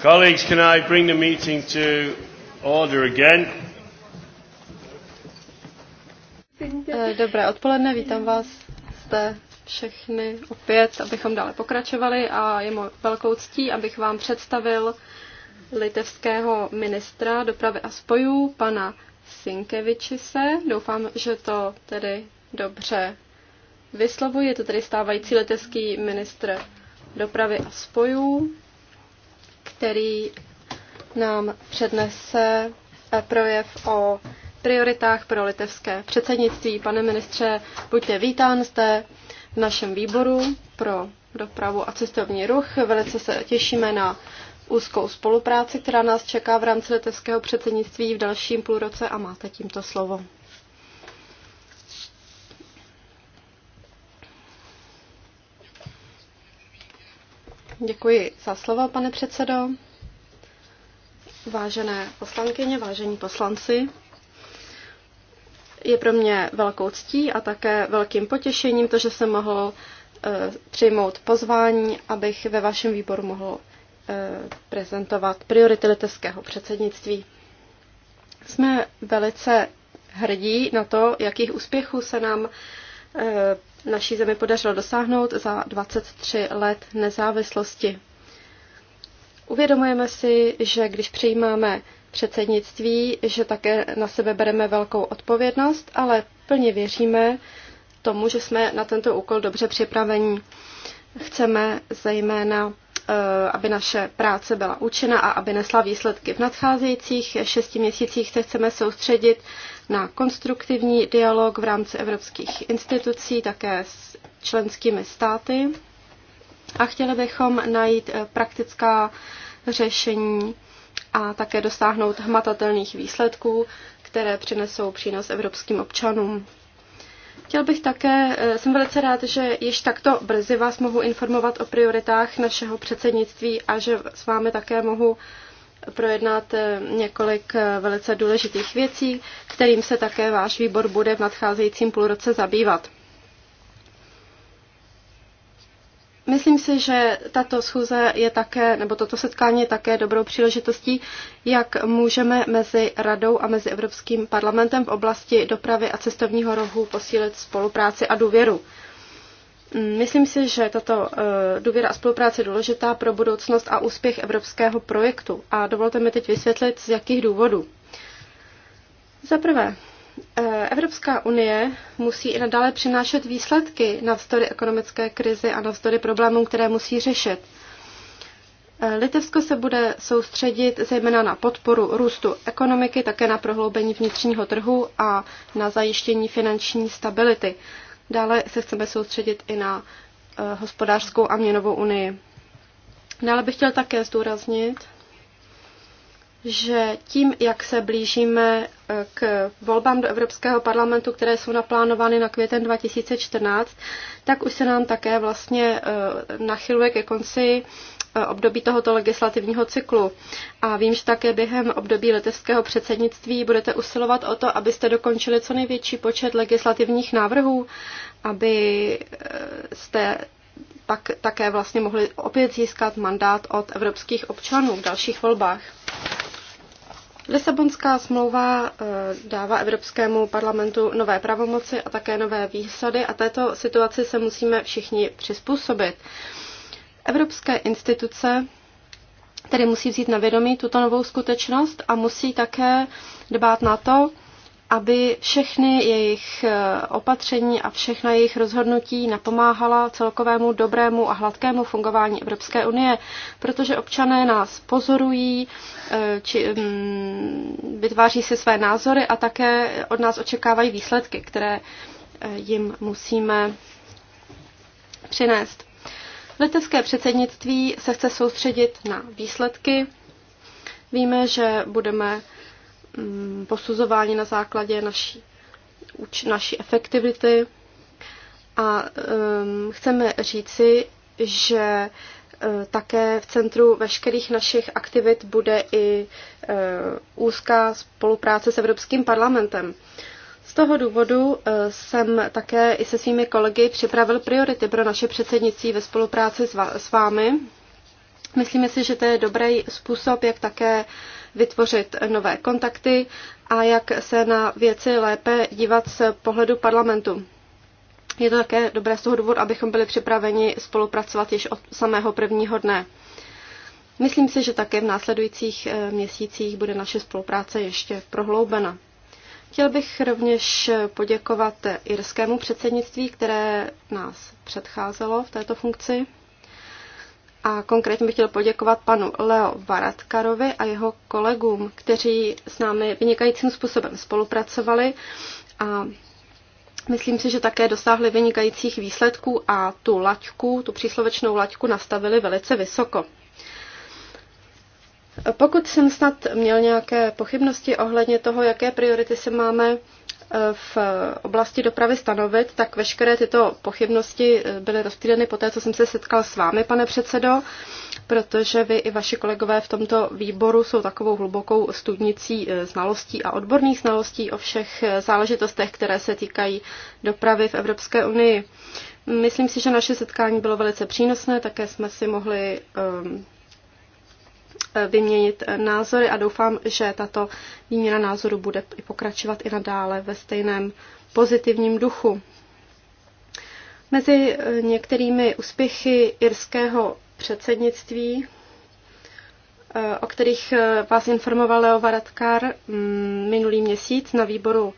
Colleagues, can I bring the meeting to order again? Eh, dobré odpoledne, vítám vás zde všechny opět, abychom dále pokračovali a je mou velkou ctí, abych vám představil litevského ministra dopravy a spojů, pana Sinkevičise. Doufám, že to tedy dobře vyslovuji. Je to tedy stávající litevský ministr dopravy a spojů který nám přednese eh, projev o prioritách pro litevské předsednictví. Pane ministře, buďte vítán zde v našem výboru pro dopravu a cestovní ruch. Velice se těšíme na úzkou spolupráci, která nás čeká v rámci litevského předsednictví v dalším půlroce a máte tímto slovo. Děkuji za slovo, pane předsedo. Vážené poslankyně, vážení poslanci, je pro mě velkou ctí a také velkým potěšením to, že jsem mohl eh, přijmout pozvání, abych ve vašem výboru mohl eh, prezentovat priority litevského předsednictví. Jsme velice hrdí na to, jakých úspěchů se nám eh, naší zemi podařilo dosáhnout za 23 let nezávislosti. Uvědomujeme si, že když přijímáme předsednictví, že také na sebe bereme velkou odpovědnost, ale plně věříme tomu, že jsme na tento úkol dobře připraveni. Chceme zejména, eh, aby naše práce byla účinná a aby nesla výsledky. V nadcházejících šesti měsících se chceme soustředit na konstruktivní dialog v rámci evropských institucí, také s členskými státy a chtěli bychom najít eh, praktická řešení a také dosáhnout hmatatelných výsledků, které přinesou přínos evropským občanům. Chtěl bych také, eh, jsem velice rád, že již takto brzy vás mohu informovat o prioritách našeho předsednictví a že s vámi také mohu projednat eh, několik eh, velice důležitých věcí, kterým se také váš výbor bude v nadcházejícím půlroce zabývat. Myslím si, že tato schůze je také, nebo toto setkání je také dobrou příležitostí, jak můžeme mezi Radou a mezi Evropským parlamentem v oblasti dopravy a cestovního rohu posílit spolupráci a důvěru. Myslím si, že tato eh, důvěra a spolupráce je důležitá pro budoucnost a úspěch evropského projektu. A dovolte mi teď vysvětlit, z jakých důvodů. Za prvé, eh, Evropská unie musí i nadále přinášet výsledky na vzdory ekonomické krizi a na vzdory problémů, které musí řešit. Eh, Litevsko se bude soustředit zejména na podporu růstu ekonomiky, také na prohloubení vnitřního trhu a na zajištění finanční stability. Dále se chceme soustředit i na eh, hospodářskou a měnovou unii. Dále bych chtěl také zdůraznit, že tím, jak se blížíme eh, k volbám do Evropského parlamentu, které jsou naplánovány na květen 2014, tak už se nám také vlastně eh, nachyluje ke konci období tohoto legislativního cyklu. A vím, že také během období litevského předsednictví budete usilovat o to, abyste dokončili co největší počet legislativních návrhů, aby eh, jste pak také vlastně mohli opět získat mandát od evropských občanů v dalších volbách. Lisabonská smlouva eh, dává Evropskému parlamentu nové pravomoci a také nové výsady a této situaci se musíme všichni přizpůsobit. Evropské instituce tedy musí vzít na vědomí tuto novou skutečnost a musí také dbát na to, aby všechny jejich eh, opatření a všechna jejich rozhodnutí napomáhala celkovému dobrému a hladkému fungování Evropské unie, protože občané nás pozorují, eh, či, mm, vytváří si své názory a také od nás očekávají výsledky, které eh, jim musíme přinést. Litevské předsednictví se chce soustředit na výsledky. Víme, že budeme mm, posuzováni na základě naší, naší efektivity a um, chceme říci, že e, také v centru veškerých našich aktivit bude i e, úzká spolupráce s Evropským parlamentem. Z toho důvodu eh, jsem také i se svými kolegy připravil priority pro naše předsednictví ve spolupráci s vámi. Myslíme si, že to je dobrý způsob, jak také vytvořit nové kontakty a jak se na věci lépe dívat z pohledu parlamentu. Je to také dobré z toho důvodu, abychom byli připraveni spolupracovat již od samého prvního dne. Myslím si, že také v následujících eh, měsících bude naše spolupráce ještě prohloubena. Chtěl bych rovněž poděkovat irskému předsednictví, které nás předcházelo v této funkci. A konkrétně bych chtěl poděkovat panu Leo Varadkarovi a jeho kolegům, kteří s námi vynikajícím způsobem spolupracovali a Myslím si, že také dosáhli vynikajících výsledků a tu laťku, tu příslovečnou laťku nastavili velice vysoko. Pokud jsem snad měl nějaké pochybnosti ohledně toho, jaké priority se máme eh, v oblasti dopravy stanovit, tak veškeré tyto pochybnosti eh, byly rozptýleny po té, co jsem se setkal s vámi, pane předsedo, protože vy i vaši kolegové v tomto výboru jsou takovou hlubokou studnicí eh, znalostí a odborných znalostí o všech záležitostech, které se týkají dopravy v Evropské unii. Myslím si, že naše setkání bylo velice přínosné, také jsme si mohli um, vyměnit názory a doufám, že tato výměna názoru bude i pokračovat i nadále ve stejném pozitivním duchu. Mezi eh, některými úspěchy irského předsednictví, eh, o kterých eh, vás informoval Leo Varadkar mm, minulý měsíc na výboru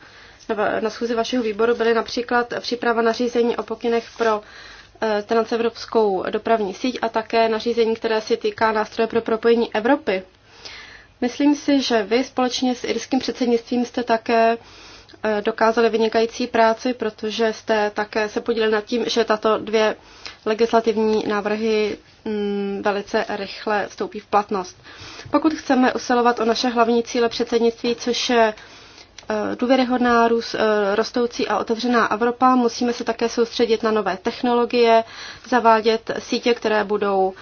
na schůzi vašeho výboru byly například příprava nařízení o pokynech pro transevropskou dopravní síť a také nařízení, které se týká nástroje pro propojení Evropy. Myslím si, že vy společně s irským předsednictvím jste také eh, dokázali vynikající práci, protože jste také se podíleli nad tím, že tato dvě legislativní návrhy mm, velice rychle vstoupí v platnost. Pokud chceme usilovat o naše hlavní cíle předsednictví, což je Eh, důvěryhodná, růst, eh, rostoucí a otevřená Evropa. Musíme se také soustředit na nové technologie, zavádět sítě, které budou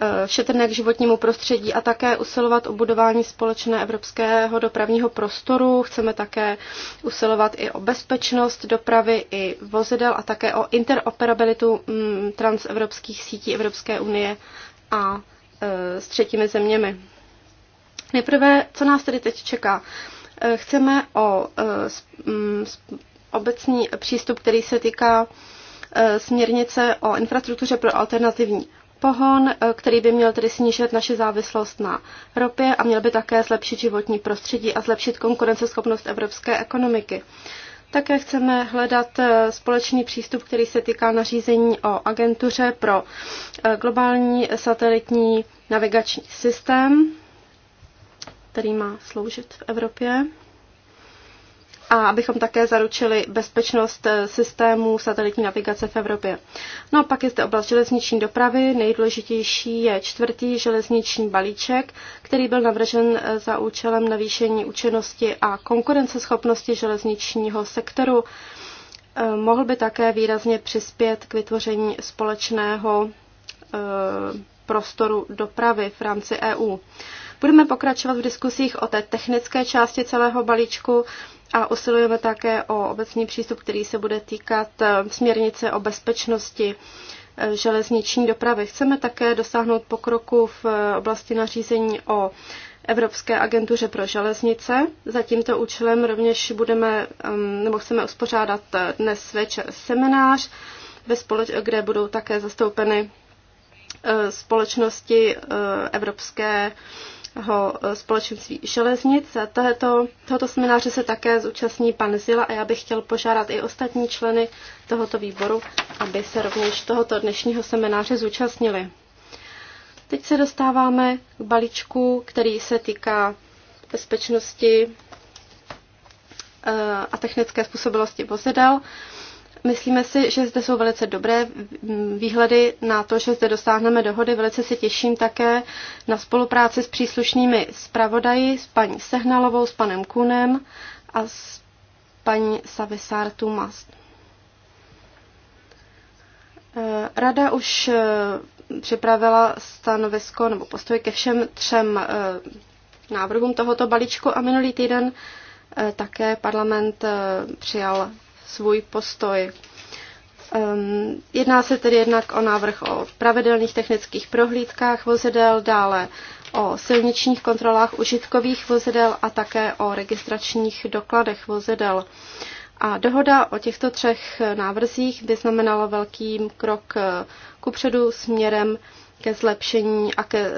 eh, šetrné k životnímu prostředí a také usilovat o budování společné evropského dopravního prostoru. Chceme také usilovat i o bezpečnost dopravy i vozidel a také o interoperabilitu mm, transevropských sítí Evropské unie a s třetími zeměmi. Nejprve, co nás tedy teď čeká? Eh, chceme o eh, mm, obecný přístup, který se týká eh, směrnice o infrastruktuře pro alternativní pohon, který by měl tedy snížit naši závislost na ropě a měl by také zlepšit životní prostředí a zlepšit konkurenceschopnost evropské ekonomiky. Také chceme hledat společný přístup, který se týká nařízení o agentuře pro globální satelitní navigační systém který má sloužit v Evropě. A abychom také zaručili bezpečnost eh, systému satelitní navigace v Evropě. No a pak je zde oblast železniční dopravy. Nejdůležitější je čtvrtý železniční balíček, který byl navržen eh, za účelem navýšení účinnosti a konkurenceschopnosti železničního sektoru. Eh, mohl by také výrazně přispět k vytvoření společného prostoru dopravy v rámci EU. Budeme pokračovat v diskusích o té technické části celého balíčku a usilujeme také o obecný přístup, který se bude týkat eh, směrnice o bezpečnosti eh, železniční dopravy. Chceme také dosáhnout pokroku v eh, oblasti nařízení o Evropské agentuře pro železnice. Za tímto účelem rovněž budeme, mm, nebo chceme uspořádat dnes večer seminář, kde budou také zastoupeny společnosti Evropské Eh, společenství železnic. Tohoto, tohoto semináře se také zúčastní pan Zila a já bych chtěl požádat i ostatní členy tohoto výboru, aby se rovněž tohoto dnešního semináře zúčastnili. Teď se dostáváme k balíčku, který se týká bezpečnosti eh, a technické způsobilosti vozidel. Myslíme si, že zde jsou velice dobré výhledy na to, že zde dosáhneme dohody. Velice se těším také na spolupráci s příslušnými zpravodaji, s paní Sehnalovou, s panem Kunem a s paní Savisár Tumas. Eh, rada už eh, připravila stanovisko nebo postoj ke všem třem eh, návrhům tohoto balíčku a minulý týden také parlament přijal svůj postoj. Ehm, jedná se tedy jednak o návrh o pravidelných technických prohlídkách vozidel, dále o silničních kontrolách užitkových vozidel a také o registračních dokladech vozidel. A dohoda o těchto třech návrzích by znamenala velký krok eh, kupředu směrem ke zlepšení a ke e,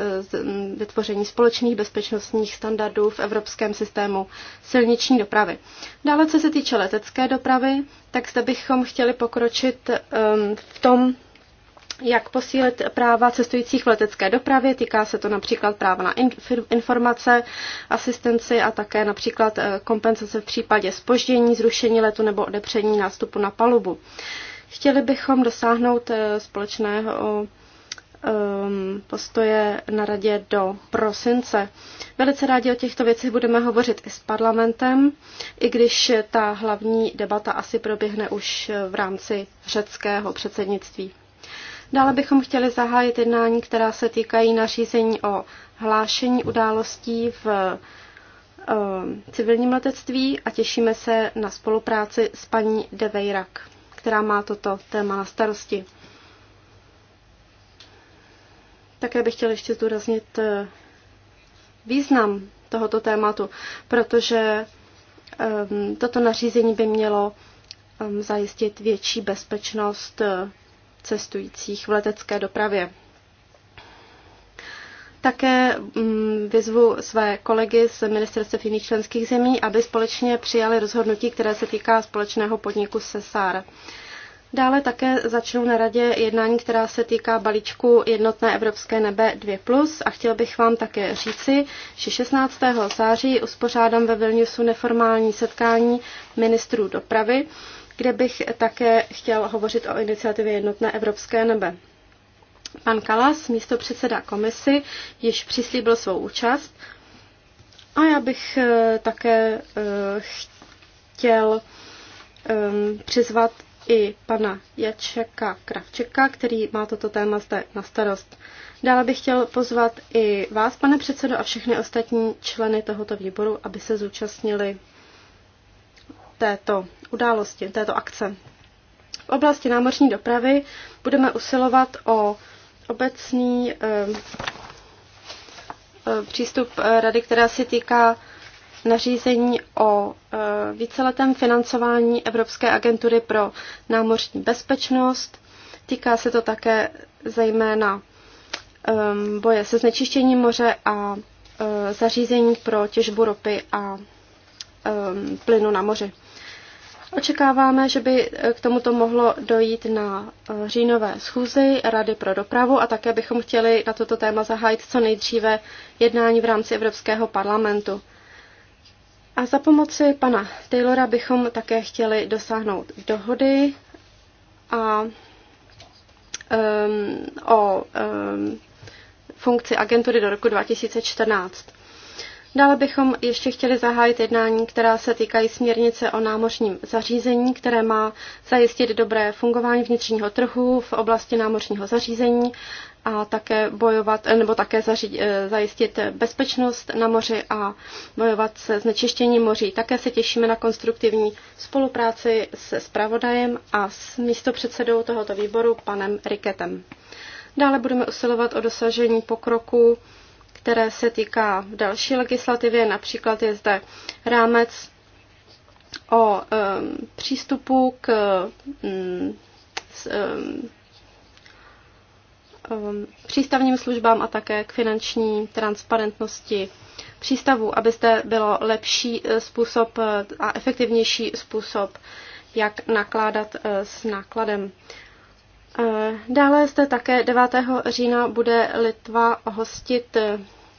vytvoření společných bezpečnostních standardů v evropském systému silniční dopravy. Dále, co se týče letecké dopravy, tak zde bychom chtěli pokročit e, v tom, jak posílit práva cestujících v letecké dopravě. Týká se to například práva na informace, asistenci a také například e, kompenzace v případě spoždění, zrušení letu nebo odepření nástupu na palubu. Chtěli bychom dosáhnout společného um, postoje na radě do prosince. Velice rádi o těchto věcech budeme hovořit i s parlamentem, i když ta hlavní debata asi proběhne už v rámci řeckého předsednictví. Dále bychom chtěli zahájit jednání, která se týkají nařízení o hlášení událostí v um, civilním letectví a těšíme se na spolupráci s paní Deveirak, která má toto téma na starosti. Také bych chtěl ještě zdůraznit eh, význam tohoto tématu, protože eh, toto nařízení by mělo eh, zajistit větší bezpečnost cestujících v letecké dopravě. Také mm, vyzvu své kolegy z ministerstva jiných členských zemí, aby společně přijali rozhodnutí, které se týká společného podniku SESAR. Dále také začnu na radě jednání, která se týká balíčku jednotné evropské nebe 2+. A chtěl bych vám také říci, že 16. září uspořádám ve Vilniusu neformální setkání ministrů dopravy, kde bych také chtěl hovořit o iniciativě jednotné evropské nebe. Pan Kalas, místo předseda komisy, již přislíbil svou účast a já bych eh, také eh, chtěl ehm, přizvat i pana Jačeka Kravčeka, který má toto téma zde na starost. Dále bych chtěl pozvat i vás, pane předsedo, a všechny ostatní členy tohoto výboru, aby se zúčastnili této události, této akce. V oblasti námořní dopravy budeme usilovat o obecný e, přístup eh, rady, která se týká nařízení o e, víceletém financování Evropské agentury pro námořní bezpečnost. Týká se to také zejména boje se znečištěním moře a e, zařízení pro těžbu ropy a plynu na moři. Očekáváme, že by e, k tomuto mohlo dojít na říjnové schůzi Rady pro dopravu a také bychom chtěli na toto téma zahájit co nejdříve jednání v rámci Evropského parlamentu. A za pomoci pana Taylora bychom také chtěli dosáhnout dohody a, um, o um, funkci agentury do roku 2014. Dále bychom ještě chtěli zahájit jednání, která se týkají směrnice o námořním zařízení, které má zajistit dobré fungování vnitřního trhu v oblasti námořního zařízení a také bojovat, nebo také zařídit, eh, zajistit bezpečnost na moři a bojovat se znečištěním moří. Také se těšíme na konstruktivní spolupráci se spravodajem a s místopředsedou tohoto výboru, panem Riketem. Dále budeme usilovat o dosažení pokroku, které se týká další legislativy, například je zde rámec o um, přístupu k um, s, um, Um, přístavním službám a také k finanční transparentnosti přístavu, aby zde bylo lepší eh, způsob eh, a efektivnější způsob, jak nakládat eh, s nákladem. Dále zde také 9. října bude Litva hostit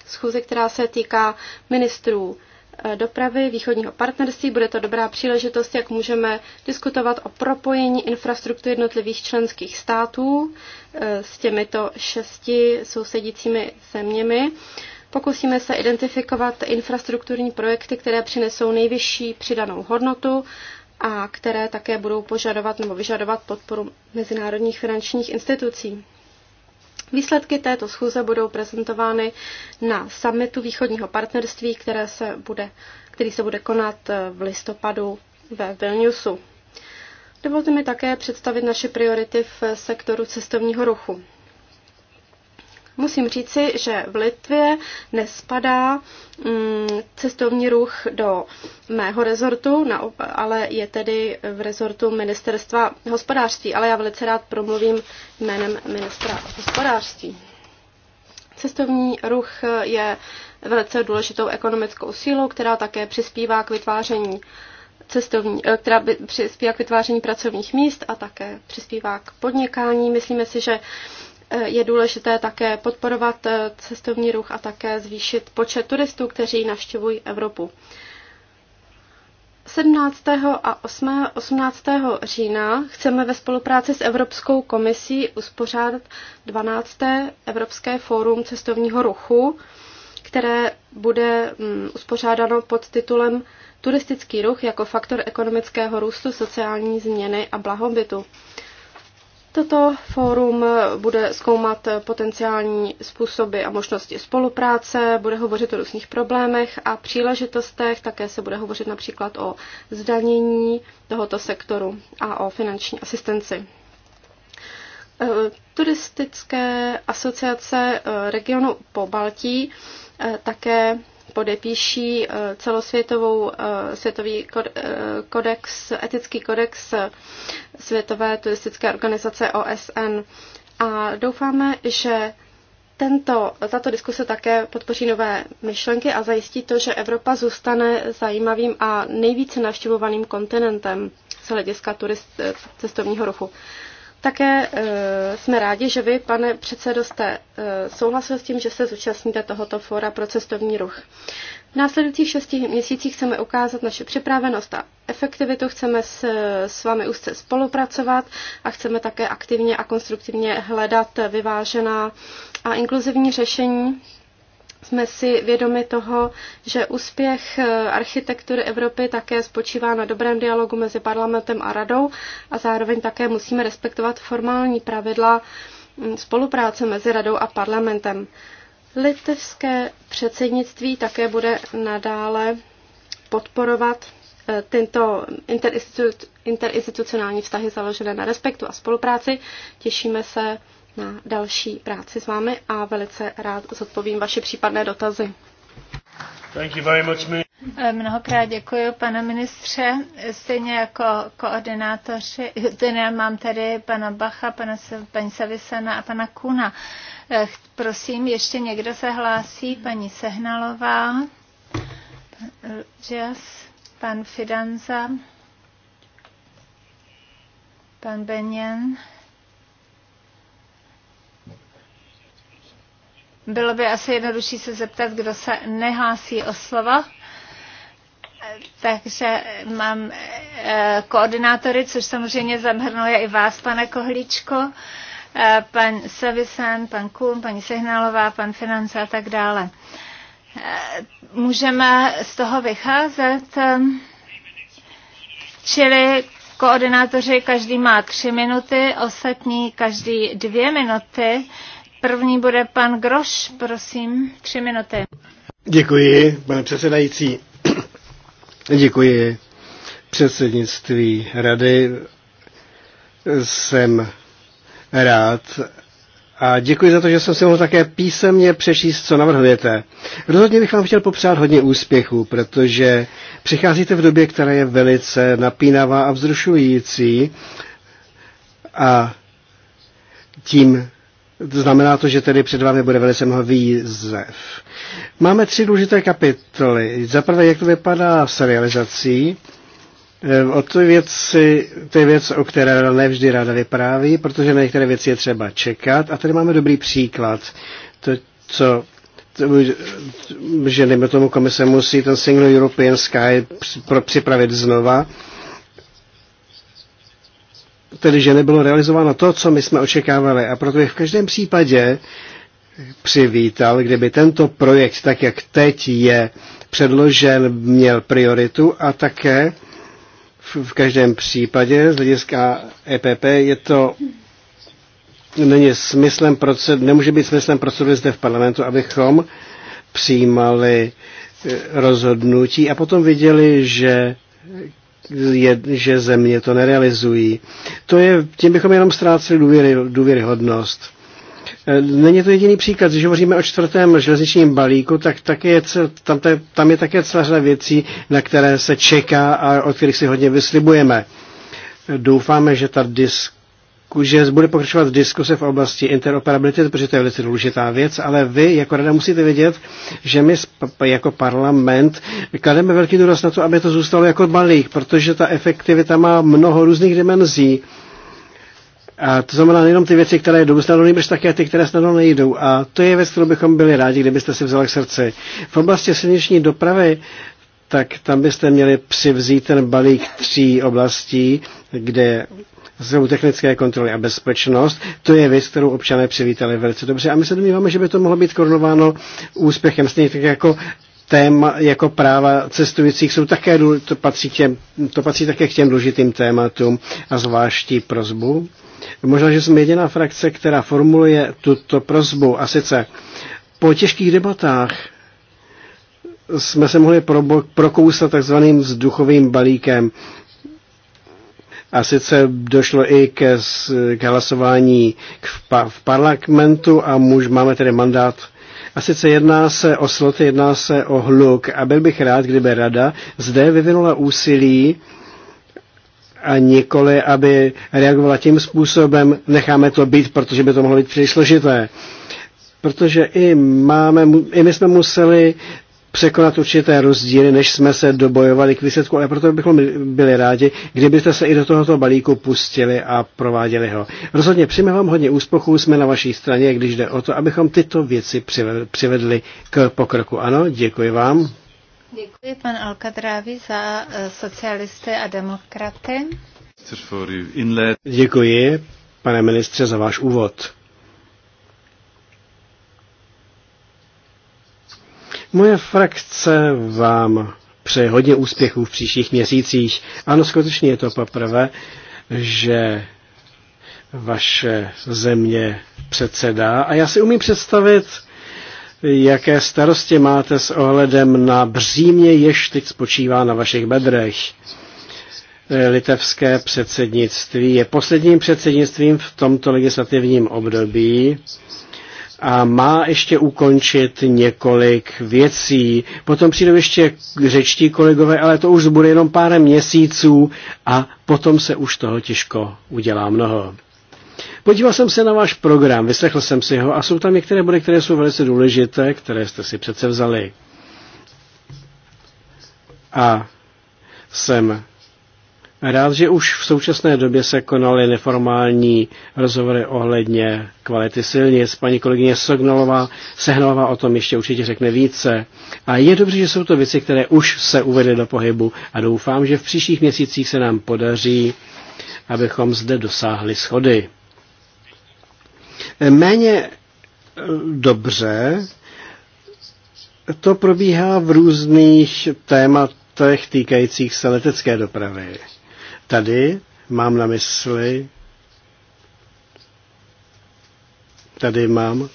schůzi, která se týká ministrů Eh, dopravy východního partnerství. Bude to dobrá příležitost, jak můžeme diskutovat o propojení infrastruktury jednotlivých členských států eh, s těmito šesti sousedícími zeměmi. Pokusíme se identifikovat infrastrukturní projekty, které přinesou nejvyšší přidanou hodnotu a které také budou požadovat nebo vyžadovat podporu mezinárodních finančních institucí. Výsledky této schůze budou prezentovány na summitu východního partnerství, které se bude, který se bude konat eh, v listopadu ve Vilniusu. Dovolte mi také představit naše priority v sektoru cestovního ruchu. Musím říci, že v Litvě nespadá mm, cestovní ruch do mého rezortu, ale je tedy v rezortu ministerstva hospodářství, ale já velice rád promluvím jménem ministra hospodářství. Cestovní ruch je velice důležitou ekonomickou sílou, která také přispívá k vytváření cestovní, eh, která přispívá k vytváření pracovních míst a také přispívá k podnikání. Myslíme si, že je důležité také podporovat eh, cestovní ruch a také zvýšit počet turistů, kteří navštěvují Evropu. 17. a 18. října chceme ve spolupráci s Evropskou komisí uspořádat 12. Evropské fórum cestovního ruchu, které bude mm, uspořádáno pod titulem Turistický ruch jako faktor ekonomického růstu, sociální změny a blahobytu. Toto fórum bude zkoumat potenciální způsoby a možnosti spolupráce, bude hovořit o různých problémech a příležitostech, také se bude hovořit například o zdanění tohoto sektoru a o finanční asistenci. Eh, turistické asociace eh, regionu po Baltí eh, také podepíší eh, celosvětovou eh, světový eh, kodex, etický kodex Světové turistické organizace OSN. A doufáme, že tento, tato diskuse také podpoří nové myšlenky a zajistí to, že Evropa zůstane zajímavým a nejvíce navštěvovaným kontinentem z hlediska turist, cestovního ruchu. Také eh, jsme rádi, že vy, pane předsedo, jste eh, souhlasil s tím, že se zúčastníte tohoto fóra pro cestovní ruch. V následujících šesti měsících chceme ukázat naše připravenost a efektivitu, chceme s, s vámi úzce spolupracovat a chceme také aktivně a konstruktivně hledat vyvážená a inkluzivní řešení jsme si vědomi toho, že úspěch eh, architektury Evropy také spočívá na dobrém dialogu mezi parlamentem a radou a zároveň také musíme respektovat formální pravidla mm, spolupráce mezi radou a parlamentem. Litevské předsednictví také bude nadále podporovat eh, tento interinstitucionální vztahy založené na respektu a spolupráci. Těšíme se na další práci s vámi a velice rád zodpovím vaše případné dotazy. Thank you very much, eh, Mnohokrát děkuji, pane ministře. Stejně jako koordinátoři, mám tady pana Bacha, pana, paní Savisana a pana Kuna. Eh, prosím, ještě někdo se hlásí? Paní Sehnalová, pan Jas, pan Fidanza, pan Benjen. Bylo by asi jednodušší se zeptat, kdo se nehlásí o slovo. Takže mám eh, koordinátory, což samozřejmě zamhrnuje i vás, pane Kohlíčko, eh, pan Savisan, pan Kuhn, paní Sehnalová, pan Finance a tak dále. Eh, můžeme z toho vycházet, čili koordinátoři každý má tři minuty, ostatní každý dvě minuty První bude pan Groš, prosím, tři minuty. Děkuji, pane předsedající. Děkuji předsednictví rady. Jsem rád a děkuji za to, že jsem si mohl také písemně přečíst, co navrhujete. Rozhodně bych vám chtěl popřát hodně úspěchů, protože přicházíte v době, která je velice napínavá a vzrušující a tím Znamená to, že tedy před vámi bude velice mnoho výzev. Máme tři důležité kapitoly. Za prvé, jak to vypadá s realizací. Eh, o to, věci, to je věc, o které nevždy ráda vypráví, protože na některé věci je třeba čekat. A tady máme dobrý příklad. To, co že nebo tomu komise musí ten Single European Sky připravit znova tedy že nebylo realizováno to, co my jsme očekávali. A proto bych v každém případě přivítal, kdyby tento projekt, tak jak teď je předložen, měl prioritu a také v každém případě z hlediska EPP je to není smyslem proced, nemůže být smyslem procedury zde v parlamentu, abychom přijímali eh, rozhodnutí a potom viděli, že je, že země to nerealizují. To je, tím bychom jenom ztráceli důvěry, důvěryhodnost. E, není to jediný příklad, když hovoříme o čtvrtém železničním balíku, tak také je, tam, te, tam je také celá řada věcí, na které se čeká a od kterých si hodně vyslibujeme. E, doufáme, že ta disk že bude pokračovat diskuse v oblasti interoperability, protože to je velice důležitá věc, ale vy jako rada musíte vědět, že my jako parlament klademe velký důraz na to, aby to zůstalo jako balík, protože ta efektivita má mnoho různých dimenzí. A to znamená nejenom ty věci, které jdou snadno, nejbrž také ty, které snadno nejdou. A to je věc, kterou bychom byli rádi, kdybyste si vzali k srdci. V oblasti silniční dopravy tak tam byste měli přivzít ten balík tří oblastí, kde jsou technické kontroly a bezpečnost. To je věc, kterou občané přivítali velice dobře a my se domníváme, že by to mohlo být korunováno úspěchem, stejně tak jako téma jako práva cestujících jsou také, to patří, těm, to patří také k těm důležitým tématům a zvláští prozbu. Možná, že jsme jediná frakce, která formuluje tuto prozbu a sice po těžkých debatách jsme se mohli prokousat takzvaným vzduchovým balíkem, a sice došlo i ke, k hlasování k, v parlamentu a muž máme tedy mandát a sice jedná se o sloty, jedná se o hluk a byl bych rád, kdyby rada zde vyvinula úsilí a nikoli, aby reagovala tím způsobem, necháme to být, protože by to mohlo být příliš složité. Protože i, máme, i my jsme museli překonat určité rozdíly, než jsme se dobojovali k výsledku, ale proto bychom byli rádi, kdybyste se i do tohoto balíku pustili a prováděli ho. Rozhodně přijme vám hodně úspěchů, jsme na vaší straně, když jde o to, abychom tyto věci přivedli k pokroku. Ano, děkuji vám. Děkuji pan Alkadrávi za eh, socialisty a demokraty. Děkuji, pane ministře, za váš úvod. Moje frakce vám přeje hodně úspěchů v příštích měsících. Ano, skutečně je to poprvé, že vaše země předsedá. A já si umím představit, jaké starosti máte s ohledem na břímě, jež teď spočívá na vašich bedrech. Litevské předsednictví je posledním předsednictvím v tomto legislativním období a má ještě ukončit několik věcí. Potom přijdou ještě řečtí kolegové, ale to už bude jenom pár měsíců a potom se už toho těžko udělá mnoho. Podíval jsem se na váš program, vyslechl jsem si ho a jsou tam některé body, které jsou velice důležité, které jste si přece vzali. A jsem rád, že už v současné době se konaly neformální rozhovory ohledně kvality silnic. Paní kolegyně Sognalová, Sehnalová o tom ještě určitě řekne více. A je dobře, že jsou to věci, které už se uvedly do pohybu a doufám, že v příštích měsících se nám podaří, abychom zde dosáhli schody. Méně eh, dobře to probíhá v různých tématech týkajících se letecké dopravy. Tady mám na mysli, tady mám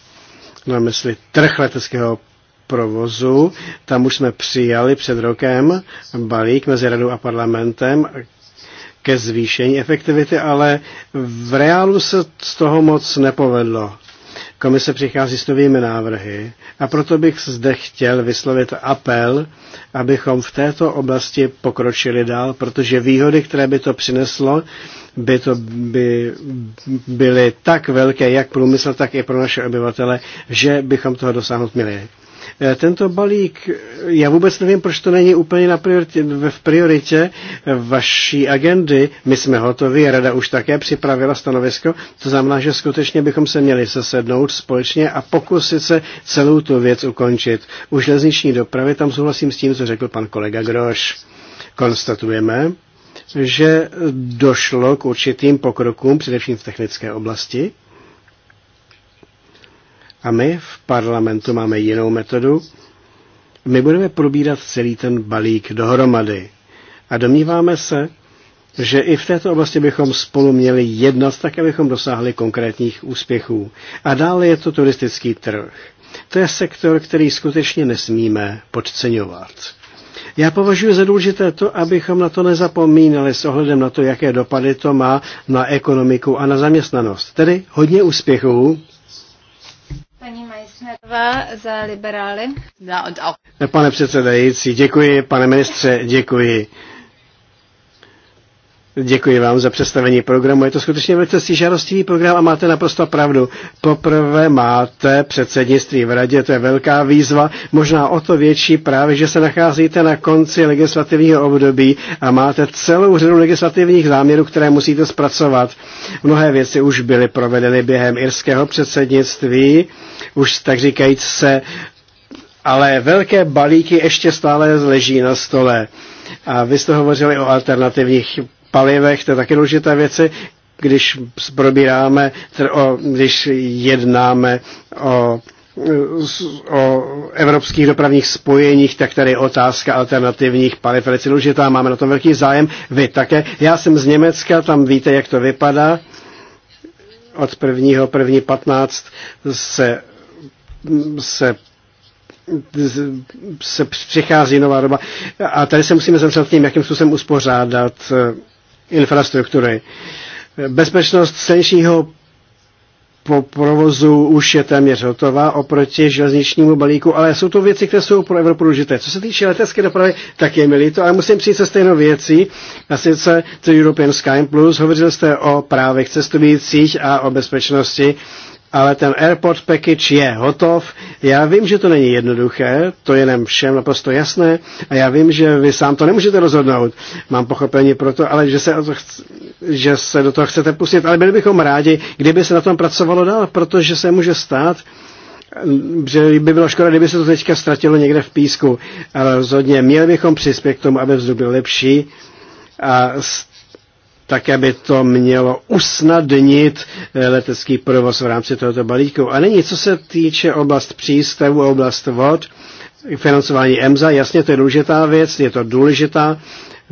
na mysli trh leteckého provozu. Tam už jsme přijali před rokem balík mezi radou a parlamentem ke zvýšení efektivity, ale v reálu se z toho moc nepovedlo. Komise přichází s novými návrhy a proto bych zde chtěl vyslovit apel, abychom v této oblasti pokročili dál, protože výhody, které by to přineslo, by to by byly tak velké, jak průmysl, tak i pro naše obyvatele, že bychom toho dosáhnout měli. Eh, tento balík, já vůbec nevím, proč to není úplně na prioritě, v prioritě vaší agendy. My jsme hotovi, Rada už také připravila stanovisko, to znamená, že skutečně bychom se měli sesednout společně a pokusit se celou tu věc ukončit. U železniční dopravy tam souhlasím s tím, co řekl pan kolega Groš. Konstatujeme, že došlo k určitým pokrokům, především v technické oblasti. A my v parlamentu máme jinou metodu. My budeme probírat celý ten balík dohromady. A domníváme se, že i v této oblasti bychom spolu měli jednat tak, abychom dosáhli konkrétních úspěchů. A dále je to turistický trh. To je sektor, který skutečně nesmíme podceňovat. Já považuji za důležité to, abychom na to nezapomínali s ohledem na to, jaké dopady to má na ekonomiku a na zaměstnanost. Tedy hodně úspěchů za liberály. Pane předsedající, děkuji, pane ministře, děkuji. Děkuji vám za představení programu. Je to skutečně velice stížarostivý program a máte naprosto pravdu. Poprvé máte předsednictví v radě, to je velká výzva, možná o to větší právě, že se nacházíte na konci legislativního období a máte celou řadu legislativních záměrů, které musíte zpracovat. Mnohé věci už byly provedeny během irského předsednictví už tak říkajíc se, ale velké balíky ještě stále leží na stole. A vy jste hovořili o alternativních palivech, to je taky důležité věci, když probíráme, o, když jednáme o o evropských dopravních spojeních, tak tady otázka alternativních paliv velice důležitá, máme na tom velký zájem, vy také. Já jsem z Německa, tam víte, jak to vypadá. Od prvního, první 15 se se se přichází nová doba a tady se musíme zamyslet tím, jakým způsobem uspořádat eh, infrastruktury. Bezpečnost silničního po provozu už je téměř hotová oproti železničnímu balíku, ale jsou to věci, které jsou pro Evropu důležité. Co se týče letecké dopravy, tak je milý to ale musím přijít se stejnou věcí, a sice to European Sky Plus, hovořil jste o právech cestujících a o bezpečnosti ale ten Airport Package je hotov. Já vím, že to není jednoduché, to je nám všem naprosto jasné a já vím, že vy sám to nemůžete rozhodnout. Mám pochopení pro to, ale že se, o to chc- že se do toho chcete pustit, ale byli bychom rádi, kdyby se na tom pracovalo dál, protože se může stát, že by bylo škoda, kdyby se to teďka ztratilo někde v písku, ale rozhodně měli bychom přispět k tomu, aby vzduch byl lepší a s také by to mělo usnadnit eh, letecký provoz v rámci tohoto balíčku. A není, co se týče oblast přístavu oblast vod, financování EMSA, jasně to je důležitá věc, je to důležitá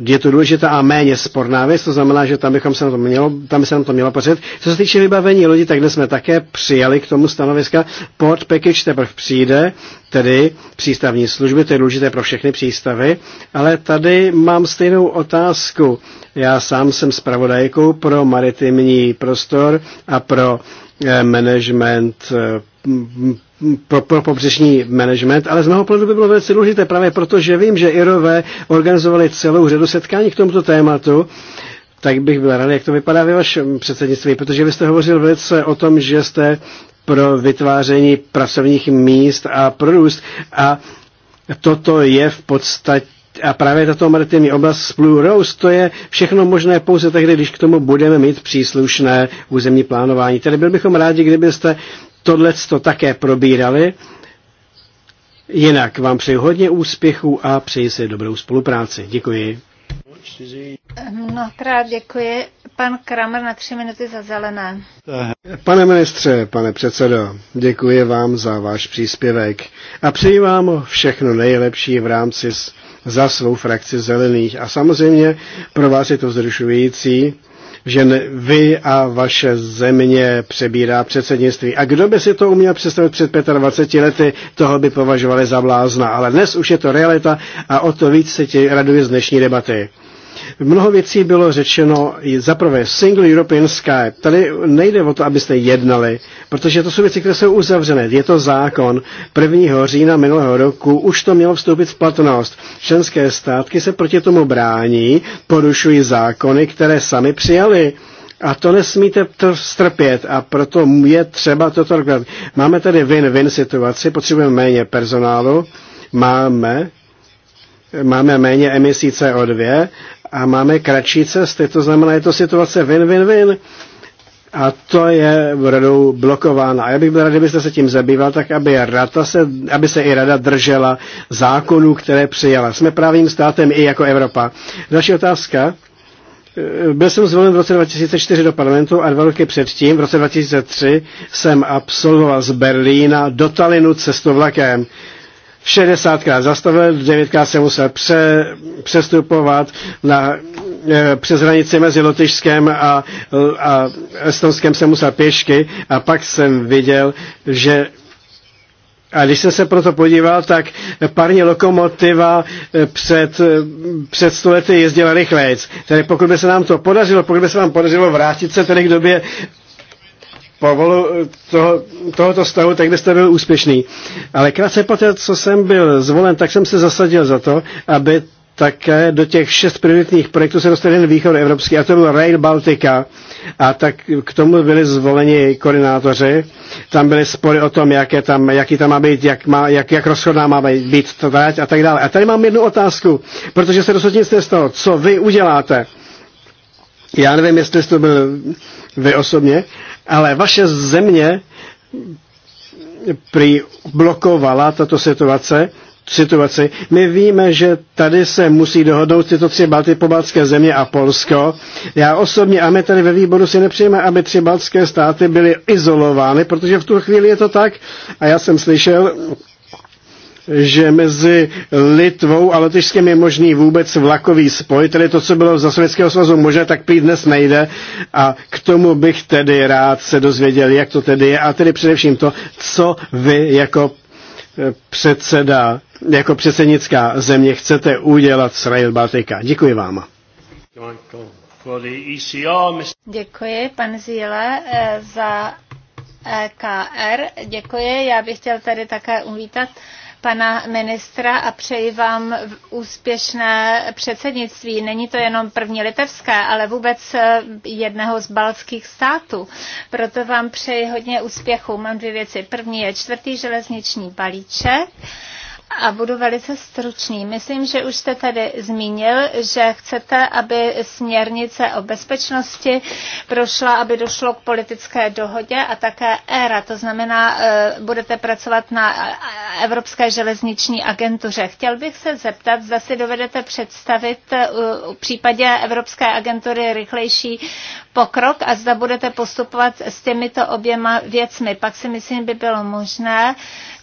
je to důležitá a méně sporná věc, to znamená, že tam, bychom se na to mělo, tam by se na to mělo pořád. Co se týče vybavení lodi, tak dnes jsme také přijali k tomu stanoviska. Port package teprve přijde, tedy přístavní služby, to je důležité pro všechny přístavy, ale tady mám stejnou otázku. Já sám jsem zpravodajkou pro maritimní prostor a pro Eh, management, eh, pro, pro pobřežní management, ale z mého pohledu by bylo velice důležité právě proto, že vím, že Irové organizovali celou řadu setkání k tomuto tématu, tak bych byl rád, jak to vypadá ve vašem předsednictví, protože vy jste hovořil velice o tom, že jste pro vytváření pracovních míst a pro růst a toto je v podstatě a právě tato maritimní oblast Blue Rose, to je všechno možné pouze tehdy, když k tomu budeme mít příslušné územní plánování. Tedy byl bychom rádi, kdybyste tohle to také probírali. Jinak vám přeji hodně úspěchů a přeji si dobrou spolupráci. Děkuji. Mnohokrát děkuji. Pan Kramer na tři minuty za zelené. Pane ministře, pane předsedo, děkuji vám za váš příspěvek a přeji vám všechno nejlepší v rámci s za svou frakci zelených. A samozřejmě pro vás je to vzrušující, že vy a vaše země přebírá předsednictví. A kdo by si to uměl představit před 25 lety, toho by považovali za blázna. Ale dnes už je to realita a o to víc se ti raduje z dnešní debaty. Mnoho věcí bylo řečeno, za prvé Single European Sky. Tady nejde o to, abyste jednali, protože to jsou věci, které jsou uzavřené. Je to zákon. 1. října minulého roku už to mělo vstoupit v platnost. Členské státky se proti tomu brání, porušují zákony, které sami přijali. A to nesmíte to strpět a proto je třeba toto rozhodnout. Máme tady win-win situaci, potřebujeme méně personálu, máme máme méně emisí CO2 a máme kratší cesty. To znamená, je to situace win-win-win. A to je radou blokována. A já bych byl rád, kdybyste se tím zabýval, tak aby, rada se, aby se i rada držela zákonů, které přijala. Jsme právým státem i jako Evropa. Další otázka. Byl jsem zvolen v roce 2004 do parlamentu a dva roky předtím, v roce 2003, jsem absolvoval z Berlína do Talinu cestovlakem. vlakem 60krát zastavil, 9 se musel pře, přestupovat na, e, přes hranici mezi Lotyšskem a, a Estonskem se musel pěšky a pak jsem viděl, že a když jsem se proto podíval, tak parní lokomotiva e, před, e, před stolety jezdila rychlejc. Tedy pokud by se nám to podařilo, pokud by se nám podařilo vrátit se tedy k době povolu eh, toho, tohoto stavu, tak kde jste byl úspěšný. Ale krátce poté, co jsem byl zvolen, tak jsem se zasadil za to, aby také do těch šest prioritních projektů se dostal jeden východ evropský, a to byl Rail Baltica. A tak k tomu byli zvoleni koordinátoři. Tam byly spory o tom, jak tam, jaký tam má být, jak, má, jak, jak rozchodná má být trať a tak dále. A tady mám jednu otázku, protože se dosud nic nestalo. Co vy uděláte? Já nevím, jestli jste to byl vy osobně, ale vaše země prý blokovala tato situace, situaci. My víme, že tady se musí dohodnout tyto tři Balty, pobaltské země a Polsko. Já osobně a my tady ve výboru si nepřijeme, aby tři baltské státy byly izolovány, protože v tu chvíli je to tak. A já jsem slyšel že mezi Litvou a Lotyšskem je možný vůbec vlakový spoj, tedy to, co bylo za Sovětského svazu možné, tak prý dnes nejde a k tomu bych tedy rád se dozvěděl, jak to tedy je a tedy především to, co vy jako eh, předseda, jako předsednická země chcete udělat s Rail Baltica. Děkuji vám. Děkuji, pan Zíle, eh, za EKR. Děkuji, já bych chtěl tady také uvítat pana ministra a přeji vám úspěšné předsednictví. Není to jenom první litevské, ale vůbec eh, jedného z balských států. Proto vám přeji hodně úspěchů. Mám dvě věci. První je čtvrtý železniční balíček a budu velice stručný. Myslím, že už jste tady zmínil, že chcete, aby směrnice o bezpečnosti prošla, aby došlo k politické dohodě a také ERA, to znamená, eh, budete pracovat na Evropské železniční agentuře. Chtěl bych se zeptat, zda si dovedete představit v eh, případě Evropské agentury rychlejší pokrok a zda budete postupovat s těmito oběma věcmi. Pak si myslím, by bylo možné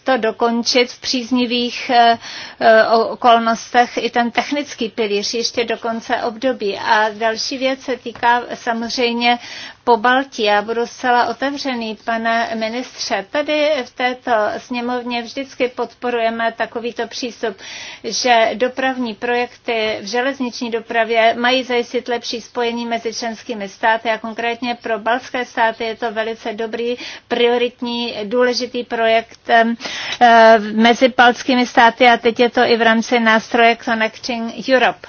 to dokončit v příznivých eh, eh, okolnostech i ten technický pilíř ještě do konce období. A další věc se týká samozřejmě po Balti. Já budu zcela otevřený, pane ministře. Tady v této sněmovně vždycky podporujeme takovýto přístup, že dopravní projekty v železniční dopravě mají zajistit lepší spojení mezi členskými státy a konkrétně pro balské státy je to velice dobrý, prioritní, důležitý projekt eh, mezi balskými státy a teď je to i v rámci nástroje Connecting Europe.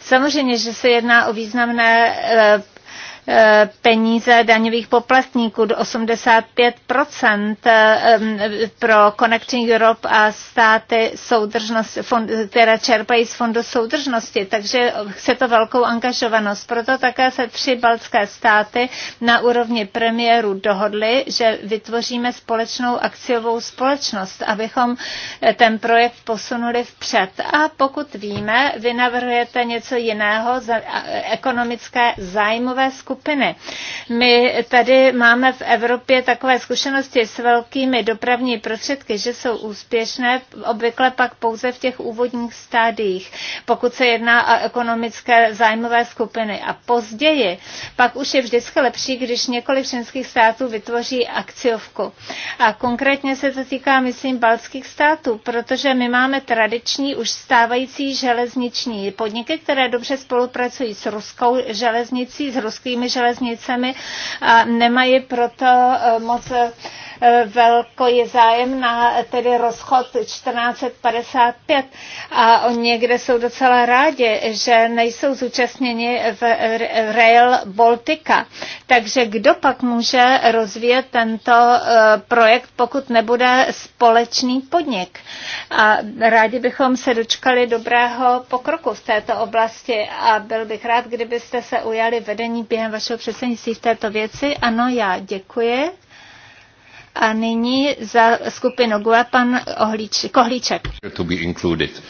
Samozřejmě, že se jedná o významné eh, Eh, peníze daňových poplatníků, 85% eh, pro Connecting Europe a státy, soudržnosti, které čerpají z fondu soudržnosti, takže chce to velkou angažovanost. Proto také se tři baltské státy na úrovni premiéru dohodly, že vytvoříme společnou akciovou společnost, abychom eh, ten projekt posunuli vpřed. A pokud víme, vy navrhujete něco jiného, ekonomické zájmové skupiny skupiny. My tady máme v Evropě takové zkušenosti s velkými dopravní prostředky, že jsou úspěšné, obvykle pak pouze v těch úvodních stádiích, pokud se jedná o ekonomické zájmové skupiny. A později pak už je vždycky lepší, když několik členských států vytvoří akciovku. A konkrétně se to týká, myslím, baltských států, protože my máme tradiční už stávající železniční podniky, které dobře spolupracují s ruskou železnicí, s ruským železnicemi a nemají proto eh, moc eh, velký je zájem na tedy rozchod 1455 a oni někde jsou docela rádi, že nejsou zúčastněni v Rail Baltica. Takže kdo pak může rozvíjet tento eh, projekt, pokud nebude společný podnik? A rádi bychom se dočkali dobrého pokroku v této oblasti a byl bych rád, kdybyste se ujali vedení během vašeho předsednictví v této věci. Ano, já děkuji. A nyní za skupinu GUE pan Ohlíč, Kohlíček. To be included.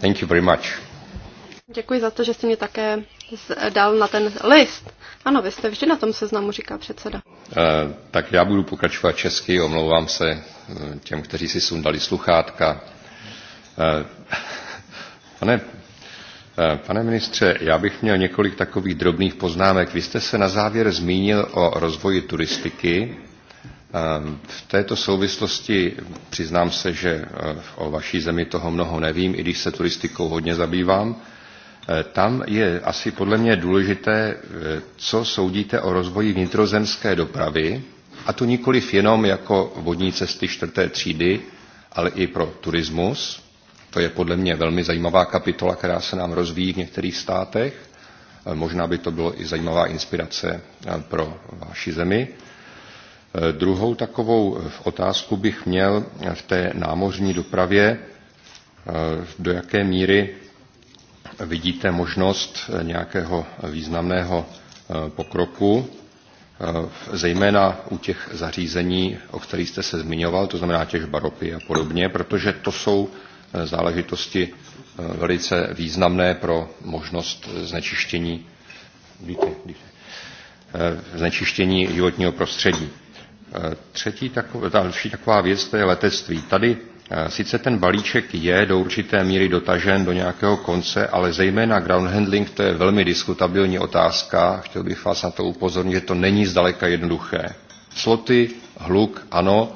Thank you very much. Děkuji za to, že jste mě také dal na ten list. Ano, vy jste vždy na tom seznamu, říká předseda. E, tak já budu pokračovat česky, omlouvám se eh, těm, kteří si sundali sluchátka. E, pane, pane ministře, já bych měl několik takových drobných poznámek. Vy jste se na závěr zmínil o rozvoji turistiky Ehm, v této souvislosti přiznám se, že eh, o vaší zemi toho mnoho nevím, i když se turistikou hodně zabývám. Eh, tam je asi podle mě důležité, eh, co soudíte o rozvoji vnitrozemské dopravy, a to nikoliv jenom jako vodní cesty čtvrté třídy, ale i pro turismus. To je podle mě velmi zajímavá kapitola, která se nám rozvíjí v některých státech. Možná by to bylo i zajímavá inspirace pro vaši zemi. Eh, druhou takovou eh, otázku bych měl v té námořní dopravě, eh, do jaké míry vidíte možnost nějakého významného pokroku, zejména u těch zařízení, o kterých jste se zmiňoval, to znamená těžba ropy a podobně, protože to jsou záležitosti velice významné pro možnost znečištění, znečištění životního prostředí. Eh, třetí takov, další taková věc, to je letectví. Tady eh, sice ten balíček je do určité míry dotažen do nějakého konce, ale zejména ground handling to je velmi diskutabilní otázka. Chtěl bych vás na to upozornit, že to není zdaleka jednoduché. Sloty, hluk, ano,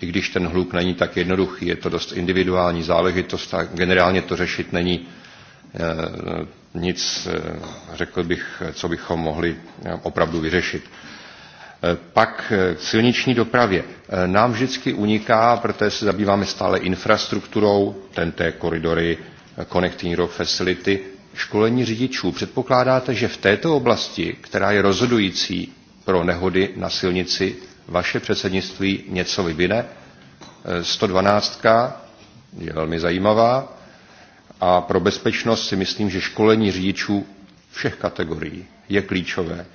i když ten hluk není tak jednoduchý, je to dost individuální záležitost a generálně to řešit není eh, nic, řekl bych, co bychom mohli opravdu vyřešit. Pak k silniční dopravě. Nám vždycky uniká, protože se zabýváme stále infrastrukturou, tenté koridory, Connecting road Facility, školení řidičů. Předpokládáte, že v této oblasti, která je rozhodující pro nehody na silnici, vaše předsednictví něco vyvine? 112 je velmi zajímavá a pro bezpečnost si myslím, že školení řidičů všech kategorií je klíčové.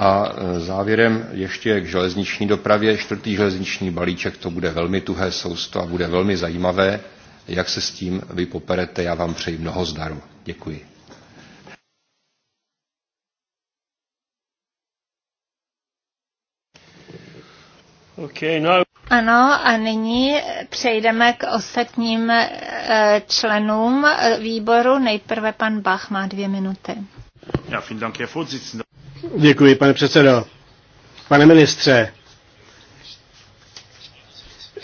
A e, závěrem ještě k železniční dopravě. Čtvrtý železniční balíček, to bude velmi tuhé sousto a bude velmi zajímavé. Jak se s tím vy poperete, já vám přeji mnoho zdaru. Děkuji. Okay, Ano, a nyní přejdeme k ostatním e, členům výboru. Nejprve pan Bach má dvě minuty. Ja, vielen Dank, Herr Vorsitzender. Děkuji, pane předsedo. Pane ministře,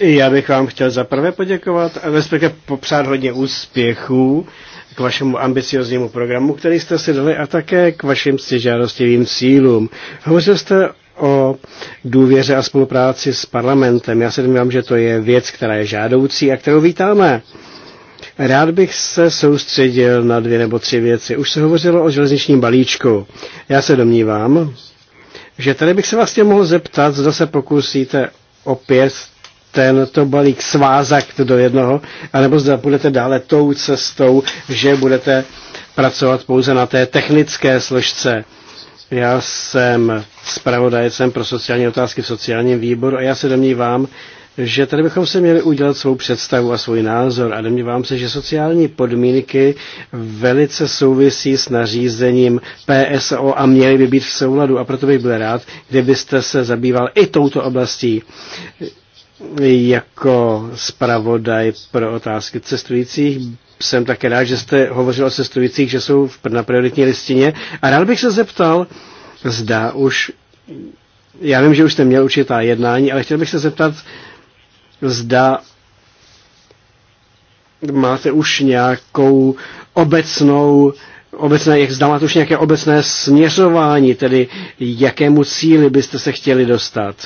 já bych vám chtěl zaprvé poděkovat a respektive popřát hodně úspěchů k vašemu ambicioznímu programu, který jste si dali a také k vašim stěžádostivým cílům. Hovořil jste o důvěře a spolupráci s parlamentem. Já se domnívám, že to je věc, která je žádoucí a kterou vítáme. Rád bych se soustředil na dvě nebo tři věci. Už se hovořilo o železničním balíčku. Já se domnívám, že tady bych se vlastně mohl zeptat, zda se pokusíte opět tento balík svázat do jednoho, anebo zda budete dále tou cestou, že budete pracovat pouze na té technické složce. Já jsem zpravodajcem pro sociální otázky v sociálním výboru a já se domnívám, že tady bychom se měli udělat svou představu a svůj názor a domnívám se, že sociální podmínky velice souvisí s nařízením PSO a měly by být v souladu a proto bych byl rád, kdybyste se zabýval i touto oblastí jako zpravodaj pro otázky cestujících. Jsem také rád, že jste hovořil o cestujících, že jsou na prioritní listině a rád bych se zeptal, zda už já vím, že už jste měl určitá jednání, ale chtěl bych se zeptat, zda máte už nějakou obecnou obecné, jak zda máte už nějaké obecné směřování, tedy jakému cíli byste se chtěli dostat.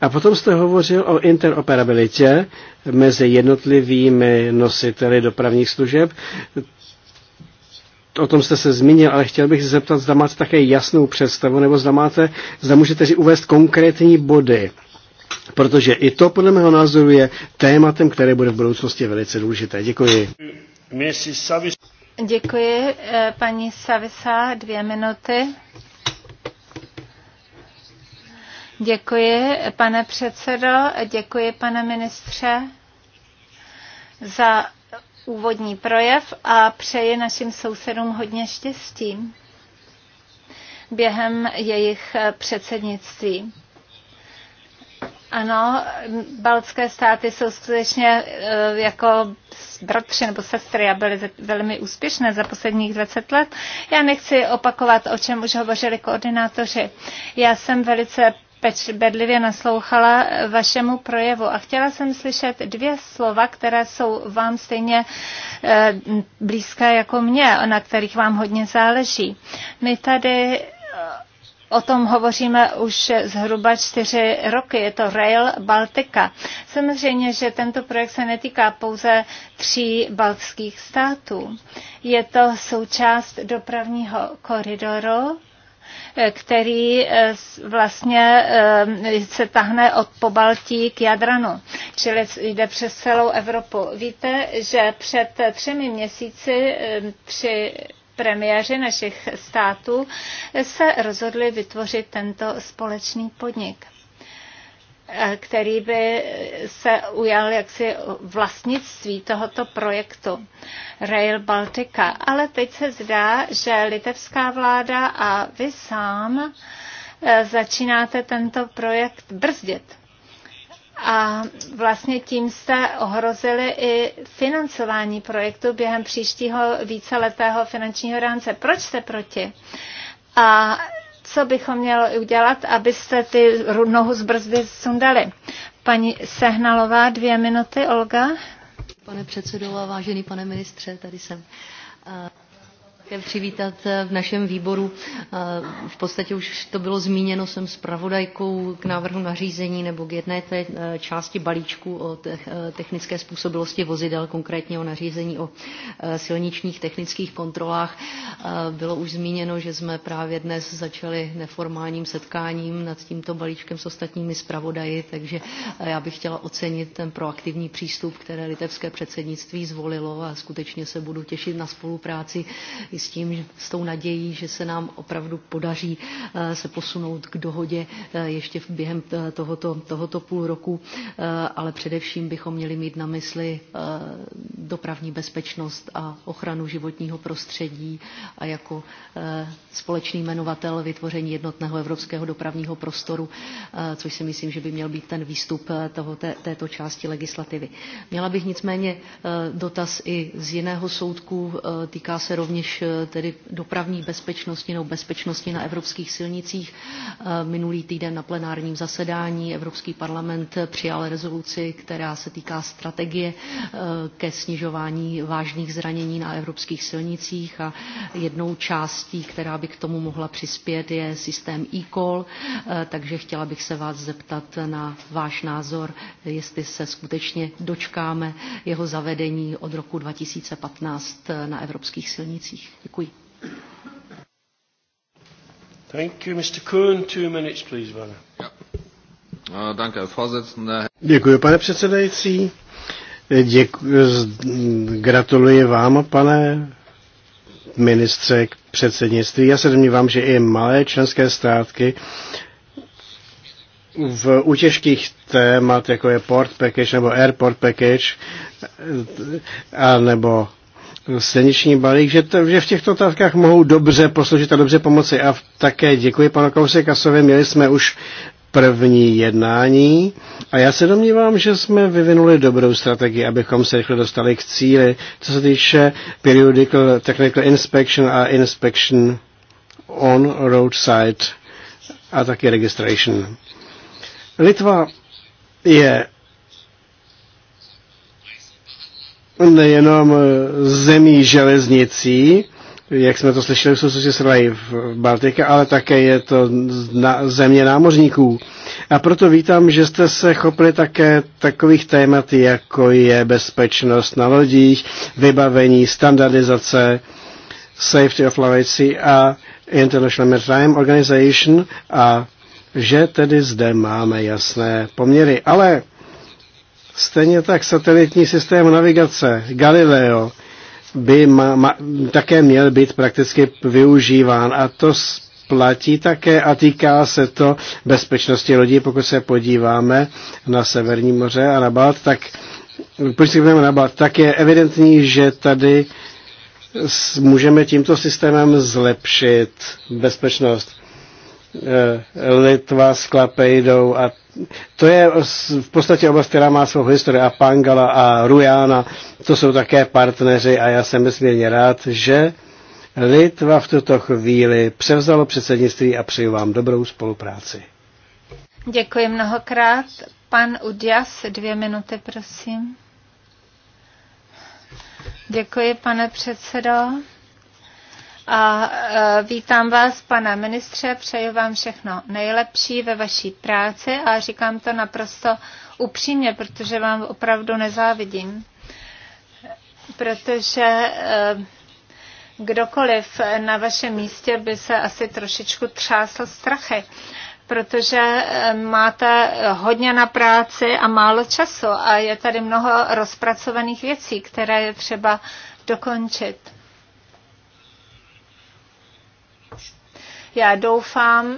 A potom jste hovořil o interoperabilitě mezi jednotlivými nositeli dopravních služeb. O tom jste se zmínil, ale chtěl bych se zeptat, zda máte také jasnou představu, nebo zda, máte, zda můžete si uvést konkrétní body protože i to podle mého názoru je tématem, které bude v budoucnosti velice důležité. Děkuji. Děkuji, eh, paní Savisa, dvě minuty. Děkuji, pane předsedo, děkuji, pane ministře, za úvodní projev a přeji našim sousedům hodně štěstí během jejich eh, předsednictví. Ano, baltské státy jsou skutečně eh, jako bratři nebo sestry a byly velmi úspěšné za posledních 20 let. Já nechci opakovat, o čem už hovořili koordinátoři. Já jsem velice peč, bedlivě naslouchala eh, vašemu projevu a chtěla jsem slyšet dvě slova, které jsou vám stejně e, eh, blízké jako mě, na kterých vám hodně záleží. My tady O tom hovoříme už zhruba čtyři roky, je to Rail Baltica. Samozřejmě, že tento projekt se netýká pouze tří baltských států. Je to součást dopravního koridoru, který eh, vlastně eh, se tahne od Pobaltí k Jadranu, čili jde přes celou Evropu. Víte, že před třemi měsíci eh, při premiéři našich států se rozhodli vytvořit tento společný podnik eh, který by se ujal jaksi vlastnictví tohoto projektu Rail Baltica. Ale teď se zdá, že litevská vláda a vy sám eh, začínáte tento projekt brzdit a vlastně tím jste ohrozili i financování projektu během příštího víceletého finančního rámce. Proč jste proti? A co bychom měli udělat, abyste ty nohu z brzdy sundali? Paní Sehnalová, dvě minuty, Olga. Pane předsedo a vážený pane ministře, tady jsem také přivítat eh, v našem výboru. Eh, v podstatě už to bylo zmíněno, jsem zpravodajkou k návrhu nařízení nebo k jedné té eh, části balíčku o technické způsobilosti vozidel, konkrétně o nařízení o silničních technických kontrolách. Bylo už zmíněno, že jsme právě dnes začali neformálním setkáním nad tímto balíčkem s ostatními zpravodaji, takže já bych chtěla ocenit ten proaktivní přístup, které litevské předsednictví zvolilo a skutečně se budu těšit na spolupráci i s tím, s tou nadějí, že se nám opravdu podaří eh, se posunout k dohodě eh, ještě během eh, tohoto, tohoto půl roku, ale především bychom měli mít na mysli dopravní bezpečnost a ochranu životního prostředí a jako společný jmenovatel vytvoření jednotného evropského dopravního prostoru, což si myslím, že by měl být ten výstup toho, té, této části legislativy. Měla bych nicméně dotaz i z jiného soudku, týká se rovněž tedy dopravní bezpečnosti nebo bezpečnosti na evropských silnicích. Eh, minulý týden na plenárním zasedání Evropský parlament přijal rezoluci, která se týká strategie eh, ke snižování vážných zranění na evropských silnicích a jednou částí, která by k tomu mohla přispět, je systém e-call, eh, takže chtěla bych se vás zeptat na váš názor, jestli se skutečně dočkáme jeho zavedení od roku 2015 na evropských silnicích. Děkuji. Thank you, Mr. Kuhn. Two minutes, please, brother. Yeah. No, Děkuji, pane předsedající. Děkuji, gratuluji vám, pane ministře k předsednictví. Já se domnívám, že i malé členské státky v, u těžkých témat, jako je port package nebo airport package, a nebo silniční balík, že, to, že v těchto otázkách mohou dobře posloužit a dobře pomoci. A také děkuji panu Kousekasovi, měli jsme už první jednání a já se domnívám, že jsme vyvinuli dobrou strategii, abychom se rychle dostali k cíli, co se týče periodical technical inspection a inspection on roadside a taky registration. Litva je nejenom eh, zemí železnicí, jak jsme to slyšeli v souvislosti s v Baltika, ale také je to na, země námořníků. A proto vítám, že jste se chopili také takových témat, jako je bezpečnost na lodích, vybavení, standardizace, Safety of Light a International Maritime Organization a že tedy zde máme jasné poměry. Ale Stejně tak satelitní systém navigace Galileo by ma, ma, také měl být prakticky využíván a to platí také a týká se to bezpečnosti lodí, pokud se podíváme na Severní moře a na Balt, tak když se na Balt, tak je evidentní, že tady můžeme tímto systémem zlepšit bezpečnost. Eh, Litva s Klapejdou a to je v podstatě oblast, která má svou historii a Pangala a Rujana, to jsou také partneři a já jsem nesmírně rád, že Litva v tuto chvíli převzalo předsednictví a přeju vám dobrou spolupráci. Děkuji mnohokrát. Pan Udjas dvě minuty, prosím. Děkuji, pane předsedo a e, vítám vás, pane ministře, přeju vám všechno nejlepší ve vaší práci a říkám to naprosto upřímně, protože vám opravdu nezávidím. Protože e, kdokoliv na vašem místě by se asi trošičku třásl strachy protože e, máte hodně na práci a málo času a je tady mnoho rozpracovaných věcí, které je třeba dokončit. Já doufám,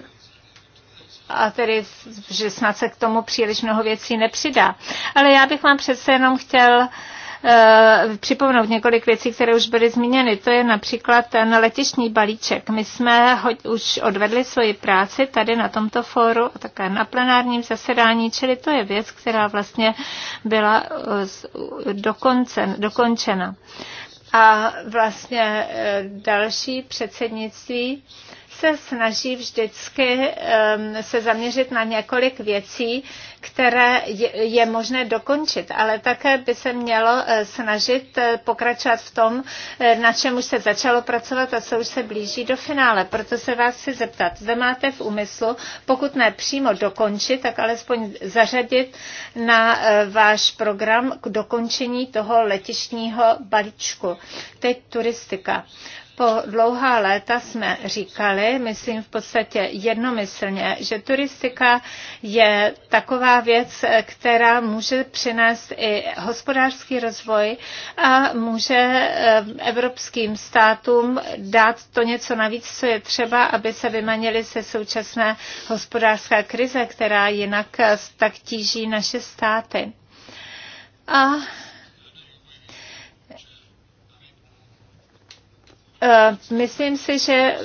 a tedy, že snad se k tomu příliš mnoho věcí nepřidá. Ale já bych vám přece jenom chtěl eh, připomenout několik věcí, které už byly zmíněny. To je například ten letišní balíček. My jsme ho, už odvedli svoji práci tady na tomto fóru a také na plenárním zasedání, čili to je věc, která vlastně byla eh, dokonce, dokončena. A vlastně eh, další předsednictví se snaží vždycky se zaměřit na několik věcí, které je možné dokončit, ale také by se mělo eh, snažit eh, pokračovat v tom, eh, na čem už se začalo pracovat a co už se blíží do finále. Proto se vás chci zeptat, zda máte v úmyslu, pokud ne přímo dokončit, tak alespoň zařadit na váš program k dokončení toho letišního balíčku. Teď turistika. Po dlouhá léta jsme říkali, myslím v podstatě jednomyslně, že turistika je taková věc, která může přinést i hospodářský rozvoj a může eh, evropským státům dát to něco navíc, co je třeba, aby se vymanili se současné hospodářské krize, která jinak eh, tak tíží naše státy. A Eh, myslím si, že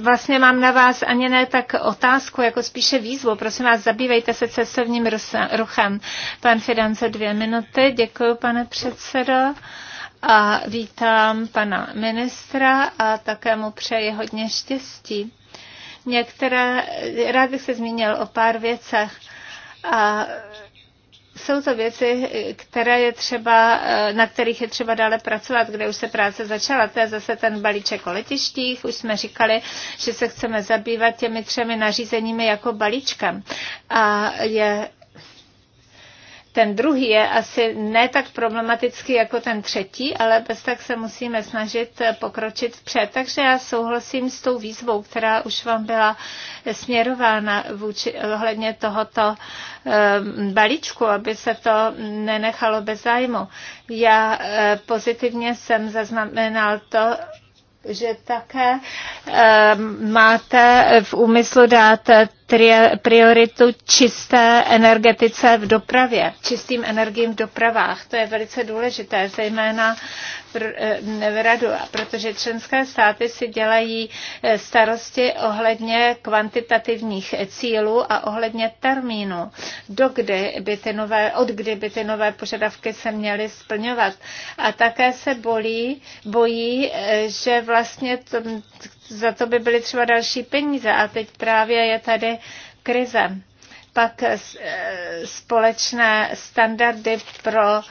vlastně mám na vás ani ne tak otázku, jako spíše výzvu. Prosím vás, zabývejte se cestovním ruchem. Pan Fidance, dvě minuty. Děkuji, pane předsedo. A vítám pana ministra a také mu přeji hodně štěstí. Některé, rád bych se zmínil o pár věcech. A jsou to věci, které je třeba, eh, na kterých je třeba dále pracovat, kde už se práce začala. To je zase ten balíček o letištích. Už jsme říkali, že se chceme zabývat těmi třemi nařízeními jako balíčkem. A je ten druhý je asi ne tak problematický jako ten třetí, ale bez tak se musíme snažit pokročit vpřed. Takže já souhlasím s tou výzvou, která už vám byla směrována vůči, ohledně tohoto ehm, balíčku, aby se to nenechalo bez zájmu. Já eh, pozitivně jsem zaznamenal to, že také ehm, máte v úmyslu dát prioritu čisté energetice v dopravě, čistým energiím v dopravách. To je velice důležité, zejména eh, v radu, protože členské státy si dělají eh, starosti ohledně kvantitativních cílů a ohledně termínu, dokdy by ty nové, od kdy by ty nové požadavky se měly splňovat. A také se bolí, bojí, eh, že vlastně to, za to by byly třeba další peníze a teď právě je tady krize. Pak eh, společné standardy pro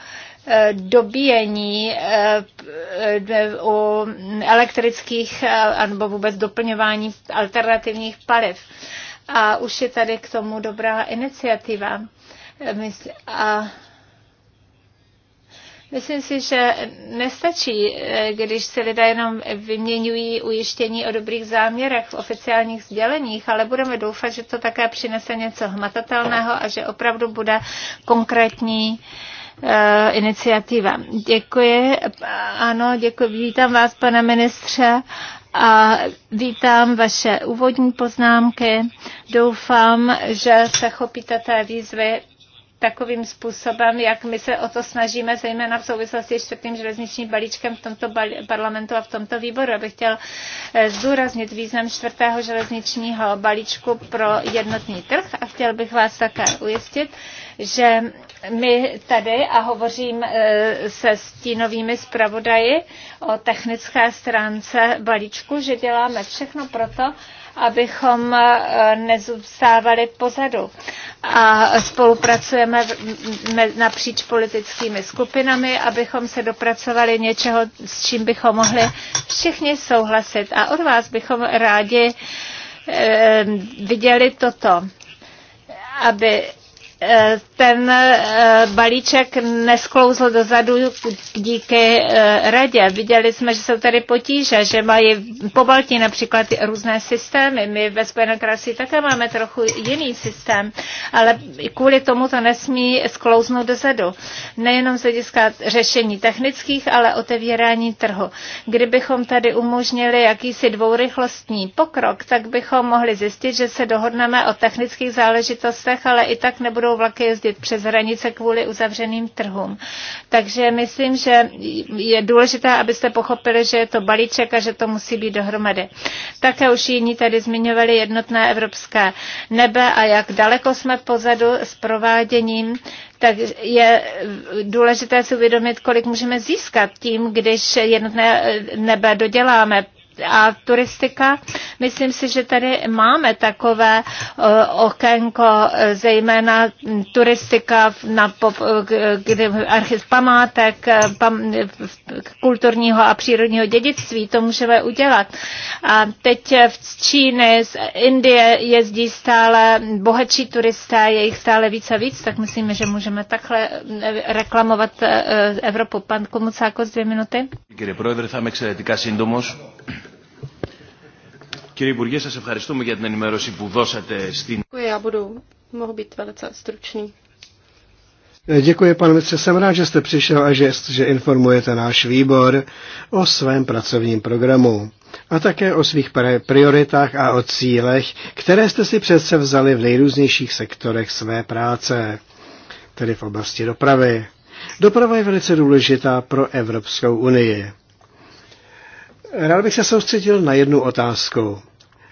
eh, dobíjení eh, u elektrických nebo vůbec doplňování alternativních paliv. A už je tady k tomu dobrá iniciativa. A Myslím si, že nestačí, eh, když se lidé jenom vyměňují ujištění o dobrých záměrech v oficiálních sděleních, ale budeme doufat, že to také přinese něco hmatatelného a že opravdu bude konkrétní eh, iniciativa. Děkuji. Ano, děkuji. Vítám vás, pane ministře a vítám vaše úvodní poznámky. Doufám, že se chopíte té výzvy takovým způsobem, jak my se o to snažíme, zejména v souvislosti s čtvrtým železničním balíčkem v tomto parlamentu a v tomto výboru. Abych chtěl eh, zdůraznit význam čtvrtého železničního balíčku pro jednotný trh a chtěl bych vás také ujistit, že my tady, a hovořím eh, se stínovými zpravodaji o technické stránce balíčku, že děláme všechno proto, abychom eh, nezůstávali pozadu. A spolupracujeme napříč politickými skupinami, abychom se dopracovali něčeho, s čím bychom mohli všichni souhlasit. A od vás bychom rádi eh, viděli toto, aby ten eh, balíček nesklouzl dozadu díky eh, radě. Viděli jsme, že jsou tady potíže, že mají po Balti například různé systémy. My ve Spojené krasi také máme trochu jiný systém, ale kvůli tomu to nesmí sklouznout dozadu. Nejenom z hlediska řešení technických, ale otevírání trhu. Kdybychom tady umožnili jakýsi dvourychlostní pokrok, tak bychom mohli zjistit, že se dohodneme o technických záležitostech, ale i tak nebudou nebudou vlaky jezdit přes hranice kvůli uzavřeným trhům. Takže myslím, že je důležité, abyste pochopili, že je to balíček a že to musí být dohromady. Také už jiní tady zmiňovali jednotné evropské nebe a jak daleko jsme pozadu s prováděním tak je důležité si uvědomit, kolik můžeme získat tím, když jednotné nebe doděláme a turistika. Myslím si, že tady máme takové eh, okénko, eh, zejména turistika na eh, kdy archiv památek, pam, kulturního a přírodního dědictví. To můžeme udělat. A teď v Číny, z Indie jezdí stále bohatší turisté, je jich stále víc a víc, tak myslím, že můžeme takhle reklamovat Evropu. Pan Komucáko z dvě minuty. Kdy prodr, Κύριε Υπουργέ, σας ευχαριστούμε για την ενημέρωση που δώσατε στην... Děkuji, já budu, mohu být velice stručný. Eh, děkuji, pane ministře. Jsem rád, že jste přišel a že, že informujete náš výbor o svém pracovním programu a také o svých prioritách a o cílech, které jste si přece vzali v nejrůznějších sektorech své práce, tedy v oblasti dopravy. Doprava je velice důležitá pro Evropskou unii. Rád bych se soustředil na jednu otázku.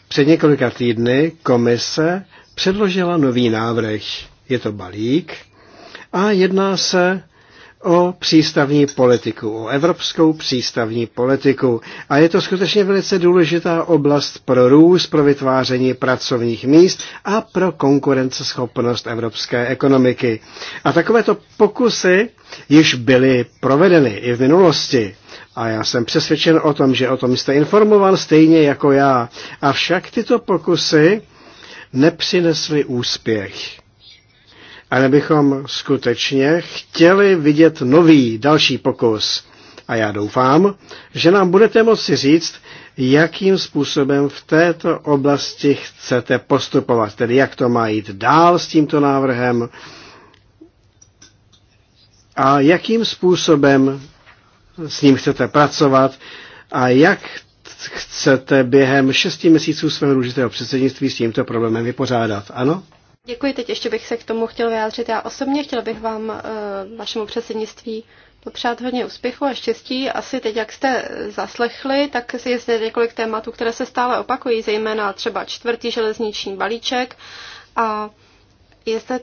Před několika týdny komise předložila nový návrh. Je to balík a jedná se o přístavní politiku, o evropskou přístavní politiku. A je to skutečně velice důležitá oblast pro růst, pro vytváření pracovních míst a pro konkurenceschopnost evropské ekonomiky. A takovéto pokusy již byly provedeny i v minulosti. A já jsem přesvědčen o tom, že o tom jste informoval stejně jako já. Avšak tyto pokusy nepřinesly úspěch. Ale bychom skutečně chtěli vidět nový, další pokus. A já doufám, že nám budete moci říct, jakým způsobem v této oblasti chcete postupovat, tedy jak to má jít dál s tímto návrhem a jakým způsobem s ním chcete pracovat a jak chcete během šesti měsíců svého důležitého předsednictví s tímto problémem vypořádat. Ano? Děkuji, teď ještě bych se k tomu chtěl vyjádřit. Já osobně chtěl bych vám, eh, vašemu předsednictví, popřát hodně úspěchu a štěstí. Asi teď, jak jste zaslechli, tak je zde několik tématů, které se stále opakují, zejména třeba čtvrtý železniční balíček a je zde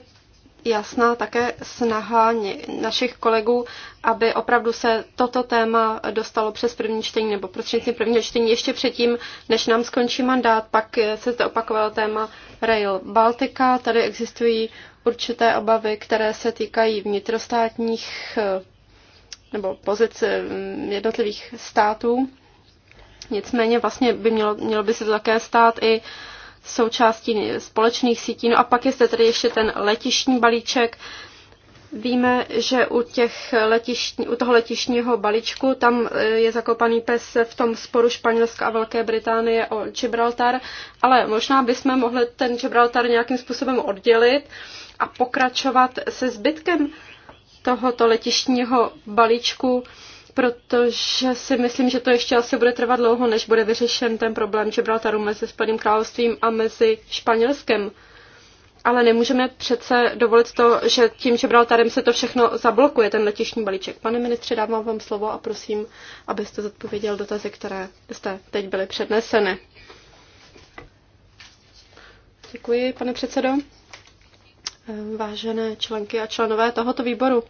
jasná také snaha našich kolegů, aby opravdu se toto téma dostalo přes první čtení nebo prostřednictvím prvního čtení ještě předtím, než nám skončí mandát. Pak se zde opakovalo téma Rail Baltica. Tady existují určité obavy, které se týkají vnitrostátních eh, nebo pozic mm, jednotlivých států. Nicméně vlastně by mělo, mělo by se to také stát i uh, součástí společných sítí. No a pak je zde tedy ještě ten letišní balíček. Víme, že u, těch letišní, u toho letišního balíčku tam eh, je zakopaný pes v tom sporu Španělska a Velké Británie o Gibraltar, ale možná bychom mohli ten Gibraltar nějakým způsobem oddělit a pokračovat se zbytkem tohoto letišního balíčku protože si myslím, že to ještě asi bude trvat dlouho, než bude vyřešen ten problém Gibraltaru mezi Spojeným královstvím a mezi Španělskem. Ale nemůžeme přece dovolit to, že tím Gibraltarem se to všechno zablokuje, ten letišní balíček. Pane ministře, dávám vám slovo a prosím, abyste zodpověděl dotazy, které jste teď byly předneseny. Děkuji, pane předsedo. Vážené členky a členové tohoto výboru,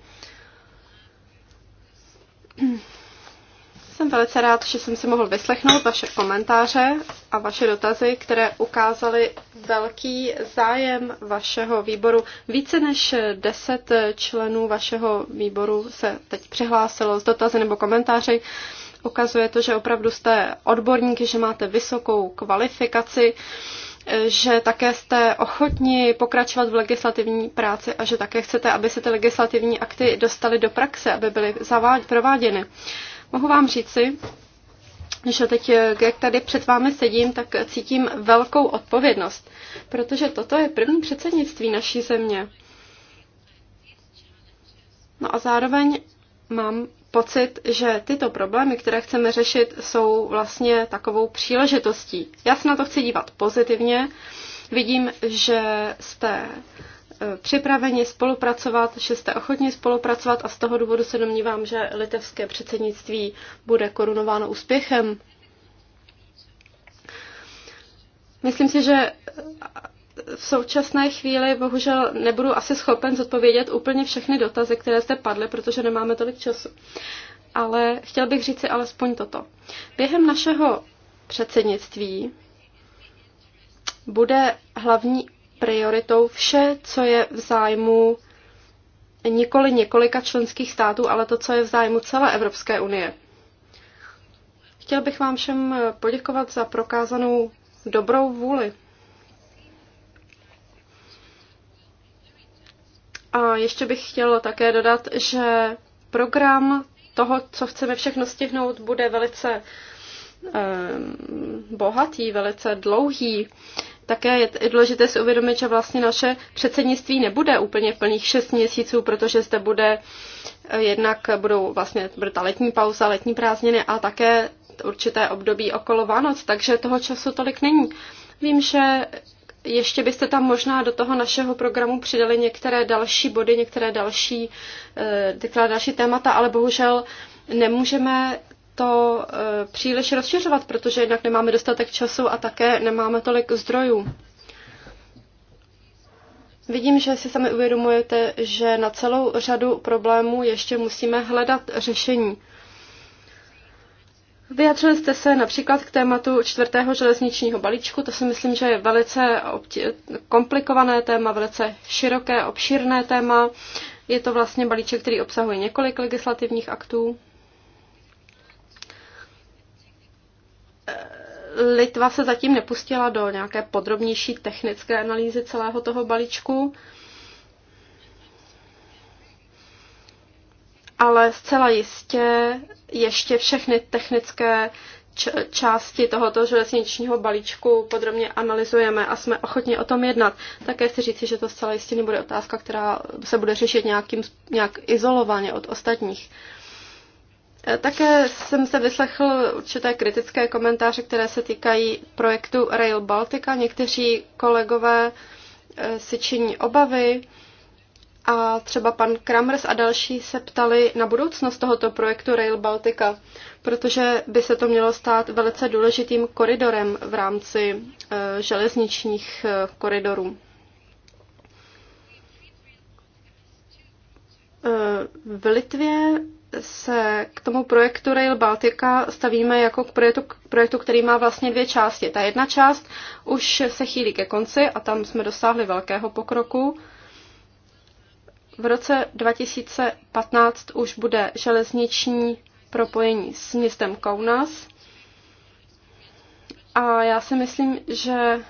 jsem velice rád, že jsem si mohl vyslechnout vaše komentáře a vaše dotazy, které ukázaly velký zájem vašeho výboru. Více než deset členů vašeho výboru se teď přihlásilo s dotazy nebo komentáři. Ukazuje to, že opravdu jste odborníky, že máte vysokou kvalifikaci že také jste ochotni pokračovat v legislativní práci a že také chcete, aby se ty legislativní akty dostaly do praxe, aby byly zavád, prováděny. Mohu vám říci, že teď, jak tady před vámi sedím, tak cítím velkou odpovědnost, protože toto je první předsednictví naší země. No a zároveň mám pocit, že tyto problémy, které chceme řešit, jsou vlastně takovou příležitostí. Já se na to chci dívat pozitivně. Vidím, že jste e, připraveni spolupracovat, že jste ochotni spolupracovat a z toho důvodu se domnívám, že litevské předsednictví bude korunováno úspěchem. Myslím si, že v současné chvíli bohužel nebudu asi schopen zodpovědět úplně všechny dotazy, které zde padly, protože nemáme tolik času. Ale chtěl bych říci alespoň toto. Během našeho předsednictví bude hlavní prioritou vše, co je v zájmu nikoli několika členských států, ale to, co je v zájmu celé Evropské unie. Chtěl bych vám všem poděkovat za prokázanou dobrou vůli A ještě bych chtěla také dodat, že program toho, co chceme všechno stihnout, bude velice bohatý, velice dlouhý. Také je důležité si uvědomit, že vlastně naše předsednictví nebude úplně plných šest měsíců, protože zde bude eh, jednak budou vlastně bude ta letní pauza, letní prázdniny a také určité období okolo Vánoc, takže toho času tolik není. Vím, že ještě byste tam možná do toho našeho programu přidali některé další body, některé další, eh, některé další témata, ale bohužel nemůžeme to eh, příliš rozšiřovat, protože jednak nemáme dostatek času a také nemáme tolik zdrojů. Vidím, že si sami uvědomujete, že na celou řadu problémů ještě musíme hledat řešení. Vyjadřili jste se například k tématu čtvrtého železničního balíčku, to si myslím, že je velice komplikované téma, velice široké, obšírné téma. Je to vlastně balíček, který obsahuje několik legislativních aktů. Litva se zatím nepustila do nějaké podrobnější technické analýzy celého toho balíčku. ale zcela jistě ještě všechny technické části tohoto železničního balíčku podrobně analyzujeme a jsme ochotni o tom jednat. Také chci říci, že to zcela jistě nebude otázka, která se bude řešit nějakým, nějak izolovaně od ostatních. E, také jsem se vyslechl určité kritické komentáře, které se týkají projektu Rail Baltica. Někteří kolegové e, si činí obavy, a třeba pan Kramers a další se ptali na budoucnost tohoto projektu Rail Baltica, protože by se to mělo stát velice důležitým koridorem v rámci eh, železničních eh, koridorů. Eh, v Litvě se k tomu projektu Rail Baltica stavíme jako k projektu, k projektu, který má vlastně dvě části. Ta jedna část už se chýlí ke konci a tam jsme dosáhli velkého pokroku. V roce 2015 už bude železniční propojení s městem Kaunas. A já si myslím, že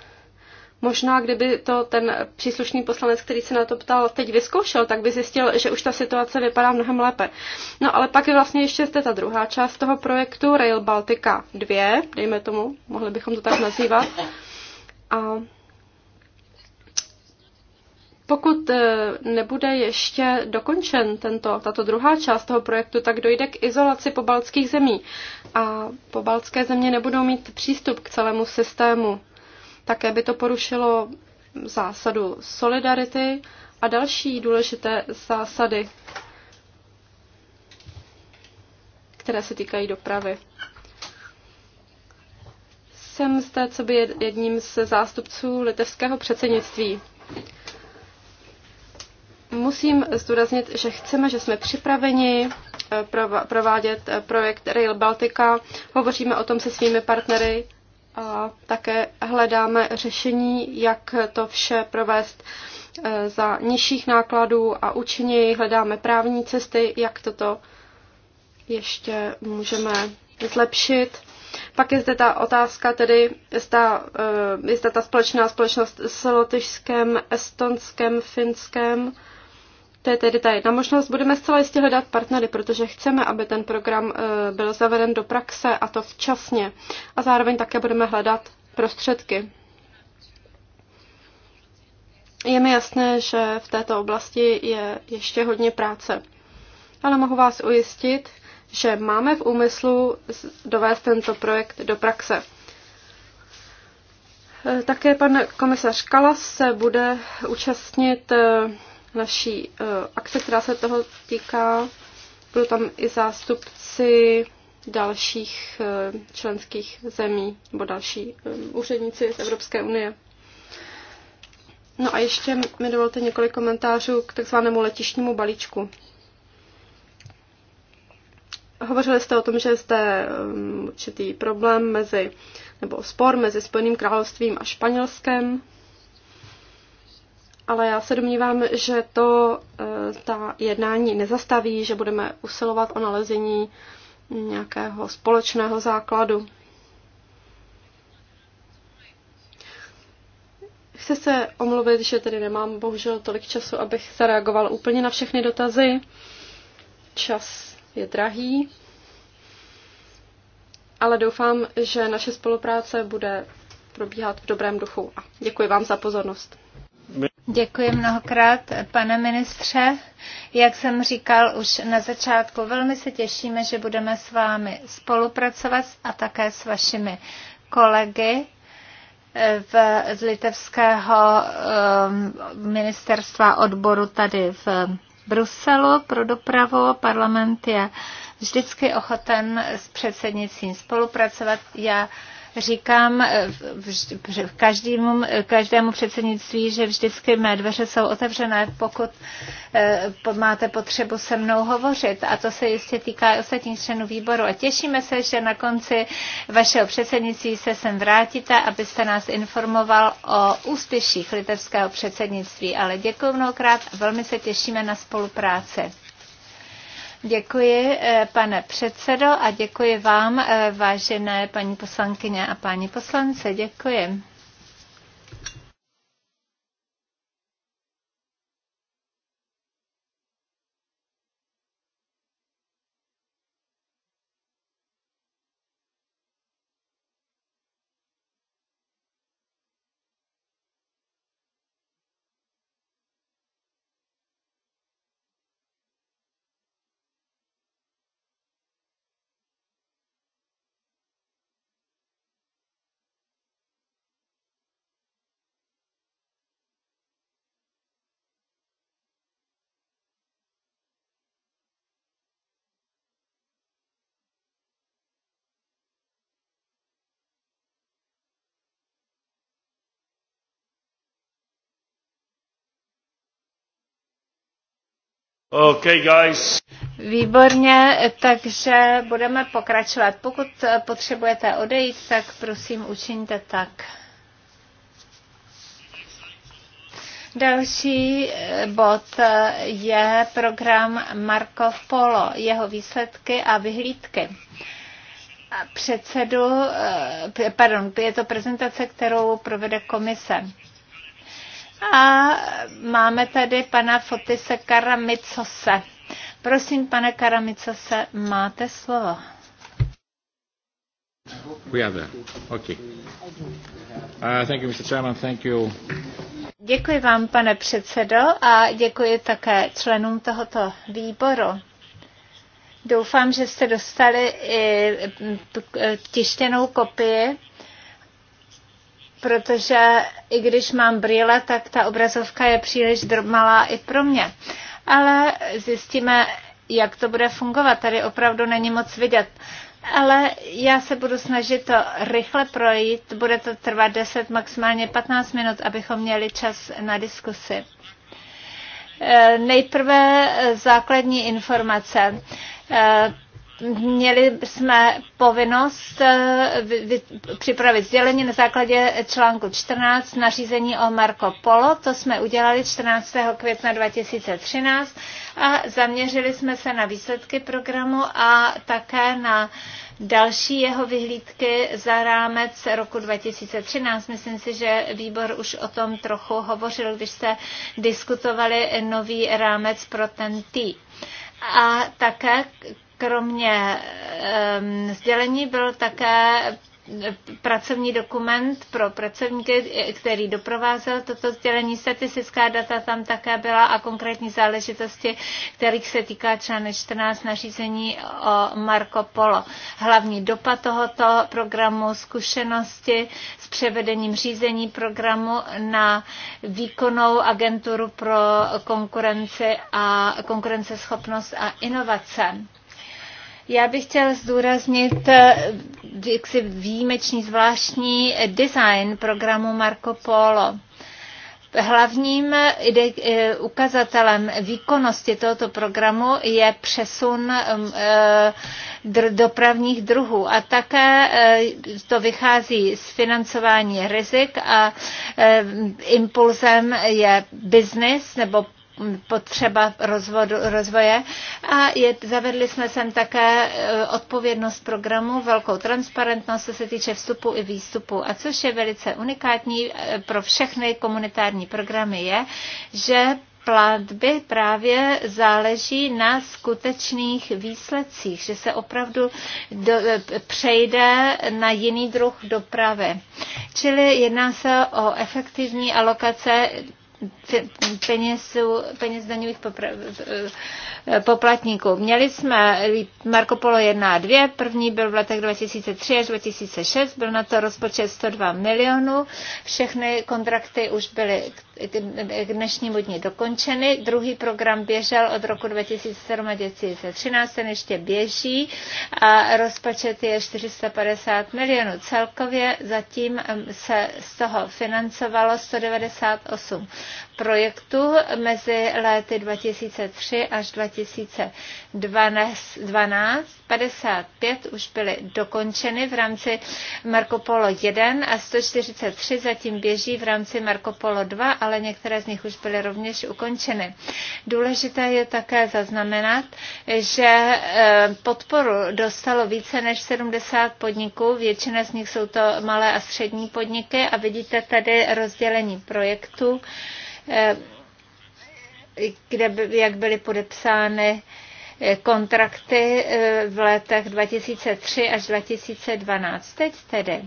možná kdyby to ten příslušný poslanec, který se na to ptal, teď vyzkoušel, tak by zjistil, že už ta situace vypadá mnohem lépe. No ale pak je vlastně ještě zde ta druhá část toho projektu, Rail Baltica 2, dejme tomu, mohli bychom to tak nazývat. A pokud eh, nebude ještě dokončen tento, tato druhá část toho projektu, tak dojde k izolaci pobaltských zemí a pobaltské země nebudou mít přístup k celému systému. Také by to porušilo zásadu solidarity a další důležité zásady, které se týkají dopravy. Jsem zde co by jedním z zástupců litevského předsednictví. Musím zdůraznit, že chceme, že jsme připraveni eh, provádět eh, projekt Rail Baltica. Hovoříme o tom se svými partnery a také hledáme řešení, jak to vše provést eh, za nižších nákladů a účinněji hledáme právní cesty, jak toto ještě můžeme zlepšit. Pak je zde ta otázka tedy, je zde ta společná společnost s Lotyšskem, Estonskem, Finskem to je tedy ta jedna možnost. Budeme zcela jistě hledat partnery, protože chceme, aby ten program eh, byl zaveden do praxe a to včasně. A zároveň také budeme hledat prostředky. Je mi jasné, že v této oblasti je ještě hodně práce. Ale mohu vás ujistit, že máme v úmyslu dovést tento projekt do praxe. Eh, také pan komisař Kalas se bude účastnit eh, naší eh, akce, která se toho týká. Budou tam i zástupci dalších eh, členských zemí nebo další eh, úředníci z Evropské unie. No a ještě mi dovolte několik komentářů k takzvanému letišnímu balíčku. Hovořili jste o tom, že jste určitý problém mezi, nebo spor mezi Spojeným královstvím a Španělskem ale já se domnívám, že to eh, ta jednání nezastaví, že budeme usilovat o nalezení nějakého společného základu. Chci se omluvit, že tedy nemám bohužel tolik času, abych zareagoval reagoval úplně na všechny dotazy. Čas je drahý, ale doufám, že naše spolupráce bude probíhat v dobrém duchu. A děkuji vám za pozornost. Děkuji mnohokrát, pane ministře. Jak jsem říkal už na začátku, velmi se těšíme, že budeme s vámi spolupracovat a také s vašimi kolegy eh, v, z litevského eh, ministerstva odboru tady v Bruselu pro dopravu. Parlament je vždycky ochoten s předsednicím spolupracovat. Já říkám eh, každému, každému předsednictví, že vždycky mé dveře jsou otevřené, pokud eh, máte potřebu se mnou hovořit. A to se jistě týká i ostatních členů výboru. A těšíme se, že na konci vašeho předsednictví se sem vrátíte, abyste nás informoval o úspěších litevského předsednictví. Ale děkuji mnohokrát a velmi se těšíme na spolupráci. Děkuji, eh, pane předsedo, a děkuji vám, eh, vážené paní poslankyně a páni poslance. Děkuji. Okay, guys. Výborně, takže budeme pokračovat. Pokud potřebujete odejít, tak prosím učiňte tak. Další eh, bod eh, je program Marco Polo, jeho výsledky a vyhlídky předsedu, eh, pardon, je to prezentace, kterou provede komise. A máme tady pana Fotise Karamicose. Prosím, pane Karamicose, máte slovo. We are there. Okay. Uh, thank you, Mr. Chairman. Thank you. Děkuji vám, pane předsedo, a děkuji také členům tohoto výboru. Doufám, že jste dostali i eh, tištěnou kopii protože i když mám brýle, tak ta obrazovka je příliš malá i pro mě. Ale zjistíme, jak to bude fungovat. Tady opravdu není moc vidět. Ale já se budu snažit to rychle projít. Bude to trvat 10, maximálně 15 minut, abychom měli čas na diskusi. E, nejprve základní informace e, měli jsme povinnost eh, připravit sdělení na základě článku 14 nařízení o Marco Polo. To jsme udělali 14. května 2013 a zaměřili jsme se na výsledky programu a také na další jeho vyhlídky za rámec roku 2013. Myslím si, že výbor už o tom trochu hovořil, když se diskutovali nový rámec pro ten tý. A také kromě um, sdělení byl také pracovní dokument pro pracovníky, který doprovázel toto sdělení. Statistická data tam také byla a konkrétní záležitosti, kterých se týká článek 14 nařízení o Marco Polo. Hlavní dopad tohoto programu, zkušenosti s převedením řízení programu na výkonnou agenturu pro konkurenci a konkurenceschopnost a inovace já bych chtěl zdůraznit eh, jaksi výjimečný zvláštní eh, design programu Marco Polo. Hlavním eh, ukazatelem výkonnosti tohoto programu je přesun mm, dopravních druhů a také to vychází z financování rizik a impulzem je biznis nebo potřeba rozvodu, rozvoje. A je, zavedli jsme sem také e, odpovědnost programu, velkou transparentnost, co se týče vstupu i výstupu. A což je velice unikátní e, pro všechny komunitární programy je, že platby právě záleží na skutečných výsledcích, že se opravdu do, e, přejde na jiný druh dopravy. Čili jedná se o efektivní alokace penězů, peněz daňových eh, poplatníků. Měli jsme Marco Polo 1 a 2, první byl v letech 2003 až 2006, byl na to rozpočet 102 milionů, všechny kontrakty už byly k dnešnímu dní dokončeny. Druhý program běžel od roku 2007 a 2013, ten ještě běží a rozpočet je 450 milionů. Celkově zatím se z toho financovalo 198 projektů mezi léty 2003 až 2012. 55 už byly dokončeny v rámci Marco Polo 1 a 143 zatím běží v rámci Marco Polo 2 a ale některé z nich už byly rovněž ukončeny. Důležité je také zaznamenat, že eh, podporu dostalo více než 70 podniků, většina z nich jsou to malé a střední podniky a vidíte tady rozdělení projektů, eh, kde, jak byly podepsány eh, kontrakty v letech 2003 až 2012. Teď tedy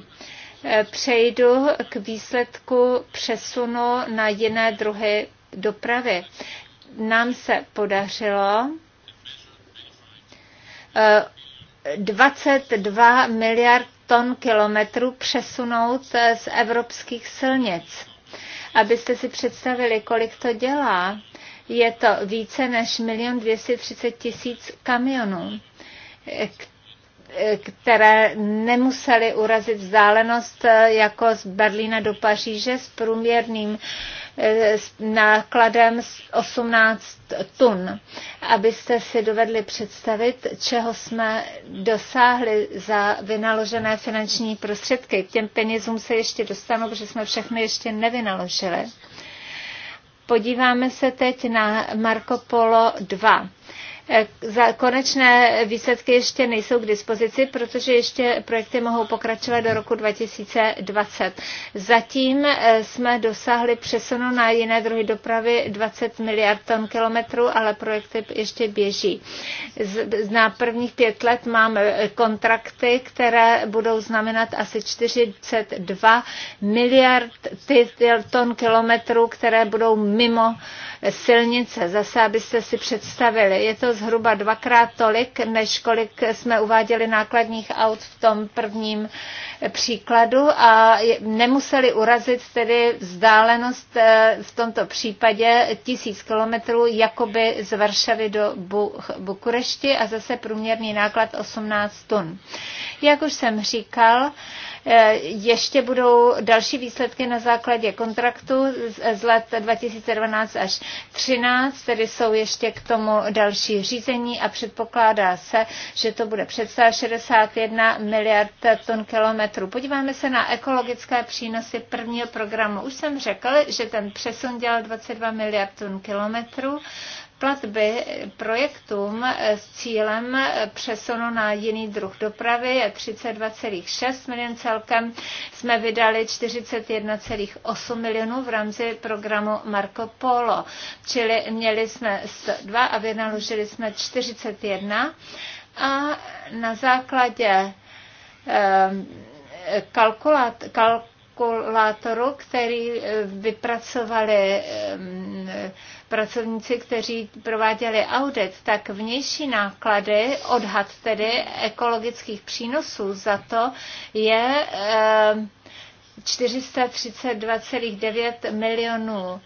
Eh, přejdu k výsledku přesunu na jiné druhy dopravy. Nám se podařilo 22 eh, miliard ton kilometrů přesunout eh, z evropských silnic. Abyste si představili, kolik to dělá, je to více než 1 230 000 kamionů, které nemuseli urazit vzdálenost eh, jako z Berlína do Paříže s průměrným eh, nákladem 18 tun. Abyste si dovedli představit, čeho jsme dosáhli za vynaložené finanční prostředky. K těm penězům se ještě dostanu, protože jsme všechny ještě nevynaložili. Podíváme se teď na Marco Polo 2. Konečné výsledky ještě nejsou k dispozici, protože ještě projekty mohou pokračovat do roku 2020. Zatím eh, jsme dosáhli přesunu na jiné druhy dopravy 20 miliard ton kilometrů, ale projekty ještě běží. Na prvních pět let máme eh, kontrakty, které budou znamenat asi 42 miliard ton kilometrů, které budou mimo uh, silnice. Zase, abyste si představili, je to zhruba dvakrát tolik, než kolik jsme uváděli nákladních aut v tom prvním příkladu a nemuseli urazit tedy vzdálenost eh, v tomto případě tisíc kilometrů jakoby z Varšavy do Bukurešti a zase průměrný náklad 18 tun. Jak už jsem říkal, Eh, ještě budou další výsledky na základě kontraktu z let 2012 až 2013, tedy jsou ještě k tomu další řízení a předpokládá se, že to bude představ 61 miliard tun kilometrů. Podíváme se na ekologické přínosy prvního programu. Už jsem řekl, že ten přesun dělal 22 miliard tun kilometrů platby projektům s cílem přesunu na jiný druh dopravy je 32,6 milionů celkem. Jsme vydali 41,8 milionů v rámci programu Marco Polo, čili měli jsme 102 a vynaložili jsme 41 a na základě ehm, kalkulát, kalkulátoru, který eh, vypracovali ehm, pracovníci, kteří prováděli audit, tak vnější náklady, odhad tedy ekologických přínosů za to je 432,9 eh, milionů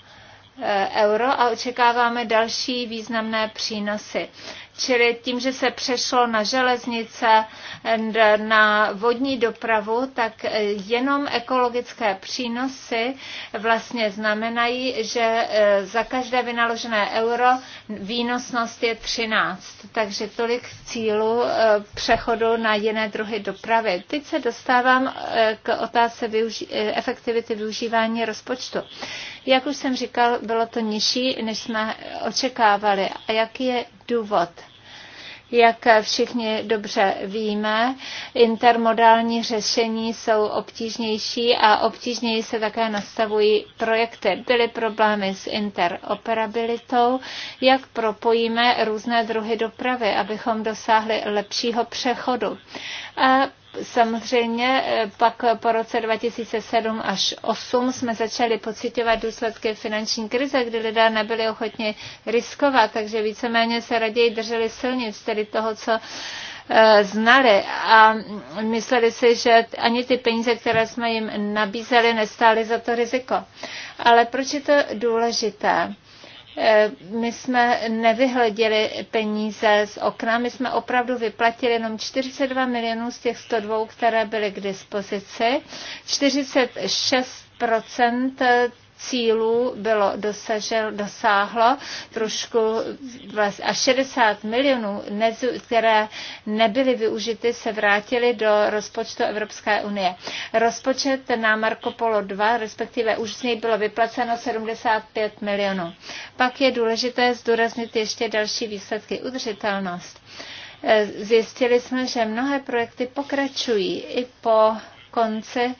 eh, euro a očekáváme další významné přínosy. Čili tím, že se přešlo na železnice, na vodní dopravu, tak e, jenom ekologické přínosy vlastně znamenají, že e, za každé vynaložené euro výnosnost je 13. Takže tolik cílu e, přechodu na jiné druhy dopravy. Teď se dostávám k otázce využi- efektivity využívání rozpočtu. Jak už jsem říkal, bylo to nižší, než jsme očekávali. A jaký je důvod? Jak všichni dobře víme, intermodální řešení jsou obtížnější a obtížněji se také nastavují projekty. Byly problémy s interoperabilitou, jak propojíme různé druhy dopravy, abychom dosáhli lepšího přechodu. A Samozřejmě eh, pak po roce 2007 až 2008 jsme začali pocitovat důsledky finanční krize, kdy lidé nebyli ochotni riskovat, takže víceméně se raději drželi silnic, tedy toho, co eh, znali a mysleli si, že ani ty peníze, které jsme jim nabízeli, nestály za to riziko. Ale proč je to důležité? Eh, my jsme nevyhleděli peníze z okna, my jsme opravdu vyplatili jenom 42 milionů z těch 102, které byly k dispozici. 46 procent cílů bylo dosažel, dosáhlo trošku a 60 milionů, které nebyly využity, se vrátily do rozpočtu Evropské unie. Rozpočet na Marco Polo 2, respektive už z něj bylo vyplaceno 75 milionů. Pak je důležité zdůraznit ještě další výsledky udržitelnost. E, zjistili jsme, že mnohé projekty pokračují i po konci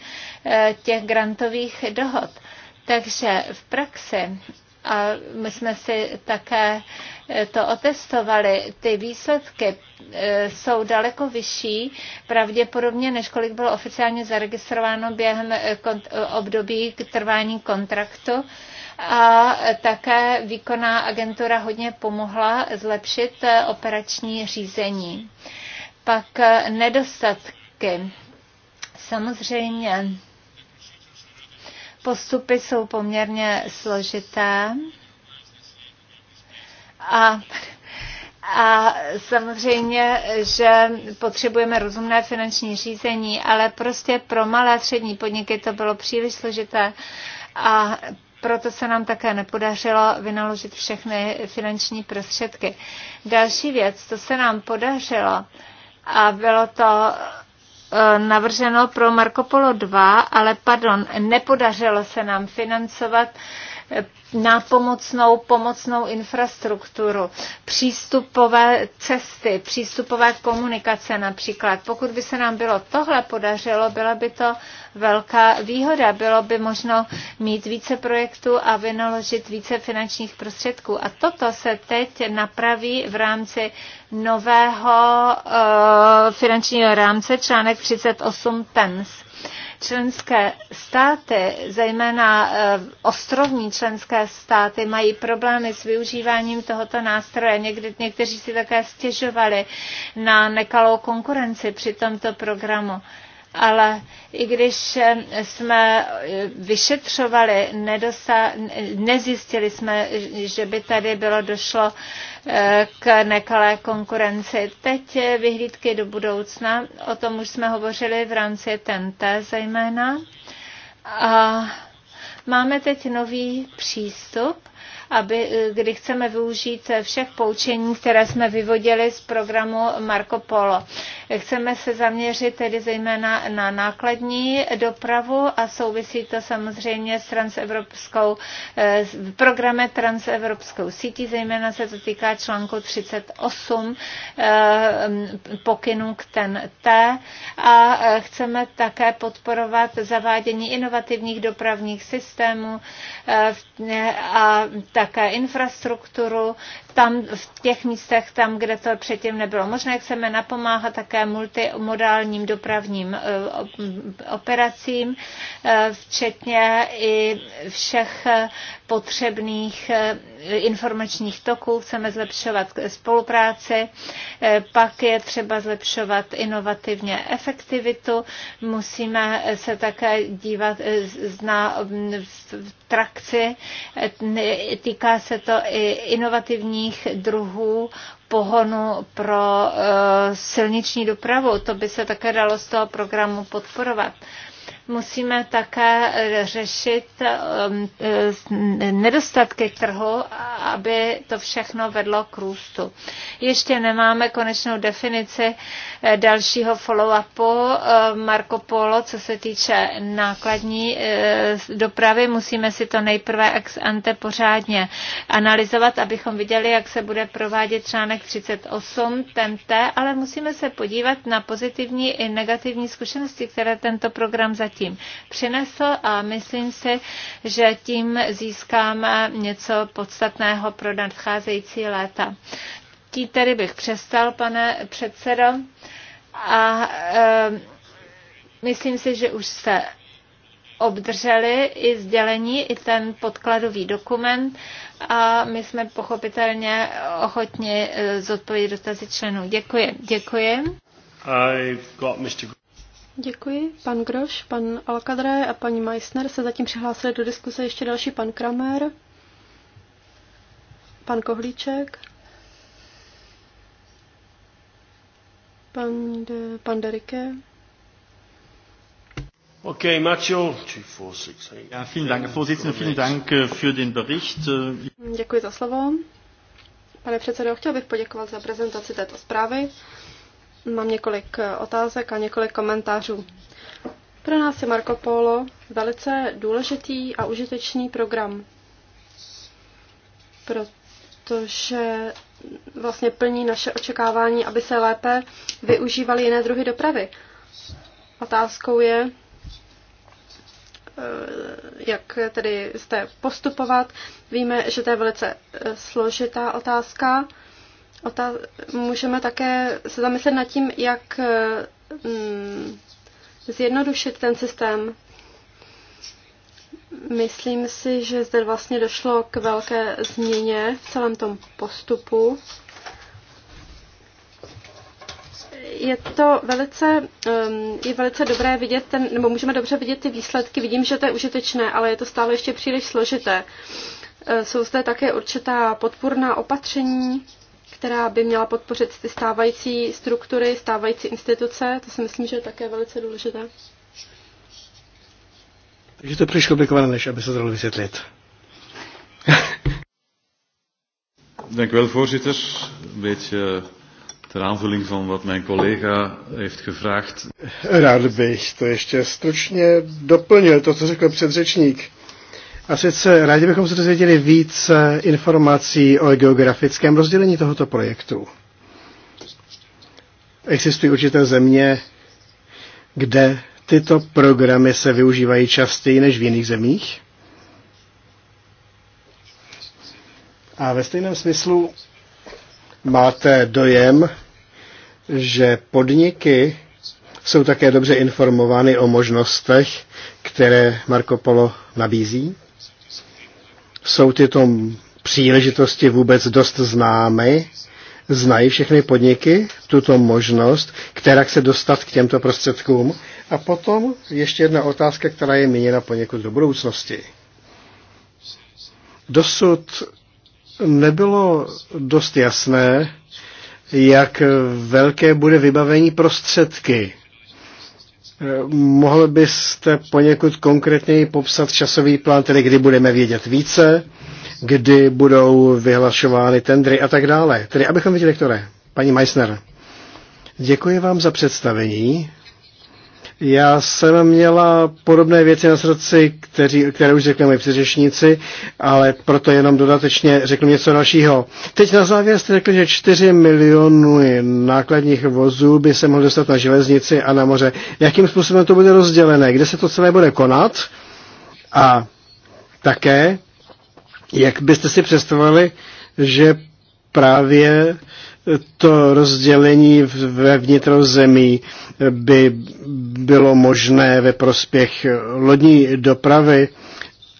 e, těch grantových dohod. Takže v praxi a my jsme si také eh, to otestovali, ty výsledky eh, jsou daleko vyšší, pravděpodobně, než kolik bylo oficiálně zaregistrováno během eh, období trvání kontraktu. A také výkonná agentura hodně pomohla zlepšit operační řízení. Pak nedostatky. Samozřejmě postupy jsou poměrně složité a a samozřejmě, že potřebujeme rozumné finanční řízení, ale prostě pro malé a střední podniky to bylo příliš složité a proto se nám také nepodařilo vynaložit všechny finanční prostředky. Další věc, co se nám podařilo, a bylo to Eh, navrženo pro Marco Polo 2, ale pardon, nepodařilo se nám financovat eh, pomocnou, pomocnou infrastrukturu, přístupové cesty, přístupové komunikace například. Pokud by se nám bylo tohle podařilo, byla by to velká výhoda. Bylo by možno mít více projektů a vynaložit více finančních prostředků. A toto se teď napraví v rámci nového eh, finančního rámce, článek 38 TENS členské státy, zejména eh, ostrovní členské státy, mají problémy s využíváním tohoto nástroje. Někdy, někteří si také stěžovali na nekalou konkurenci při tomto programu ale i když eh, jsme eh, vyšetřovali, nedosa, nezjistili jsme, že by tady bylo došlo eh, k nekalé konkurenci. Teď vyhlídky do budoucna, o tom už jsme hovořili v rámci TNT zejména. A máme teď nový přístup aby, eh, kdy chceme využít eh, všech poučení, které jsme vyvodili z programu Marco Polo. Chceme se zaměřit tedy zejména na nákladní dopravu a souvisí to samozřejmě s transevropskou, eh, programe transevropskou sítí, zejména se to týká článku 38 pokynů k ten T a chceme také podporovat zavádění inovativních dopravních systémů a tak také infrastrukturu, tam v těch místech, tam, kde to předtím nebylo možné. Chceme napomáhat také multimodálním dopravním eh, operacím, eh, včetně i všech eh, potřebných informačních toků. Chceme zlepšovat spolupráci, pak je třeba zlepšovat inovativně efektivitu. Musíme se také dívat na trakci. Týká se to i inovativní různých druhů pohonu pro eh, silniční dopravu. To by se také dalo z toho programu podporovat musíme také eh, řešit eh, eh, nedostatky trhu, aby to všechno vedlo k růstu. Ještě nemáme konečnou definici dalšího follow-upu Marco Polo, co se týče nákladní dopravy. Musíme si to nejprve ex ante pořádně analyzovat, abychom viděli, jak se bude provádět článek 38 TMT, ale musíme se podívat na pozitivní i negativní zkušenosti, které tento program zatím zatím přinesl a myslím si, že tím získáme něco podstatného pro nadcházející léta. Tí tedy bych přestal, pane předsedo, a e, myslím si, že už se obdrželi i sdělení, i ten podkladový dokument a my jsme pochopitelně ochotni eh, zodpovědět dotazy členů. Děkuji. Děkuji. I've got Mr. Děkuji. Pan Groš, pan Alkadré a paní Meissner se zatím přihlásili do diskuse ještě další pan Kramer, pan Kohlíček, pan, de, pan Derike. Okay, Macho. Ja, vielen Dank, Herr Vorsitzender, vielen Dank äh, für den Bericht. Děkuji za slovo. Pane předsedo, chtěl bych poděkovat za prezentaci této zprávy. Mám několik eh, otázek a několik komentářů. Pro nás je Marco Polo velice důležitý a užitečný program, protože vlastně plní naše očekávání, aby se lépe využívaly jiné druhy dopravy. Otázkou je, eh, jak tedy jste postupovat. Víme, že to je velice eh, složitá otázka Ota- můžeme také se zamyslet nad tím, jak eh, mm, zjednodušit ten systém. Myslím si, že zde vlastně došlo k velké změně v celém tom postupu. Je to velice, ehm, je velice dobré vidět, ten, nebo můžeme dobře vidět ty výsledky. Vidím, že to je užitečné, ale je to stále ještě příliš složité. Eh, jsou zde také určitá podpůrná opatření, která by měla podpořit ty stávající struktury, stávající instituce. To si myslím, že je také velice důležité. Takže to přišlo komplikované, než aby se to dalo vysvětlit. Dank wel, voorzitter. Een beetje ter aanvulling van wat mijn collega heeft gevraagd. Rád bych to ještě stručně doplnil, to, co řekl předřečník. A sice rádi bychom se dozvěděli víc eh, informací o geografickém rozdělení tohoto projektu. Existují určité země, kde tyto programy se využívají častěji než v jiných zemích. A ve stejném smyslu máte dojem, že podniky jsou také dobře informovány o možnostech, které Marco Polo nabízí? Jsou tyto příležitosti vůbec dost známy? Znají všechny podniky tuto možnost, která se dostat k těmto prostředkům? A potom ještě jedna otázka, která je míněna poněkud do budoucnosti. Dosud nebylo dost jasné, jak velké bude vybavení prostředky Mohl byste poněkud konkrétněji popsat časový plán, tedy kdy budeme vědět více, kdy budou vyhlašovány tendry a tak dále. Tedy abychom viděli, které. Paní Meissner, děkuji vám za představení. Já jsem měla podobné věci na srdci, kteří, které už řekli moji předřečníci, ale proto jenom dodatečně řeknu něco dalšího. Teď na závěr jste řekli, že 4 miliony nákladních vozů by se mohly dostat na železnici a na moře. Jakým způsobem to bude rozdělené? Kde se to celé bude konat? A také, jak byste si představili, že právě to rozdělení ve vnitrozemí by bylo možné ve prospěch lodní dopravy,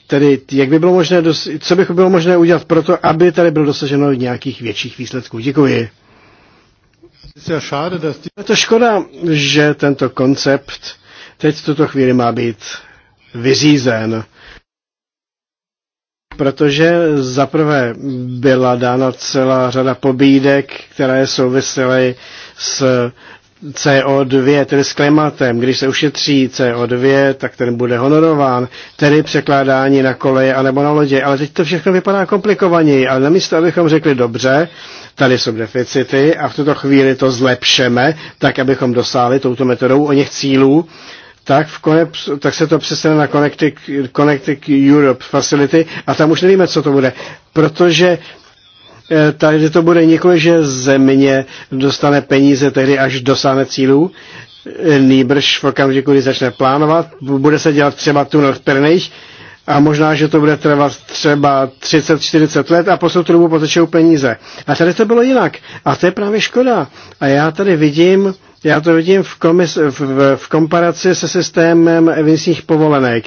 tedy jak by bylo možné, co by bylo možné udělat pro to, aby tady bylo dosaženo nějakých větších výsledků. Děkuji. Je to škoda, že tento koncept teď v tuto chvíli má být vyřízen protože zaprvé byla dána celá řada pobídek, které souvisely s CO2, tedy s klimatem. Když se ušetří CO2, tak ten bude honorován, tedy překládání na koleje anebo na lodě. Ale teď to všechno vypadá komplikovaněji. Ale namísto, abychom řekli dobře, tady jsou deficity a v tuto chvíli to zlepšeme, tak abychom dosáhli touto metodou o něch cílů, tak, v Koneps, tak se to přesune na Connected Connecting Europe Facility a tam už nevíme, co to bude, protože Eh, takže to bude nikoli, že země dostane peníze tehdy, až dosáhne cílů, eh, nýbrž v okamžiku, kdy začne plánovat. Bude se dělat třeba tunel v Pirnejch a možná, že to bude trvat třeba 30-40 let a posud trubu potečou peníze. A tady to bylo jinak. A to je právě škoda. A já tady vidím, já to vidím v, komis, v, v komparaci se systémem emisních povolenek.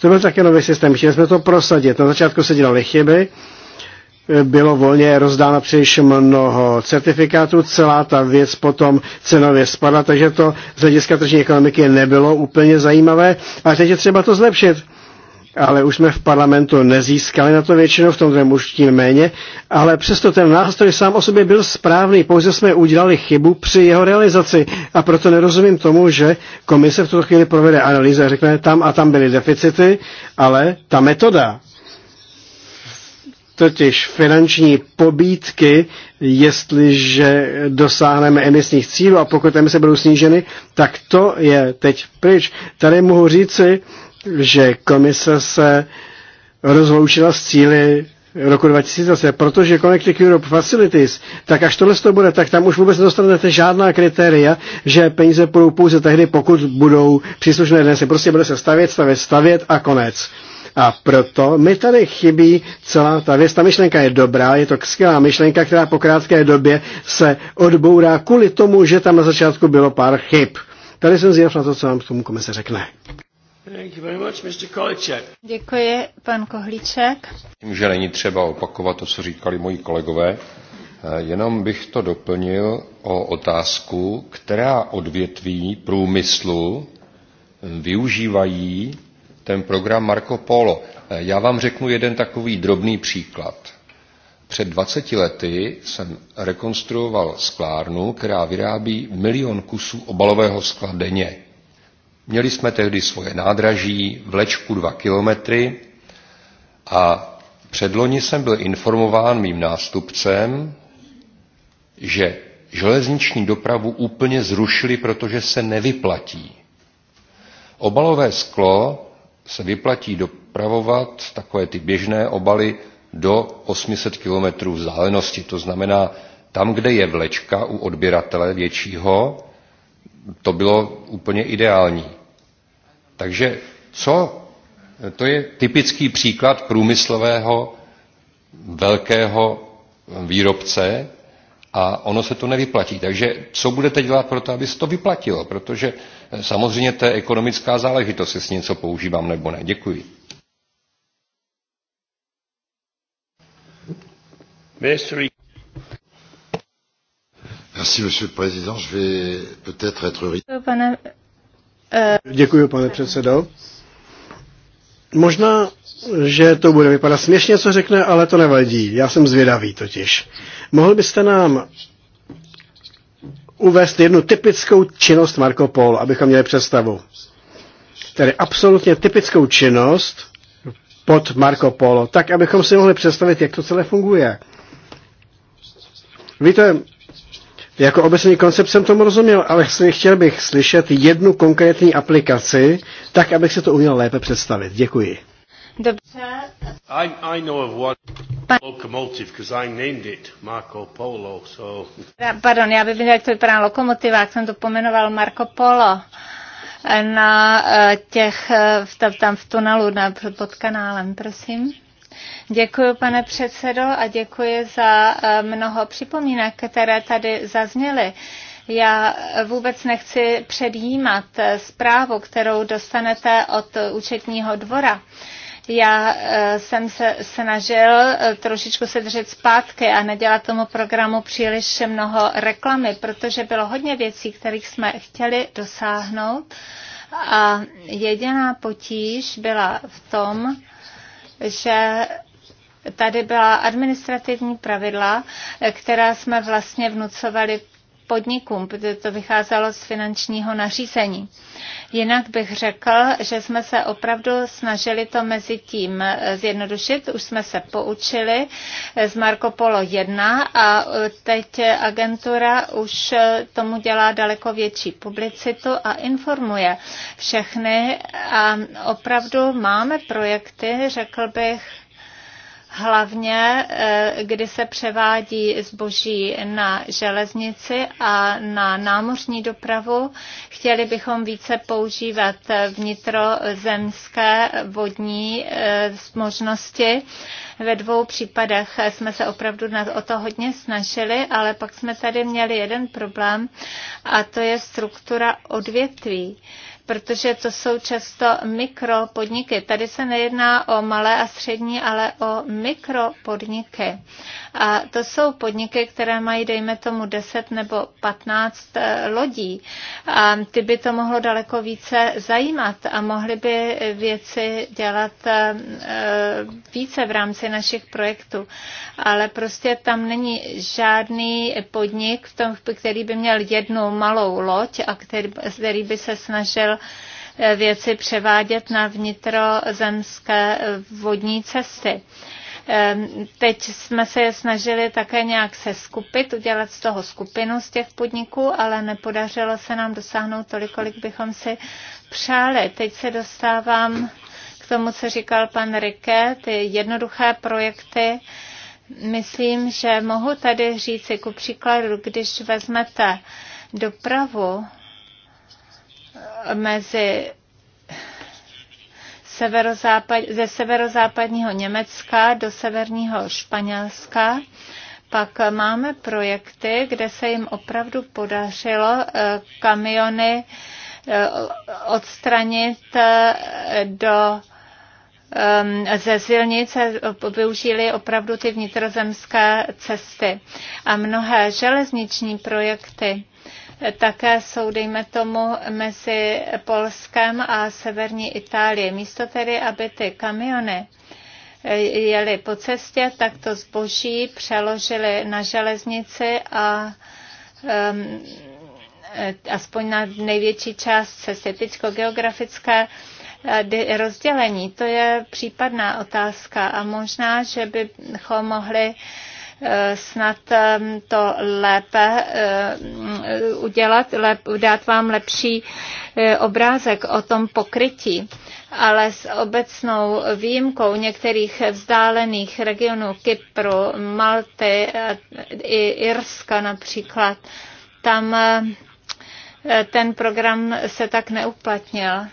To byl také nový systém. Chtěli jsme to prosadit. Na začátku se dělaly chyby, bylo volně rozdáno příliš mnoho certifikátů, celá ta věc potom cenově spadla, takže to z hlediska tržní ekonomiky nebylo úplně zajímavé, ale teď je třeba to zlepšit. Ale už jsme v parlamentu nezískali na to většinu, v tom druhém už tím méně, ale přesto ten nástroj sám o sobě byl správný, pouze jsme udělali chybu při jeho realizaci a proto nerozumím tomu, že komise v tuto chvíli provede analýzu a řekne, tam a tam byly deficity, ale ta metoda, totiž finanční pobídky, jestliže dosáhneme emisních cílů a pokud emise budou sníženy, tak to je teď pryč. Tady mohu říci, že komise se rozloučila s cíly roku 2000, protože Connected Europe Facilities, tak až tohle to bude, tak tam už vůbec nedostanete žádná kritéria, že peníze půjdou pouze tehdy, pokud budou příslušné dnes. Prostě bude se stavět, stavět, stavět a konec. A proto mi tady chybí celá ta věc. Ta myšlenka je dobrá, je to skvělá myšlenka, která po krátké době se odbourá kvůli tomu, že tam na začátku bylo pár chyb. Tady jsem zjistil, na to, co vám k tomu komise řekne. Děkuji, pan Kohlíček. Tím, že není třeba opakovat to, co říkali moji kolegové, eh, jenom bych to doplnil o otázku, která odvětví průmyslu eh, využívají ten program Marco Polo. Eh, já vám řeknu jeden takový drobný příklad. Před 20 lety jsem rekonstruoval sklárnu, která vyrábí milion kusů obalového skla denně. Měli jsme tehdy svoje nádraží, vlečku 2 kilometry a předloni jsem byl informován mým nástupcem, že železniční dopravu úplně zrušili, protože se nevyplatí. Obalové sklo se vyplatí dopravovat takové ty běžné obaly do 800 km vzdálenosti. To znamená, tam, kde je vlečka u odběratele většího, to bylo úplně ideální. Takže co? To je typický příklad průmyslového velkého výrobce, a ono se to nevyplatí. Takže co budete dělat pro to, aby se to vyplatilo? Protože eh, samozřejmě to je ekonomická záležitost, jestli něco používám nebo ne. Děkuji. peut-être Pane, eh, Děkuji, pane předsedo. Možná, že to bude vypadat směšně, co řekne, ale to nevadí. Já jsem zvědavý totiž. Mohl byste nám uvést jednu typickou činnost Marco Polo, abychom měli představu. Tedy absolutně typickou činnost pod Marco Polo, tak abychom si mohli představit, jak to celé funguje. Víte, jako obecný koncept jsem tomu rozuměl, ale chtěl bych slyšet jednu konkrétní aplikaci, tak abych se to uměl lépe představit. Děkuji. Dobře. Pardon, já bych věděl, jak to vypadá lokomotiva, jak jsem to pomenoval Marco Polo na eh, těch, eh, tam v tunelu pod kanálem, prosím. Děkuji, pane předsedo, a děkuji za eh, mnoho připomínek, které tady zazněly. Já vůbec nechci předjímat eh, zprávu, kterou dostanete od účetního dvora. Já eh, jsem se snažil trošičku se držet zpátky a nedělat tomu programu příliš mnoho reklamy, protože bylo hodně věcí, kterých jsme chtěli dosáhnout. A jediná potíž byla v tom, že tady byla administrativní pravidla, která jsme vlastně vnucovali podnikům, protože to vycházelo z finančního nařízení. Jinak bych řekl, že jsme se opravdu snažili to mezi tím zjednodušit. Už jsme se poučili z Marco Polo 1 a teď agentura už tomu dělá daleko větší publicitu a informuje všechny a opravdu máme projekty, řekl bych, hlavně eh, kdy se převádí zboží na železnici a na námořní dopravu. Chtěli bychom více používat vnitrozemské vodní eh, možnosti. Ve dvou případech jsme se opravdu o to hodně snažili, ale pak jsme tady měli jeden problém a to je struktura odvětví protože to jsou často mikropodniky. Tady se nejedná o malé a střední, ale o mikropodniky. A to jsou podniky, které mají, dejme tomu, 10 nebo 15 eh, lodí. A ty by to mohlo daleko více zajímat a mohly by věci dělat eh, více v rámci našich projektů. Ale prostě tam není žádný podnik, v tom, který by měl jednu malou loď a který, který by se snažil věci převádět na vnitrozemské vodní cesty. Ehm, teď jsme se je snažili také nějak se skupit, udělat z toho skupinu z těch podniků, ale nepodařilo se nám dosáhnout tolik, kolik bychom si přáli. Teď se dostávám k tomu, co říkal pan Rike, ty jednoduché projekty. Myslím, že mohu tady říci, ku příkladu, když vezmete dopravu, mezi severozápad, ze severozápadního Německa do severního Španělska. Pak máme projekty, kde se jim opravdu podařilo eh, kamiony eh, odstranit eh, do ze silnice využili opravdu ty vnitrozemské cesty. A mnohé železniční projekty také jsou, dejme tomu, mezi Polskem a severní Itálií. Místo tedy, aby ty kamiony eh, jeli po cestě, tak to zboží přeložili na železnici a um, aspoň na největší část cesty. geografické eh, rozdělení, to je případná otázka a možná, že bychom mohli snad ehm, to lépe ehm, udělat, dát vám lepší eh, obrázek o tom pokrytí ale s obecnou výjimkou některých vzdálených regionů Kypru, Malty eh, i Irska například, tam eh, ten program se tak neuplatnil.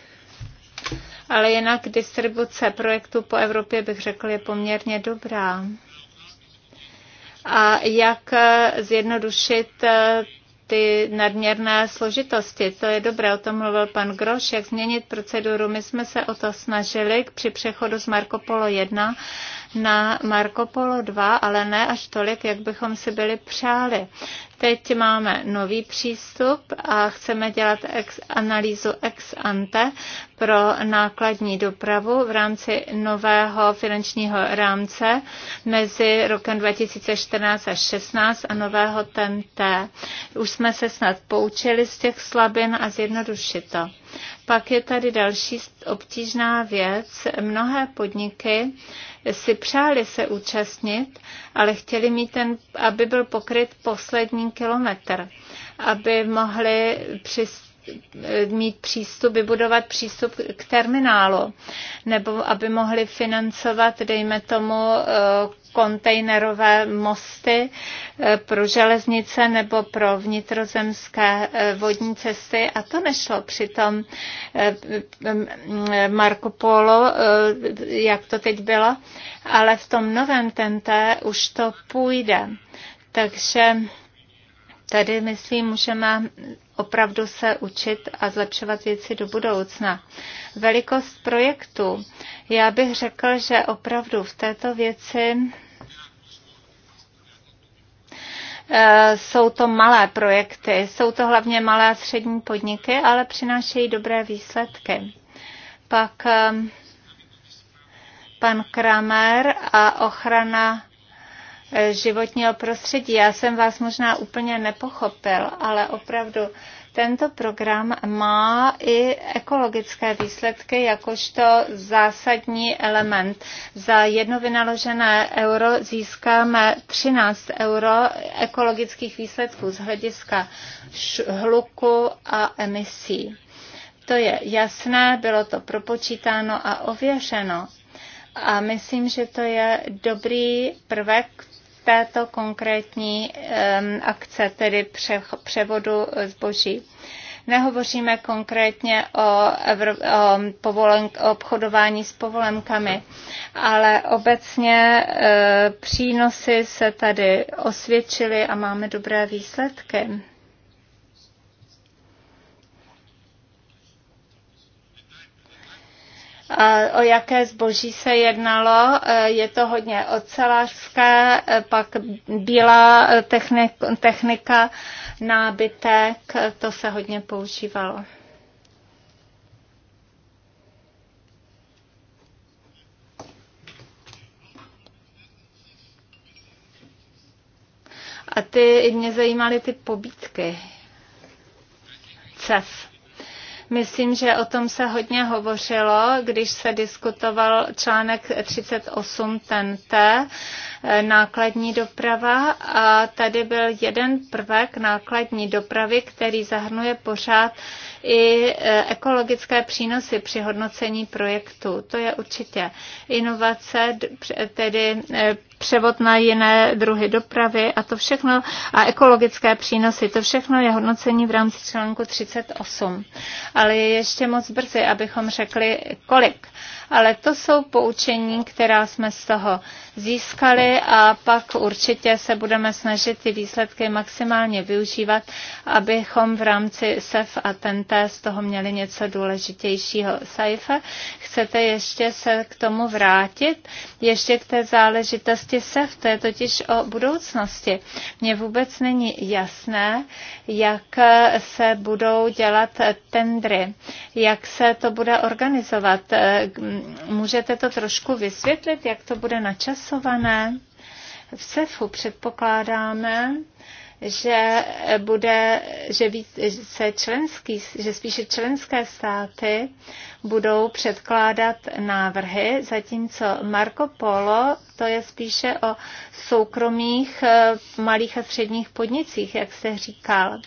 Ale jinak distribuce projektů po Evropě bych řekl je poměrně dobrá a jak zjednodušit eh, ty nadměrné složitosti. To je dobré, o tom mluvil pan Groš, jak změnit proceduru. My jsme se o to snažili při přechodu z Marco Polo 1 na Marco Polo 2, ale ne až tolik, jak bychom si byli přáli. Teď máme nový přístup a chceme dělat ex, analýzu ex ante pro nákladní dopravu v rámci nového finančního rámce mezi rokem 2014 a 16 a nového TNT. Už jsme se snad poučili z těch slabin a zjednodušit to. Pak je tady další obtížná věc. Mnohé podniky si přáli se účastnit, ale chtěli mít ten, aby byl pokryt poslední kilometr, aby mohli přispět mít přístup, vybudovat přístup k terminálu, nebo aby mohli financovat, dejme tomu, eh, kontejnerové mosty eh, pro železnice nebo pro vnitrozemské eh, vodní cesty a to nešlo. Přitom mm, Marco Polo, jak to teď bylo, ale v tom novém tente už to půjde. Takže Tady, myslím, můžeme opravdu se učit a zlepšovat věci do budoucna. Velikost projektu. Já bych řekl, že opravdu v této věci eh, jsou to malé projekty. Jsou to hlavně malé a střední podniky, ale přinášejí dobré výsledky. Pak eh, pan Kramer a ochrana životního prostředí. Já jsem vás možná úplně nepochopil, ale opravdu tento program má i ekologické výsledky jakožto zásadní element. Za jedno vynaložené euro získáme 13 euro ekologických výsledků z hlediska hluku a emisí. To je jasné, bylo to propočítáno a ověřeno. A myslím, že to je dobrý prvek této konkrétní akce, tedy převodu zboží. Nehovoříme konkrétně o, Evro- o, povolen- o obchodování s povolenkami, ale obecně e, přínosy se tady osvědčily a máme dobré výsledky. o jaké zboží se jednalo. E, je to hodně ocelářské, e, pak bílá e, technik, technika, nábytek, to se hodně používalo. A ty mě zajímaly ty pobítky. CEF. Myslím, že o tom se hodně hovořilo, když se diskutoval článek 38 TNT, eh, nákladní doprava a tady byl jeden prvek nákladní dopravy, který zahrnuje pořád i eh, ekologické přínosy při hodnocení projektu. To je určitě inovace, tedy eh, převod na jiné druhy dopravy a to všechno a ekologické přínosy, to všechno je hodnocení v rámci článku 38. Ale je ještě moc brzy, abychom řekli kolik ale to jsou poučení, která jsme z toho získali a pak určitě se budeme snažit ty výsledky maximálně využívat, abychom v rámci SEF a TNT z toho měli něco důležitějšího. Saife, chcete ještě se k tomu vrátit? Ještě k té záležitosti SEF, to je totiž o budoucnosti. Mně vůbec není jasné, jak se budou dělat tendry, jak se to bude organizovat, Můžete to trošku vysvětlit, jak to bude načasované? V SEFu předpokládáme, že bude, že více členský, že spíše členské státy budou předkládat návrhy, zatímco Marco Polo to je spíše o soukromých eh, malých a středních podnicích, jak jste říkal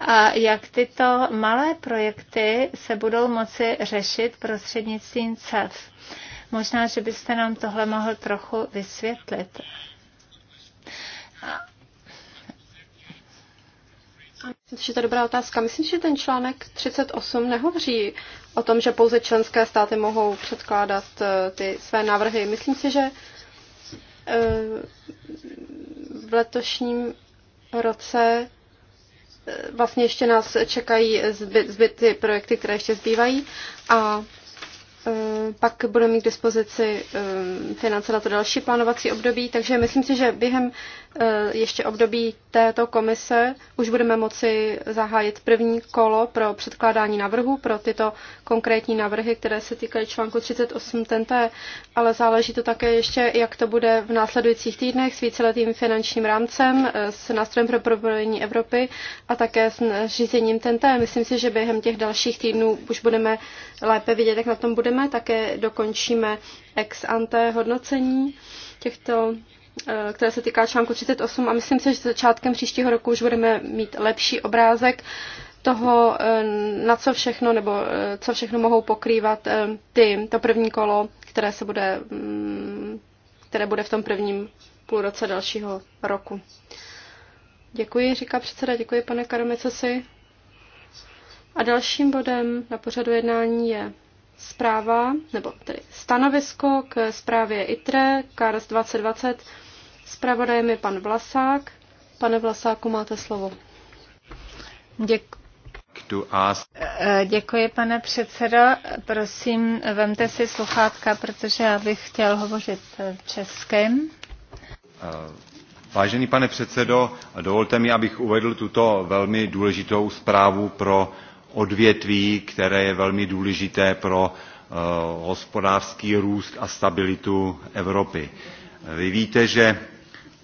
a jak tyto malé projekty se budou moci řešit prostřednictvím CEF. Možná, že byste nám tohle mohl trochu vysvětlit. Myslím že to je dobrá otázka. Myslím, že ten článek 38 nehovoří o tom, že pouze členské státy mohou předkládat eh, ty své návrhy. Myslím si, že eh, v letošním roce vlastně ještě nás čekají zbyt, zbyt projekty, které ještě zbývají a Eh, pak budeme mít k dispozici eh, finance na to další plánovací období, takže myslím si, že během eh, ještě období této komise už budeme moci zahájit první kolo pro předkládání návrhu pro tyto konkrétní návrhy, které se týkají článku 38 TNT, ale záleží to také ještě, jak to bude v následujících týdnech s víceletým finančním rámcem, s nástrojem pro propojení Evropy a také s řízením TNT. Myslím si, že během těch dalších týdnů už budeme lépe vidět, jak na tom bude budeme, také dokončíme ex ante hodnocení těchto eh, které se týká článku 38 a myslím si, že začátkem příštího roku už budeme mít lepší obrázek toho, eh, na co všechno nebo eh, co všechno mohou pokrývat ty, to první kolo, které se bude, mm, které bude v tom prvním půlroce dalšího roku. Děkuji, říká předseda, děkuji pane Karomecesi. A dalším bodem na pořadu jednání je zpráva, nebo tedy stanovisko k zprávě ITRE KARS 2020. Zpravodajem je pan Vlasák. Pane Vlasáku, máte slovo. Děkuji. Eh, děkuji, pane předsedo. Prosím, vemte si sluchátka, protože já bych chtěl hovořit eh, českým. Eh, vážený pane předsedo, dovolte mi, abych uvedl tuto velmi důležitou zprávu pro odvětví, které je velmi důležité pro eh, hospodářský růst a stabilitu Evropy. Vy víte, že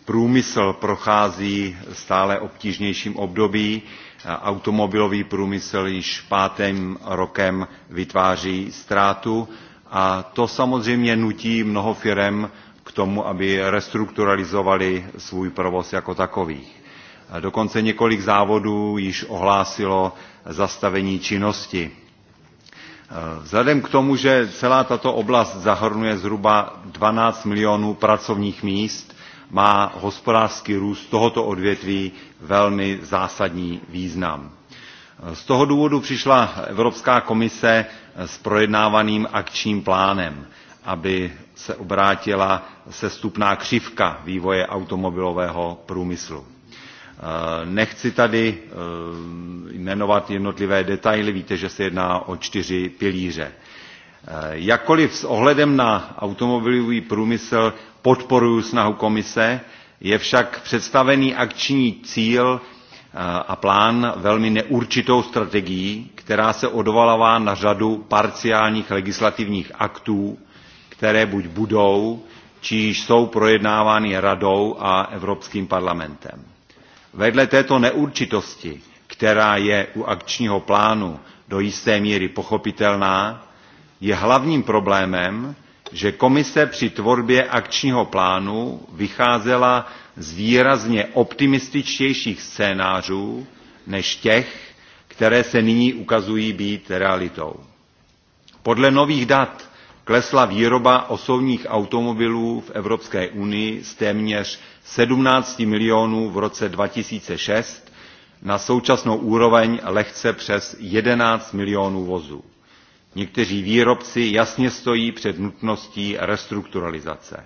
průmysl prochází stále obtížnějším období. Automobilový průmysl již pátým rokem vytváří ztrátu a to samozřejmě nutí mnoho firem k tomu, aby restrukturalizovali svůj provoz jako takový. Dokonce několik závodů již ohlásilo zastavení činnosti. E, vzhledem k tomu, že celá tato oblast zahrnuje zhruba 12 milionů pracovních míst, má hospodářský růst tohoto odvětví velmi zásadní význam. E, z toho důvodu přišla Evropská komise s projednávaným akčním plánem, aby se obrátila sestupná křivka vývoje automobilového průmyslu Eh, nechci tady eh, jmenovat jednotlivé detaily, víte, že se jedná o čtyři pilíře. Eh, jakkoliv s ohledem na automobilový průmysl podporuji snahu komise, je však představený akční cíl a plán velmi neurčitou strategií, která se odvolává na řadu parciálních legislativních aktů, které buď budou, či již jsou projednávány Radou a Evropským parlamentem. Vedle této neurčitosti, která je u akčního plánu do jisté míry pochopitelná, je hlavním problémem, že komise při tvorbě akčního plánu vycházela z výrazně optimističtějších scénářů než těch, které se nyní ukazují být realitou. Podle nových dat klesla výroba osobních automobilů v Evropské unii z téměř 17 milionů v roce 2006 na současnou úroveň lehce přes 11 milionů vozů. Někteří výrobci jasně stojí před nutností restrukturalizace.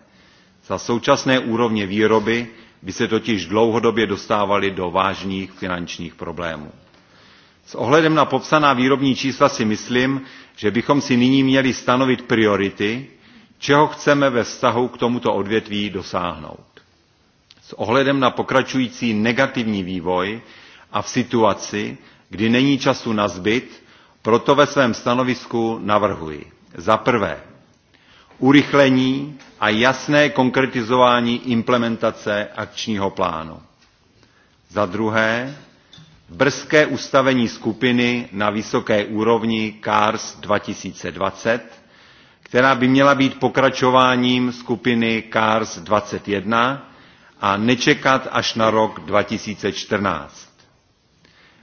Za současné úrovně výroby by se totiž dlouhodobě dostávali do vážných finančních problémů. S ohledem na popsaná výrobní čísla si myslím, že bychom si nyní měli stanovit priority, čeho chceme ve vztahu k tomuto odvětví dosáhnout. S ohledem na pokračující negativní vývoj a v situaci, kdy není času na zbyt, proto ve svém stanovisku navrhuji. Za prvé, urychlení a jasné konkretizování implementace akčního plánu. Za druhé, brzké ustavení skupiny na vysoké úrovni CARS 2020, která by měla být pokračováním skupiny CARS 21 a nečekat až na rok 2014.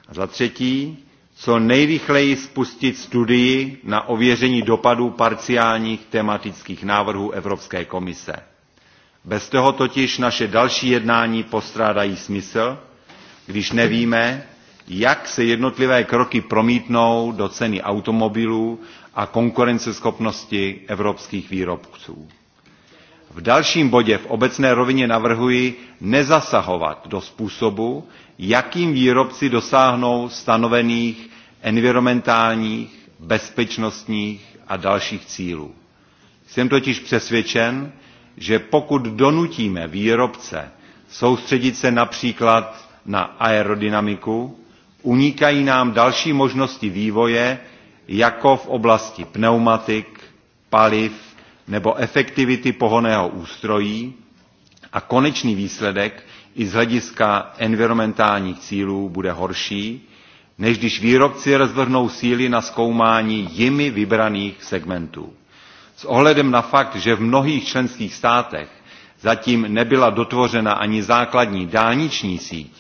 A za třetí, co nejrychleji spustit studii na ověření dopadů parciálních tematických návrhů Evropské komise. Bez toho totiž naše další jednání postrádají smysl, když nevíme, jak se jednotlivé kroky promítnou do ceny automobilů a konkurenceschopnosti evropských výrobců. V dalším bodě v obecné rovině navrhuji nezasahovat do způsobu, jakým výrobci dosáhnou stanovených environmentálních, bezpečnostních a dalších cílů. Jsem totiž přesvědčen, že pokud donutíme výrobce soustředit se například na aerodynamiku, unikají nám další možnosti vývoje, jako v oblasti pneumatik, paliv nebo efektivity pohoného ústrojí a konečný výsledek i z hlediska environmentálních cílů bude horší, než když výrobci rozvrhnou síly na zkoumání jimi vybraných segmentů. S ohledem na fakt, že v mnohých členských státech zatím nebyla dotvořena ani základní dálniční síť,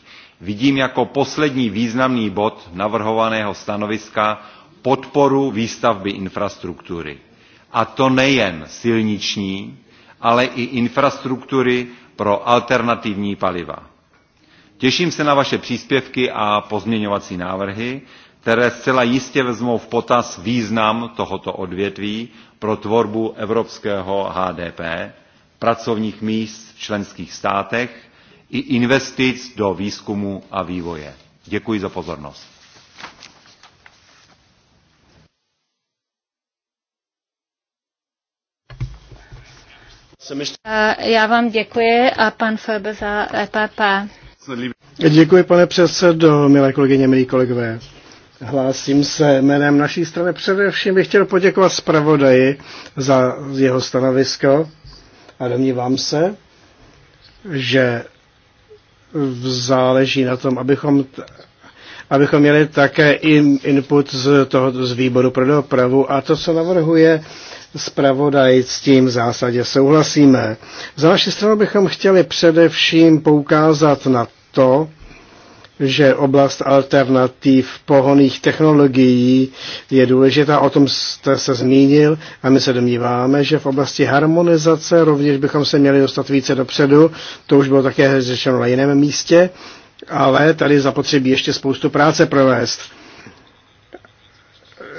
vidím jako poslední významný bod navrhovaného stanoviska podporu výstavby infrastruktury. A to nejen silniční, ale i infrastruktury pro alternativní paliva. Těším se na vaše příspěvky a pozměňovací návrhy, které zcela jistě vezmou v potaz význam tohoto odvětví pro tvorbu evropského HDP, pracovních míst v členských státech i investic do výzkumu a vývoje. Děkuji za pozornost. Eh, já vám děkuji a pan Ferber za EPP. Děkuji, pane předsedo, milé kolegyně, milí kolegové. Hlásím se jménem naší strany. Především bych chtěl poděkovat zpravodaji za jeho stanovisko a domnívám se, že záleží na tom, abychom, abychom měli také in, input z, toho, z výboru pro dopravu a to, co navrhuje zpravodaj, s tím v zásadě souhlasíme. Za naši stranu bychom chtěli především poukázat na to, že oblast alternativ pohoných technologií je důležitá, o tom jste se zmínil a my se domníváme, že v oblasti harmonizace rovněž bychom se měli dostat více dopředu, to už bylo také řečeno na jiném místě, ale tady zapotřebí ještě spoustu práce provést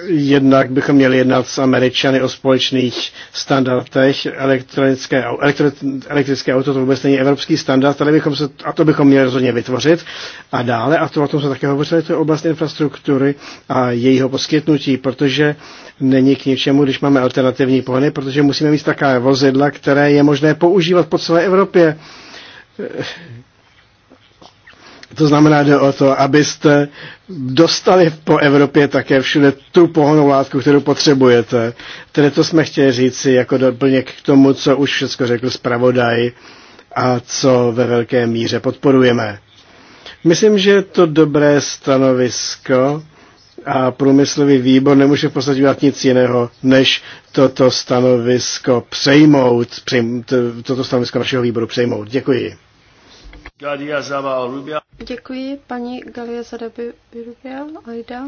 jednak bychom měli jednat s Američany o společných standardech. Elektronické, elektro, elektrické auto to vůbec není evropský standard, tady bychom se, a to bychom měli rozhodně vytvořit. A dále, a to o tom se také hovořili, to je oblast infrastruktury a jejího poskytnutí, protože není k ničemu, když máme alternativní pohony, protože musíme mít taková vozidla, které je možné používat po celé Evropě to znamená, jde o to, abyste dostali po Evropě také všude tu pohonou látku, kterou potřebujete. Tedy to jsme chtěli říci jako doplněk k tomu, co už všechno řekl zpravodaj a co ve velké míře podporujeme. Myslím, že je to dobré stanovisko a průmyslový výbor nemůže v podstatě dělat nic jiného, než toto stanovisko přejmout, přejm, toto stanovisko našeho výboru přejmout. Děkuji. Galia Zabal Rubia. Děkuji, paní Galia Zadaby Rubial. Aida.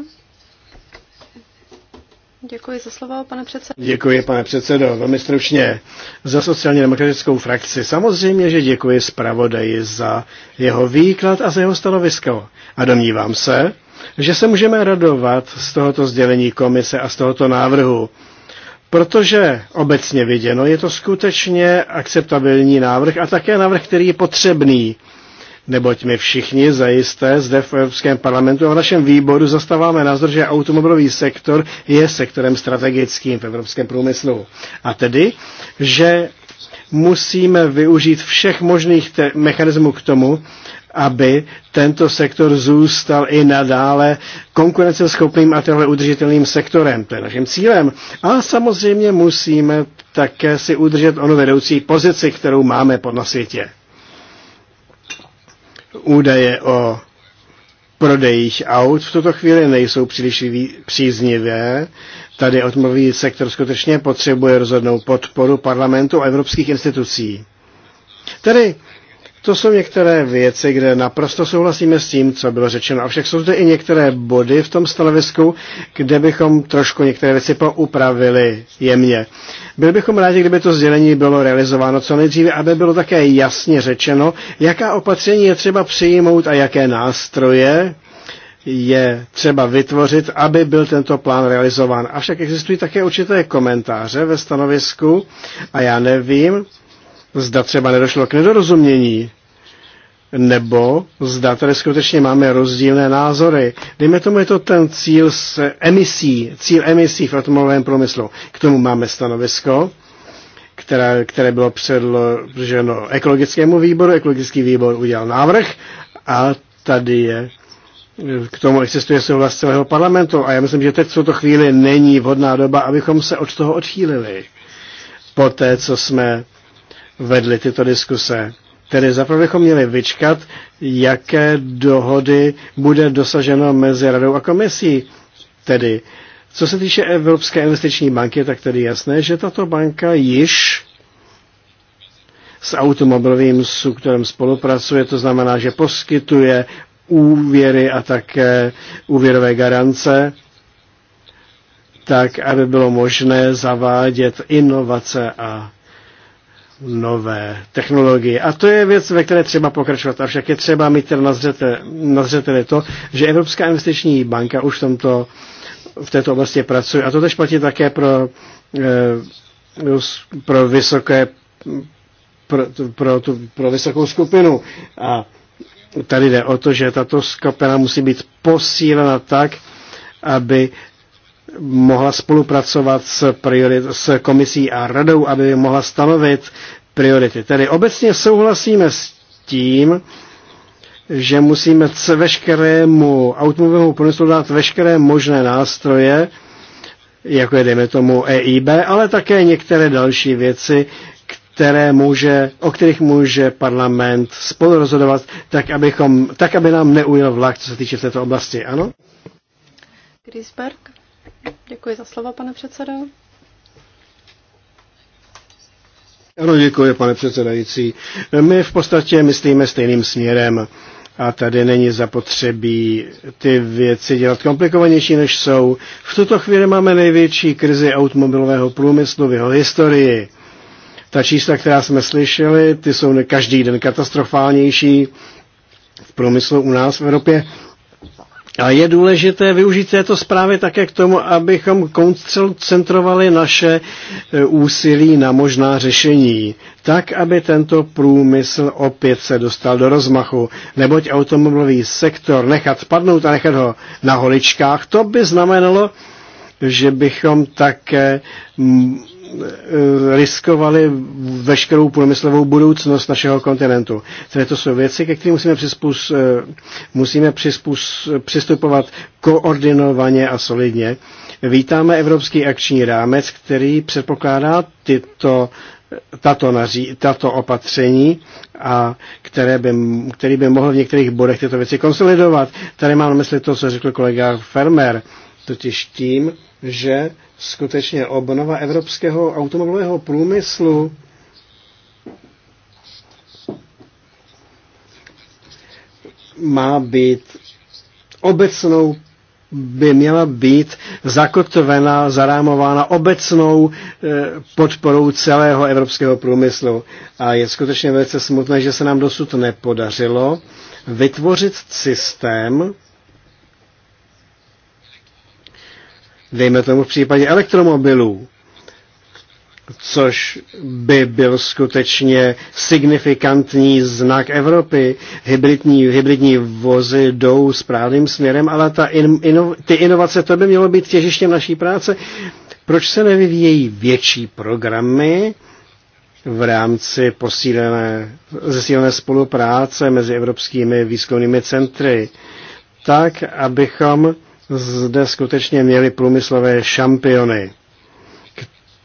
Děkuji za slovo, pane předsedo. Děkuji, pane předsedo. Velmi stručně za sociálně demokratickou frakci. Samozřejmě, že děkuji zpravodaji za jeho výklad a za jeho stanovisko. A domnívám se, že se můžeme radovat z tohoto sdělení komise a z tohoto návrhu, protože obecně viděno je to skutečně akceptabilní návrh a také návrh, který je potřebný neboť my všichni zajisté zde v Evropském parlamentu a v našem výboru zastáváme názor, že automobilový sektor je sektorem strategickým v evropském průmyslu. A tedy, že musíme využít všech možných mechanismů k tomu, aby tento sektor zůstal i nadále konkurenceschopným a tehle udržitelným sektorem. To je naším cílem. A samozřejmě musíme také si udržet onu vedoucí pozici, kterou máme pod na světě údaje o prodejích aut v tuto chvíli nejsou příliš příznivé. Tady odmluvý sektor skutečně potřebuje rozhodnou podporu parlamentu a evropských institucí. Tedy to jsou některé věci, kde naprosto souhlasíme s tím, co bylo řečeno. Avšak jsou zde i některé body v tom stanovisku, kde bychom trošku některé věci poupravili jemně. Byli bychom rádi, kdyby to sdělení bylo realizováno co nejdříve, aby bylo také jasně řečeno, jaká opatření je třeba přijmout a jaké nástroje je třeba vytvořit, aby byl tento plán realizován. Avšak existují také určité komentáře ve stanovisku a já nevím, zda třeba nedošlo k nedorozumění, nebo zda tady skutečně máme rozdílné názory. Dejme tomu, je to ten cíl s emisí, cíl emisí v atomovém průmyslu. K tomu máme stanovisko, které, které bylo předloženo ekologickému výboru. Ekologický výbor udělal návrh a tady je k tomu existuje souhlas celého parlamentu a já myslím, že teď v tuto chvíli není vhodná doba, abychom se od toho odchýlili. Poté, co jsme vedli tyto diskuse. Tedy zaprvé bychom měli vyčkat, jaké dohody bude dosaženo mezi radou a komisí. Tedy, co se týče Evropské investiční banky, tak tedy jasné, že tato banka již s automobilovým sektorem spolupracuje, to znamená, že poskytuje úvěry a také úvěrové garance, tak aby bylo možné zavádět inovace a nové technologie. A to je věc, ve které třeba pokračovat. Avšak je třeba mít teda na zřeteli to, že Evropská investiční banka už v, tomto, v této oblasti pracuje. A to tež platí také pro, eh, pro vysoké pro, pro, tu, pro vysokou skupinu. A tady jde o to, že tato skupina musí být posílena tak, aby mohla spolupracovat s, priorit, s komisí a radou, aby mohla stanovit priority. Tedy obecně souhlasíme s tím, že musíme se veškerému automobilovému průmyslu dát veškeré možné nástroje, jako je dejme tomu EIB, ale také některé další věci, které může, o kterých může parlament spolu rozhodovat, tak, abychom, tak aby nám neujel vlak, co se týče této oblasti. Ano? Chris Park. Děkuji za slovo, pane předsedo. Ano, děkuji, pane předsedající. My v podstatě myslíme stejným směrem a tady není zapotřebí ty věci dělat komplikovanější, než jsou. V tuto chvíli máme největší krizi automobilového průmyslu v jeho historii. Ta čísla, která jsme slyšeli, ty jsou každý den katastrofálnější v průmyslu u nás v Evropě a je důležité využít této zprávy také k tomu, abychom koncentrovali naše e, úsilí na možná řešení, tak, aby tento průmysl opět se dostal do rozmachu. Neboť automobilový sektor nechat spadnout a nechat ho na holičkách, to by znamenalo, že bychom také Eh, riskovali veškerou průmyslovou budoucnost našeho kontinentu. Tedy to jsou věci, ke kterým musíme, přizpůs, eh, musíme přizpůs, přistupovat koordinovaně a solidně. Vítáme Evropský akční rámec, který předpokládá tyto tato, naří, tato opatření, a které by, který by mohl v některých bodech tyto věci konsolidovat. Tady mám na mysli to, co řekl kolega Fermer, totiž tím, že skutečně obnova evropského automobilového průmyslu má být obecnou by měla být zakotvena, zarámována obecnou eh, podporou celého evropského průmyslu. A je skutečně velice smutné, že se nám dosud nepodařilo vytvořit systém, dejme tomu v případě elektromobilů, což by byl skutečně signifikantní znak Evropy. Hybridní, hybridní vozy jdou správným směrem, ale ta in, ino, ty inovace, to by mělo být těžištěm naší práce. Proč se nevyvíjejí větší programy v rámci posílené, zesílené spolupráce mezi evropskými výzkumnými centry, tak, abychom zde skutečně měli průmyslové šampiony,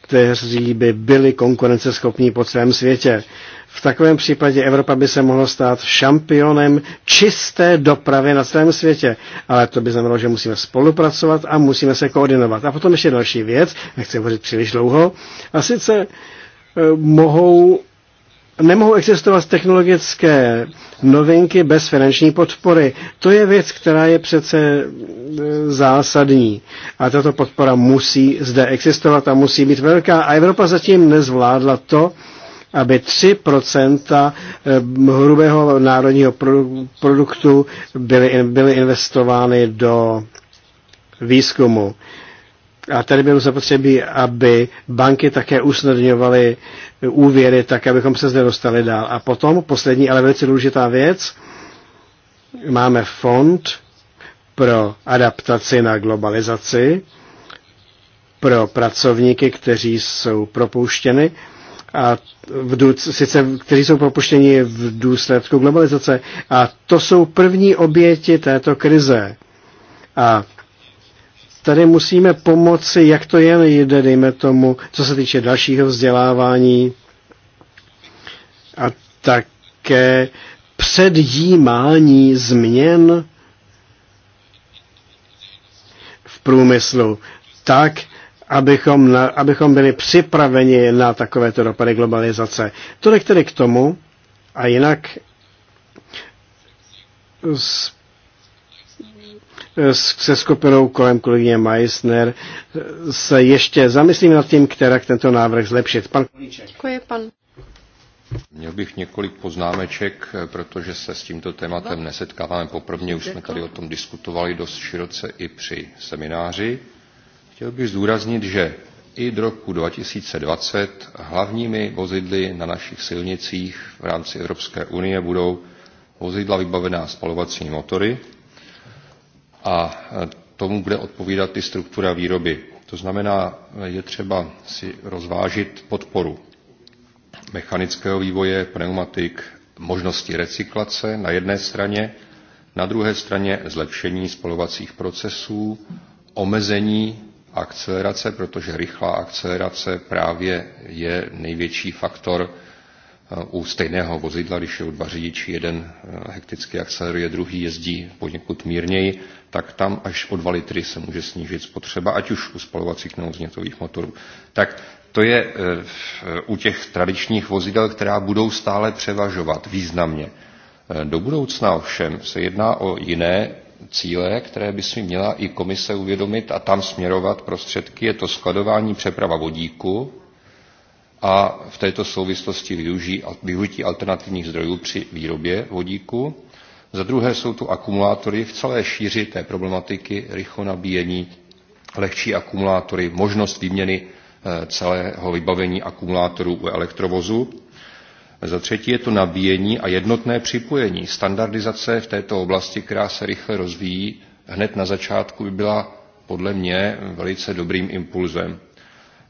kteří by byli konkurenceschopní po celém světě. V takovém případě Evropa by se mohla stát šampionem čisté dopravy na celém světě. Ale to by znamenalo, že musíme spolupracovat a musíme se koordinovat. A potom ještě další věc, nechci hovořit příliš dlouho, a sice eh, mohou nemohou existovat technologické novinky bez finanční podpory. To je věc, která je přece e, zásadní. A tato podpora musí zde existovat a musí být velká. A Evropa zatím nezvládla to, aby 3% e, hrubého národního produktu byly, byly investovány do výzkumu. A tady bylo zapotřebí, aby banky také usnadňovaly úvěry, tak abychom se zde dostali dál. A potom poslední, ale velice důležitá věc, máme fond pro adaptaci na globalizaci, pro pracovníky, kteří jsou propouštěni, a v dů, sice, kteří jsou propuštěni v důsledku globalizace. A to jsou první oběti této krize. A tady musíme pomoci, jak to jen jde, dejme tomu, co se týče dalšího vzdělávání a také předjímání změn v průmyslu tak, abychom, na, abychom byli připraveni na takovéto dopady globalizace. Tolik tedy k tomu a jinak z se skupinou kolem kolegyně Meissner eh, se ještě zamyslím nad tím, která tento návrh zlepšit. Pan Kolíček. Děkuji, pan. Měl bych několik poznámeček, eh, protože se s tímto tématem nesetkáváme poprvé. Už jsme tady o tom diskutovali dost široce i při semináři. Chtěl bych zdůraznit, že i do roku 2020 hlavními vozidly na našich silnicích v rámci Evropské unie budou vozidla vybavená spalovacími motory, a tomu bude odpovídat i struktura výroby. To znamená, je třeba si rozvážit podporu mechanického vývoje, pneumatik, možnosti recyklace na jedné straně, na druhé straně zlepšení spalovacích procesů, omezení akcelerace, protože rychlá akcelerace právě je největší faktor u stejného vozidla, když je u dva řidiči, jeden eh, hekticky akceleruje, druhý jezdí poněkud mírněji, tak tam až o 2 litry se může snížit spotřeba, ať už u spalovacích nebo znětových motorů. Tak to je eh, u těch tradičních vozidel, která budou stále převažovat významně. Eh, do budoucna ovšem se jedná o jiné cíle, které by si měla i komise uvědomit a tam směrovat prostředky, je to skladování přeprava vodíku, a v této souvislosti využití alternativních zdrojů při výrobě vodíku. Za druhé jsou tu akumulátory v celé šíři té problematiky, rychlo nabíjení, lehčí akumulátory, možnost výměny eh, celého vybavení akumulátorů u elektrovozu. Za třetí je to nabíjení a jednotné připojení. Standardizace v této oblasti, která se rychle rozvíjí, hned na začátku by byla podle mě velice dobrým impulzem.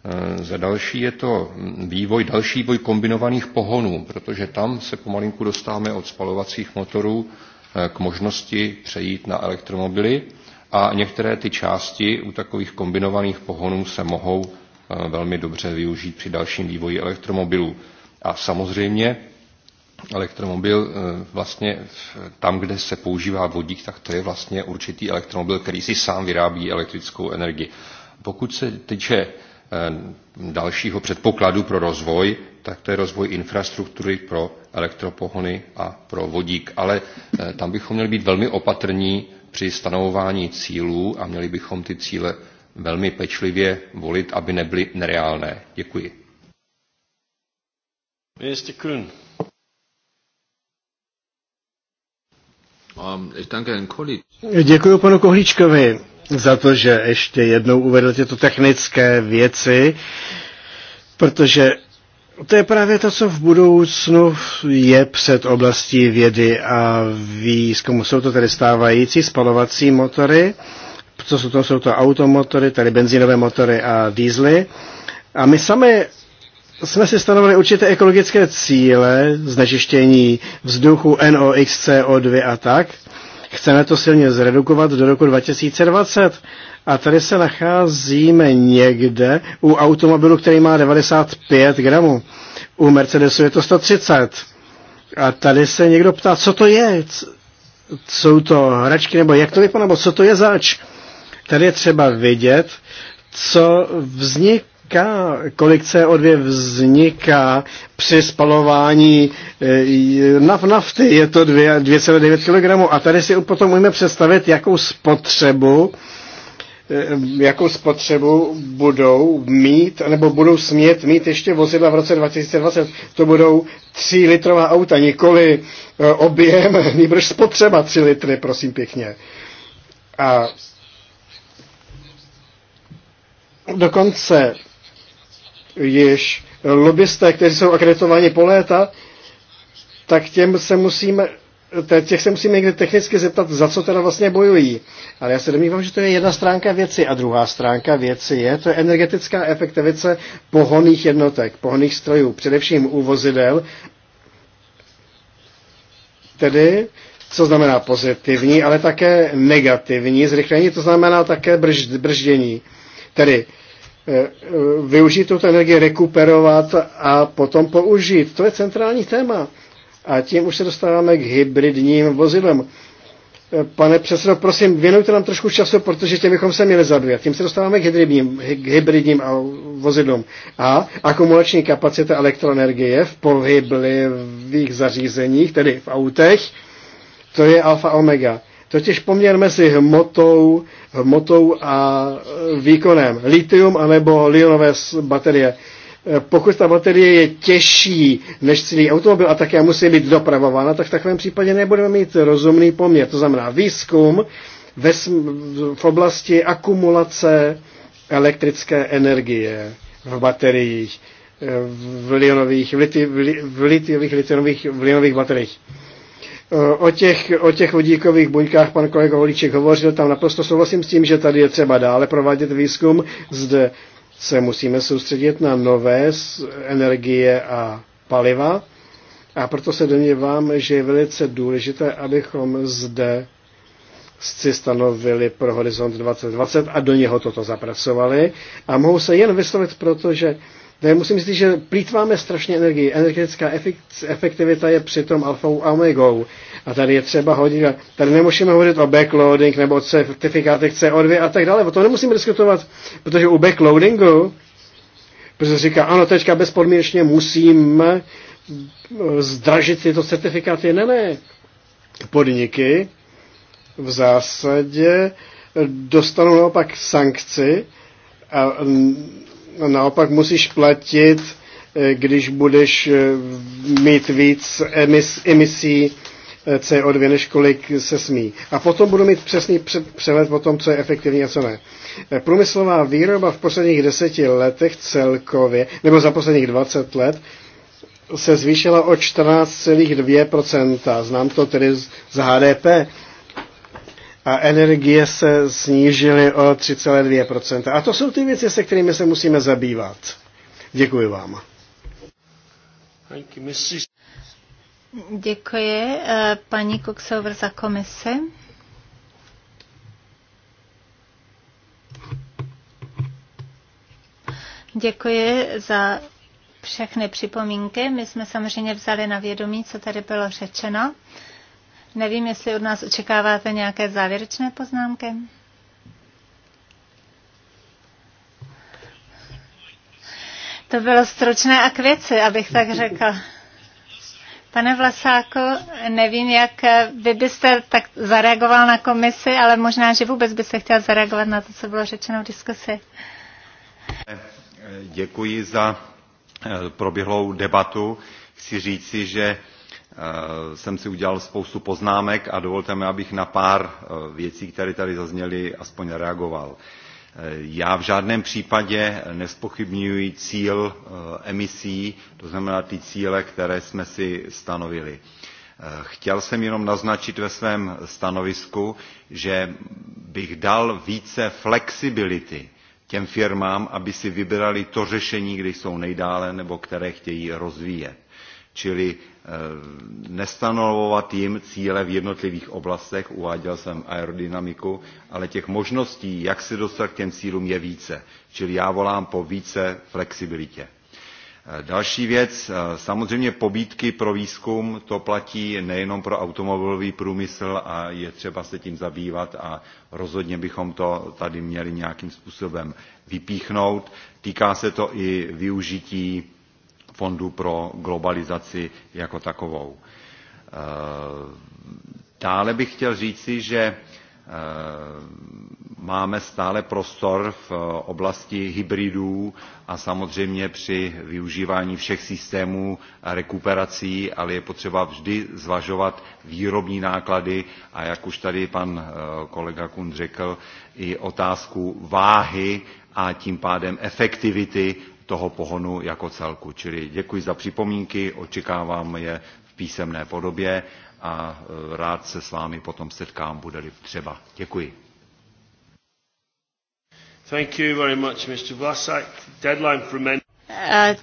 Eh, za další je to vývoj, další vývoj kombinovaných pohonů, protože tam se pomalinku dostáváme od spalovacích motorů eh, k možnosti přejít na elektromobily a některé ty části u takových kombinovaných pohonů se mohou eh, velmi dobře využít při dalším vývoji elektromobilů. A samozřejmě elektromobil vlastně tam, kde se používá vodík, tak to je vlastně určitý elektromobil, který si sám vyrábí elektrickou energii. Pokud se týče Eh, dalšího předpokladu pro rozvoj, tak to je rozvoj infrastruktury pro elektropohony a pro vodík. Ale eh, tam bychom měli být velmi opatrní při stanovování cílů a měli bychom ty cíle velmi pečlivě volit, aby nebyly nereálné. Děkuji. Minister Kuhn. Um, Děkuji panu Kohlíčkovi za to, že ještě jednou uvedl tyto technické věci, protože to je právě to, co v budoucnu je před oblastí vědy a výzkumu. Jsou to tedy stávající spalovací motory, co jsou to, jsou to automotory, tedy benzínové motory a dýzly. A my sami jsme si stanovili určité ekologické cíle, znečištění vzduchu, NOx, CO2 a tak. Chceme to silně zredukovat do roku 2020. A tady se nacházíme někde u automobilu, který má 95 gramů. U Mercedesu je to 130. A tady se někdo ptá, co to je? Jsou to hračky, nebo jak to vypadá, nebo co to je zač? Tady je třeba vidět, co vznik Jaká kolik CO2 vzniká při spalování eh, nafty, je to 2,9 kg. A tady si potom můžeme představit, jakou spotřebu eh, jakou spotřebu budou mít, nebo budou smět mít ještě vozidla v roce 2020. To budou 3 litrová auta, nikoli eh, objem, nýbrž spotřeba 3 litry, prosím pěkně. A dokonce již lobbysté, kteří jsou akreditováni po léta, tak těm se musíme, těch se musíme někdy technicky zeptat, za co teda vlastně bojují. Ale já se domnívám, že to je jedna stránka věci a druhá stránka věci je, to je energetická efektivice pohoných jednotek, pohoných strojů, především u vozidel, tedy co znamená pozitivní, ale také negativní zrychlení, to znamená také brž, brždění. Tedy Eh, eh, využít tuto energii, rekuperovat a potom použít. To je centrální téma. A tím už se dostáváme k hybridním vozidlům. Eh, pane předsedo, prosím, věnujte nám trošku času, protože těm bychom se měli zabývat. Tím se dostáváme k hybridním, k hybridním vozidlům. A akumulační kapacita elektroenergie v pohyblivých zařízeních, tedy v autech, to je alfa omega. Totiž poměr mezi hmotou, hmotou a e, výkonem. Litium anebo lionové baterie. E, pokud ta baterie je těžší než celý automobil a také musí být dopravována, tak v takovém případě nebudeme mít rozumný poměr. To znamená výzkum ve, v oblasti akumulace elektrické energie v bateriích, e, v lionových, v, litiových, litiových, litiových, litiových, lionových bateriích. Eh, o těch, o těch vodíkových buňkách pan kolega Holíček hovořil, tam naprosto souhlasím s tím, že tady je třeba dále provádět výzkum. Zde se musíme soustředit na nové energie a paliva. A proto se domnívám, že je velice důležité, abychom zde si stanovili pro Horizont 2020 a do něho toto zapracovali. A mohu se jen vyslovit, protože ne, musím říct, že plítváme strašně energii. Energetická efektivita je přitom alfou a omegou. A tady je třeba hodit, tady nemusíme hovořit o backloading nebo o certifikátech CO2 a tak dále. O tom nemusíme diskutovat, protože u backloadingu, protože říká, ano, teďka bezpodmínečně musím eh, zdražit tyto certifikáty. Ne, ne. Podniky v zásadě dostanou naopak sankci a a naopak musíš platit, eh, když budeš eh, mít víc emis, emisí eh, CO2, než kolik se smí. A potom budu mít přesný přehled o tom, co je efektivní a co ne. Průmyslová výroba v posledních deseti letech celkově, nebo za posledních 20 let, se zvýšila o 14,2%. Znám to tedy z HDP a energie se snížily o 3,2%. A to jsou ty věci, se kterými se musíme zabývat. Děkuji vám. Děkuji eh, paní Koksover za komisi. Děkuji za všechny připomínky. My jsme samozřejmě vzali na vědomí, co tady bylo řečeno. Nevím, jestli od nás očekáváte nějaké závěrečné poznámky. To bylo stručné a k věci, abych tak řekla. Pane Vlasáko, nevím, jak vy byste tak zareagoval na komisi, ale možná, že vůbec byste chtěl zareagovat na to, co bylo řečeno v diskusi. Děkuji za eh, proběhlou debatu. Chci říci, že Eh, jsem si udělal spoustu poznámek a dovolte mi, abych na pár eh, věcí, které tady zazněly, aspoň reagoval. Eh, já v žádném případě nespochybňuji cíl emisí, to znamená ty cíle, které jsme si stanovili. Chtěl jsem jenom naznačit ve svém stanovisku, že bych dal více flexibility těm firmám, aby si vybrali to řešení, kde jsou nejdále nebo které chtějí rozvíjet čili eh, nestanovovat jim cíle v jednotlivých oblastech, uváděl jsem aerodynamiku, ale těch možností, jak se dostat k těm cílům, je více. Čili já volám po více flexibilitě. Eh, další věc, eh, samozřejmě pobídky pro výzkum, to platí nejenom pro automobilový průmysl a je třeba se tím zabývat a rozhodně bychom to tady měli nějakým způsobem vypíchnout. Týká se to i využití fondu pro globalizaci jako takovou. Eh, dále bych chtěl říci, že eh, máme stále prostor v eh, oblasti hybridů a samozřejmě při využívání všech systémů rekuperací, ale je potřeba vždy zvažovat výrobní náklady a jak už tady pan kolega Kun řekl, i otázku váhy a tím pádem efektivity toho pohonu jako celku. Čili děkuji za připomínky, očekávám je v písemné podobě a e, rád se s vámi potom setkám, bude-li třeba. Děkuji. Thank you very much, Mr. Vlasak. Deadline for men-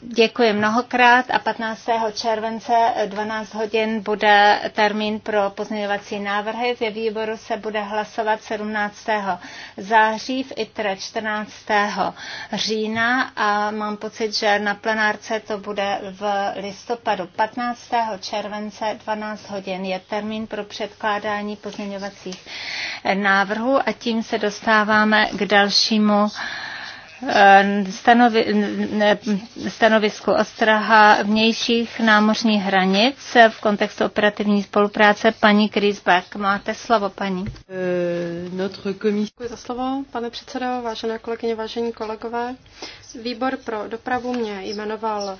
Děkuji mnohokrát a 15. července 12 hodin bude termín pro pozměňovací návrhy. Ve výboru se bude hlasovat 17. září, v ITRE 14. října a mám pocit, že na plenárce to bude v listopadu. 15. července 12 hodin je termín pro předkládání pozměňovacích návrhů a tím se dostáváme k dalšímu stanovi, stanovisku ostraha vnějších námořních hranic v kontextu operativní spolupráce. Paní Krisbeck, máte slovo, paní. Eh, Děkuji za slovo, pane předsedo, vážené kolegyně, vážení kolegové. Výbor pro dopravu mě jmenoval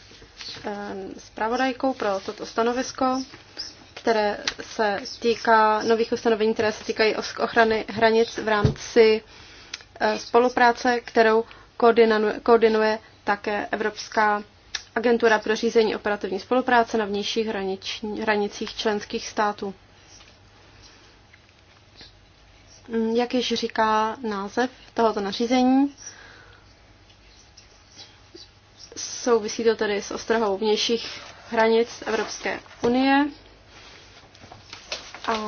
eh, zpravodajkou pro toto stanovisko které se týká nových ustanovení, které se týkají ochrany hranic v rámci eh, spolupráce, kterou koordinuje, koordinuje také Evropská agentura pro řízení operativní spolupráce na vnějších hranič, hranicích členských států. Mm, jak již říká název tohoto nařízení, souvisí to tedy s ostrahou vnějších hranic Evropské unie a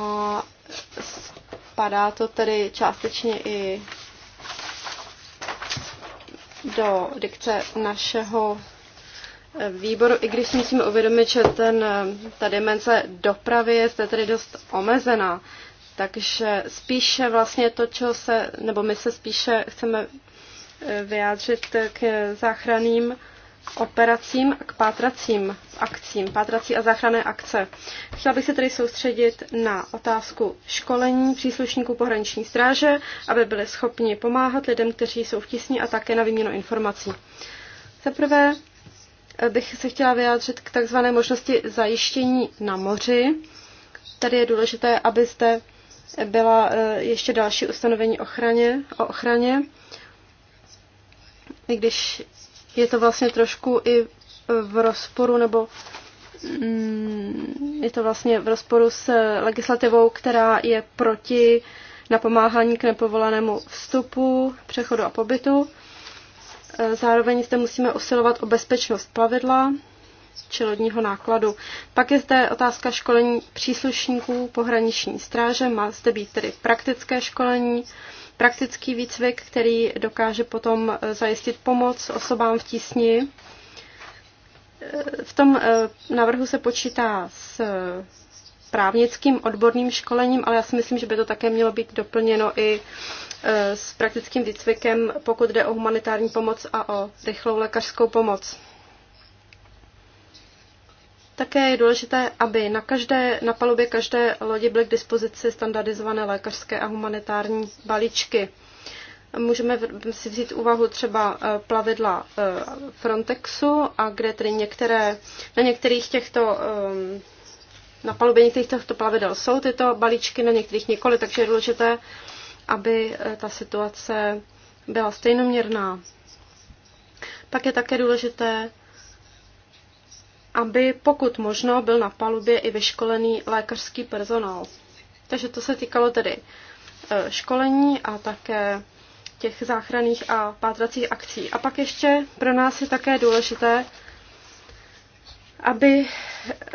spadá to tedy částečně i do dikce našeho eh, výboru, i když si musíme uvědomit, že ten, eh, ta dimenze dopravy je zde tedy dost omezená. Takže spíše vlastně to, čeho se, nebo my se spíše chceme eh, vyjádřit k záchranným operacím k pátracím akcím, pátrací a záchranné akce. Chtěla bych se tedy soustředit na otázku školení příslušníků pohraniční stráže, aby byli schopni pomáhat lidem, kteří jsou v tísni a také na výměnu informací. Za prvé eh, bych se chtěla vyjádřit k takzvané možnosti zajištění na moři. Tady je důležité, aby zde byla eh, ještě další ustanovení ochraně, o ochraně i když je to vlastně trošku i v rozporu nebo mm, je to vlastně v rozporu s legislativou, která je proti napomáhání k nepovolanému vstupu, přechodu a pobytu. Zároveň zde musíme usilovat o bezpečnost plavidla či lodního nákladu. Pak je zde otázka školení příslušníků pohraniční stráže. Má zde být tedy praktické školení praktický výcvik, který dokáže potom eh, zajistit pomoc osobám v tísni. Eh, v tom eh, návrhu se počítá s právnickým odborným školením, ale já si myslím, že by to také mělo být doplněno i s praktickým výcvikem, pokud jde o humanitární pomoc a o rychlou lékařskou pomoc. Také je důležité, aby na, každé, na palubě každé lodi byly k dispozici standardizované lékařské a humanitární balíčky. Můžeme si vzít úvahu třeba eh, plavidla eh, Frontexu, a kde tedy některé, na některých těchto ehm, na palubě některých těchto plavidel jsou tyto balíčky, na některých nikoli, takže je důležité, aby eh, ta situace byla stejnoměrná. Pak je také důležité aby pokud možno byl na palubě i vyškolený lékařský personál. Takže to se týkalo tedy e, školení a také těch záchranných a pátracích akcí. A pak ještě pro nás je také důležité, aby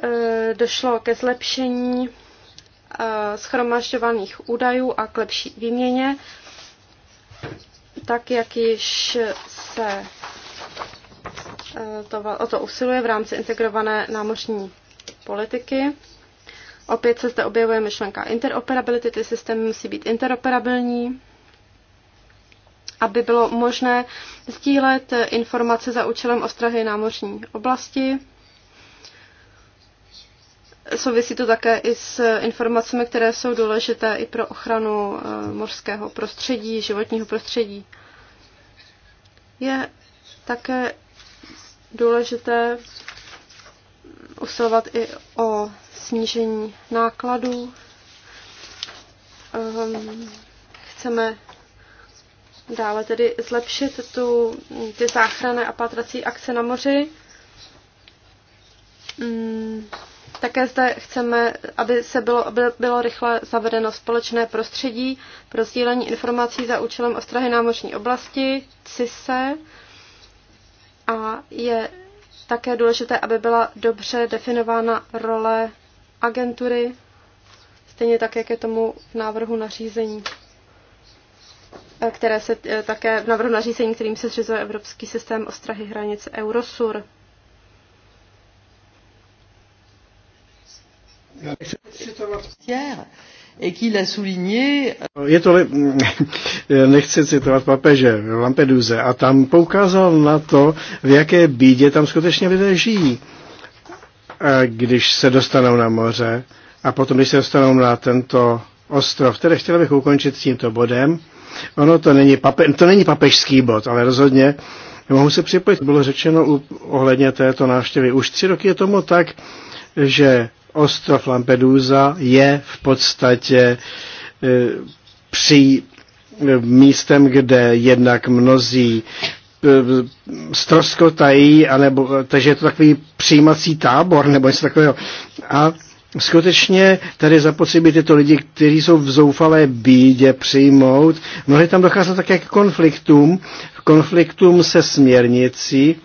e, došlo ke zlepšení e, schromažďovaných údajů a k lepší výměně, tak jak již se Eh, to, o to usiluje v rámci integrované námořní politiky. Opět se zde objevuje myšlenka interoperability, ty systémy musí být interoperabilní, aby bylo možné sdílet informace za účelem ostrahy námořní oblasti. Souvisí to také i s informacemi, které jsou důležité i pro ochranu eh, mořského prostředí, životního prostředí. Je také důležité usilovat i o snížení nákladů. Ehm, chceme dále tedy zlepšit tu, ty záchranné a patrací akce na moři. Mm, také zde chceme, aby se bylo, aby bylo rychle zavedeno společné prostředí pro sdílení informací za účelem ostrahy námořní oblasti, CISE, a je také důležité, aby byla dobře definována role agentury, stejně tak, jak je tomu v návrhu nařízení, eh, které se eh, také v návrhu nařízení, kterým se zřizuje Evropský systém ostrahy hranic Eurosur. Já nechci citovat. Je to, nechci citovat papeže v Lampeduze, a tam poukázal na to, v jaké bídě tam skutečně lidé žijí, když se dostanou na moře a potom, když se dostanou na tento ostrov. který chtěl bych ukončit tímto bodem. Ono to není, pape, to není papežský bod, ale rozhodně mohu se připojit. Bylo řečeno ohledně této návštěvy. Už tři roky je tomu tak, že ostrov Lampedusa je v podstatě e, při e, místem, kde jednak mnozí stroskotají, e, anebo, takže je to takový přijímací tábor nebo něco takového. A skutečně tady zapotřebí tyto lidi, kteří jsou v zoufalé bídě, přijmout. Mnohdy tam dochází také k konfliktům, konfliktům se směrnicí,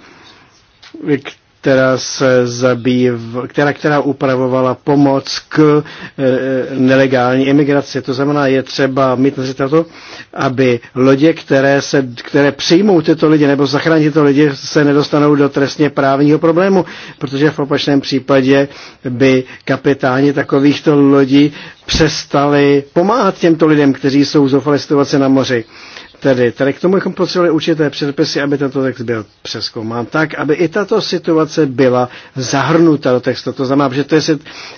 která se zabýv, která, která upravovala pomoc k e, nelegální imigraci. To znamená, je třeba mít na to, aby lodě, které, se, které přijmou tyto lidi nebo zachrání tyto lidi, se nedostanou do trestně právního problému, protože v opačném případě by kapitáni takovýchto lodí přestali pomáhat těmto lidem, kteří jsou zoufali situace na moři. E, Tedy, tady k tomu bychom potřebovali určité předpisy, aby tento text byl přeskoumán tak, aby i tato situace byla zahrnuta do textu. To znamená, že, to je,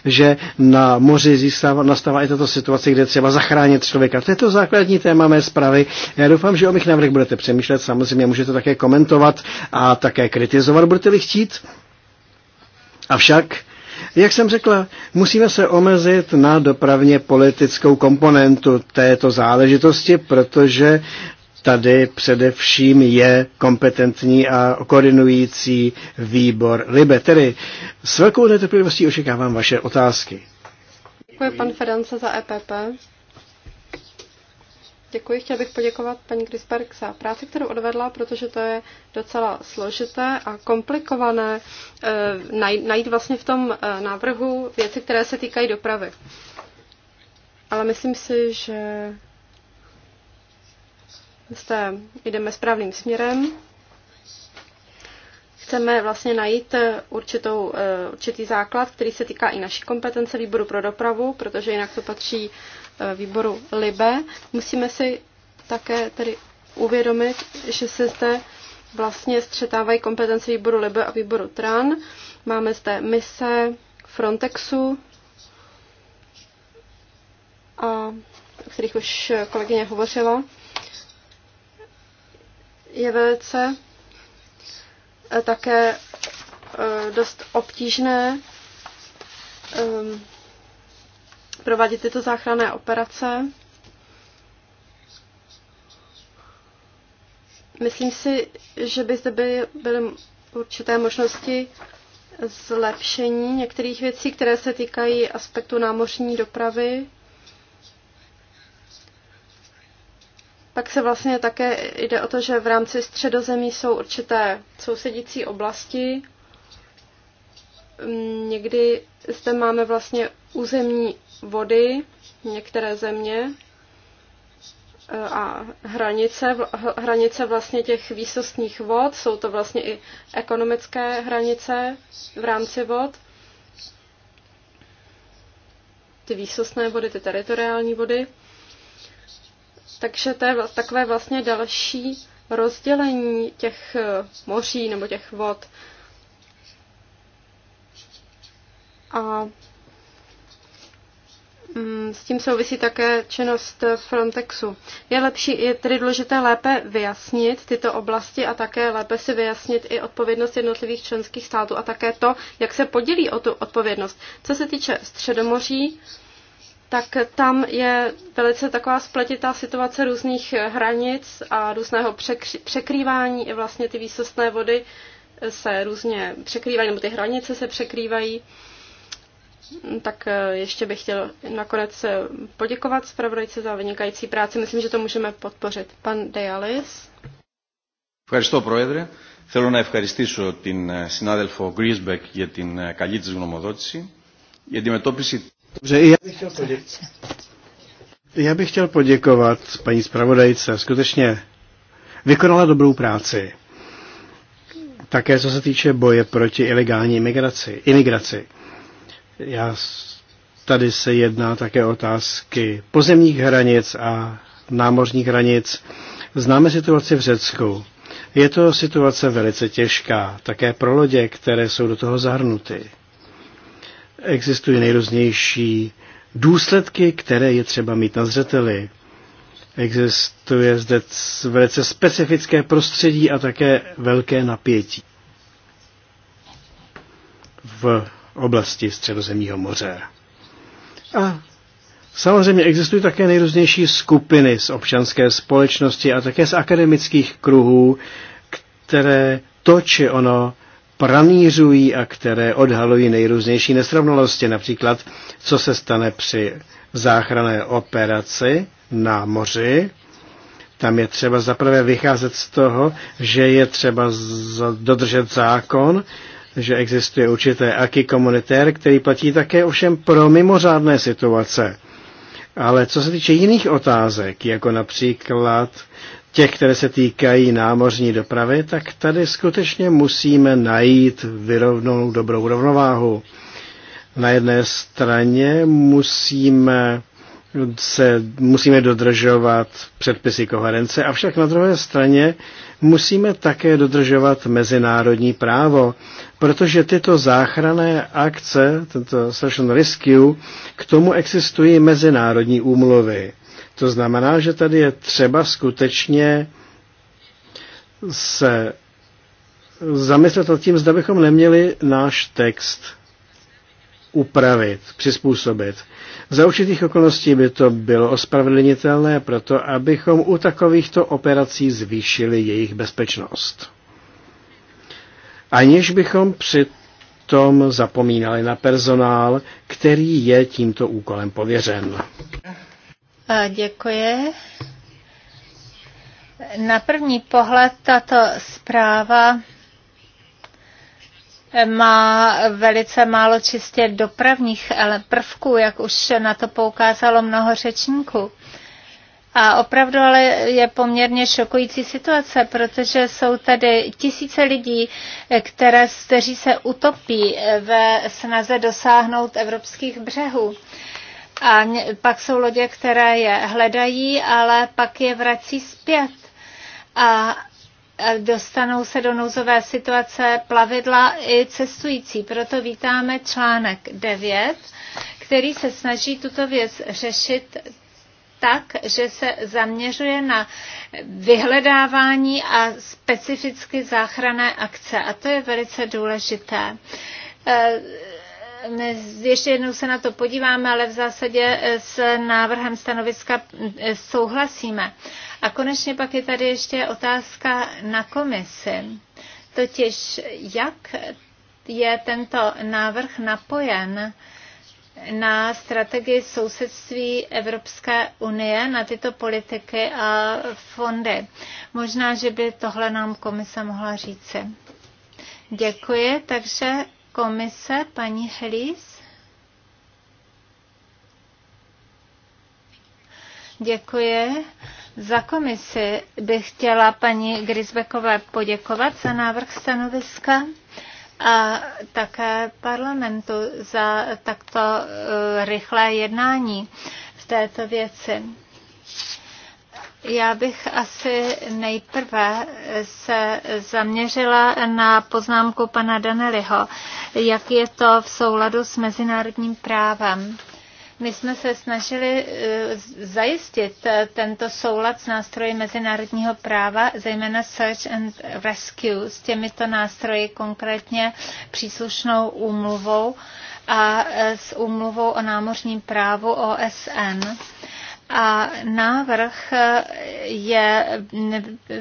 že na moři získává, nastává i tato situace, kde je třeba zachránit člověka. To je to základní téma mé zprávy. Já doufám, že o mých návrh budete přemýšlet. Samozřejmě můžete také komentovat a také kritizovat, budete-li chtít. Avšak, jak jsem řekla, musíme se omezit na dopravně politickou komponentu této záležitosti, protože tady především je kompetentní a koordinující výbor LIBE. Tedy s velkou netrpělivostí očekávám vaše otázky. Děkuji pan Ference za EPP. Děkuji, chtěl bych poděkovat paní Grisberg za práci, kterou odvedla, protože to je docela složité a komplikované eh, najít vlastně v tom eh, návrhu věci, které se týkají dopravy. Ale myslím si, že zde jdeme správným směrem. Chceme vlastně najít eh, určitou, eh, určitý základ, který se týká i naší kompetence výboru pro dopravu, protože jinak to patří eh, výboru LIBE. Musíme si také tedy uvědomit, že se zde vlastně střetávají kompetence výboru LIBE a výboru TRAN. Máme zde mise Frontexu, a, o kterých už kolegyně hovořila je velice eh, také eh, dost obtížné ehm, provádět tyto záchranné operace. Myslím si, že by zde byly, byly určité možnosti zlepšení některých věcí, které se týkají aspektu námořní dopravy. Pak se vlastně také jde o to, že v rámci středozemí jsou určité sousedící oblasti. Mm, někdy zde máme vlastně územní vody, některé země eh, a hranice, hranice vlastně těch výsostních vod, jsou to vlastně i ekonomické hranice v rámci vod. Ty výsostné vody, ty teritoriální vody. Takže to je takové vlastně další rozdělení těch eh, moří nebo těch vod. A mm, s tím souvisí také činnost Frontexu. Je lepší, je tedy důležité lépe vyjasnit tyto oblasti a také lépe si vyjasnit i odpovědnost jednotlivých členských států a také to, jak se podělí o tu odpovědnost. Co se týče Středomoří, tak tam je velice taková spletitá situace různých hranic a různého překři- překrývání. I vlastně ty výsostné vody se různě překrývají, nebo ty hranice se překrývají. Tak eh, ještě bych chtěl nakonec eh, poděkovat zpravodajce za vynikající práci. Myslím, že to můžeme podpořit. Pan Dejalis. Ευχαριστώ, Πρόεδρε. Θέλω να ευχαριστήσω την eh, συνάδελφο Γκρίσμπεκ για την καλή της γνωμοδότηση. Η αντιμετώπιση Dobře, já bych chtěl poděkovat. Já bych chtěl poděkovat paní zpravodajce. Skutečně vykonala dobrou práci. Také co se týče boje proti ilegální imigraci. imigraci. Já, tady se jedná také otázky pozemních hranic a námořních hranic. Známe situaci v Řecku. Je to situace velice těžká, také pro lodě, které jsou do toho zahrnuty existují nejrůznější důsledky, které je třeba mít na zřeteli. Existuje zde velice specifické prostředí a také velké napětí v oblasti Středozemního moře. A samozřejmě existují také nejrůznější skupiny z občanské společnosti a také z akademických kruhů, které to či ono pranířují a které odhalují nejrůznější nesrovnalosti, například co se stane při záchranné operaci na moři. Tam je třeba zaprvé vycházet z toho, že je třeba dodržet zákon, že existuje určité aky komunitér, který platí také ovšem pro mimořádné situace. Ale co se týče jiných otázek, jako například těch, které se týkají námořní dopravy, tak tady skutečně musíme najít vyrovnou dobrou rovnováhu. Na jedné straně musíme se musíme dodržovat předpisy koherence, avšak na druhé straně musíme také dodržovat mezinárodní právo, protože tyto záchranné akce, tento Session Rescue, k tomu existují mezinárodní úmluvy. To znamená, že tady je třeba skutečně se zamyslet nad tím, zda bychom neměli náš text upravit, přizpůsobit. Za určitých okolností by to bylo ospravedlnitelné proto, abychom u takovýchto operací zvýšili jejich bezpečnost. Aniž bychom přitom zapomínali na personál, který je tímto úkolem pověřen. Děkuji. Na první pohled tato zpráva má velice málo čistě dopravních prvků, jak už na to poukázalo mnoho řečníků. A opravdu ale je poměrně šokující situace, protože jsou tady tisíce lidí, které, kteří se utopí ve snaze dosáhnout evropských břehů a pak jsou lodě, které je hledají, ale pak je vrací zpět. A dostanou se do nouzové situace plavidla i cestující. Proto vítáme článek 9, který se snaží tuto věc řešit tak, že se zaměřuje na vyhledávání a specificky záchranné akce. A to je velice důležité e, ještě jednou se na to podíváme, ale v zásadě eh, s návrhem stanoviska eh, souhlasíme. A konečně pak je tady ještě otázka na komisi. Totiž jak je tento návrh napojen na strategii sousedství Evropské unie, na tyto politiky a fondy. Možná, že by tohle nám komise mohla říci. Děkuji, takže komise, paní Helis, Děkuji. Za komisi bych chtěla paní Grisbekové poděkovat za návrh stanoviska a také parlamentu za takto eh, rychlé jednání v této věci. Já bych asi nejprve se zaměřila na poznámku pana Daneliho, jak je to v souladu s mezinárodním právem. My jsme se snažili eh, zajistit eh, tento soulad s nástroji mezinárodního práva, zejména Search and Rescue, s těmito nástroji, konkrétně příslušnou úmluvou a eh, s úmluvou o námořním právu OSN a návrh je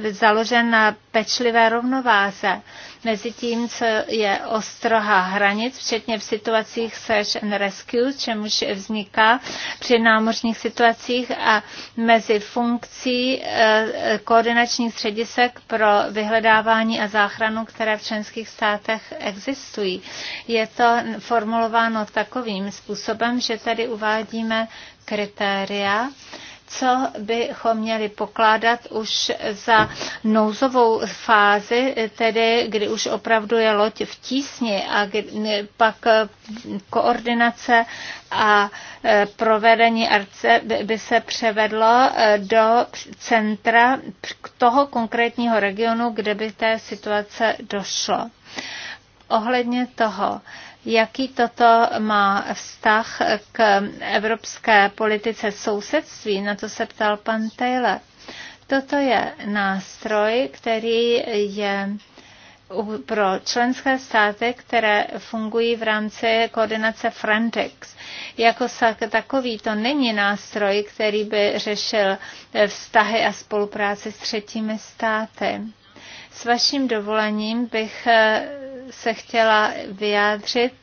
založen na pečlivé rovnováze mezi tím, co je ostroha hranic, včetně v situacích search and rescue, čemuž vzniká při námořních situacích a mezi funkcí eh, koordinačních středisek pro vyhledávání a záchranu, které v členských státech existují. Je to formulováno takovým způsobem, že tady uvádíme kritéria, co bychom měli pokládat už za nouzovou fázi, tedy kdy už opravdu je loď v tísni a kdy, pak eh, koordinace a eh, provedení arce by se převedlo eh, do centra toho konkrétního regionu, kde by té situace došlo. Ohledně toho, jaký toto má vztah k evropské politice sousedství, na to se ptal pan Taylor. Toto je nástroj, který je pro členské státy, které fungují v rámci koordinace Frontex. Jako takový to není nástroj, který by řešil vztahy a spolupráci s třetími státy. S vaším dovolením bych se chtěla vyjádřit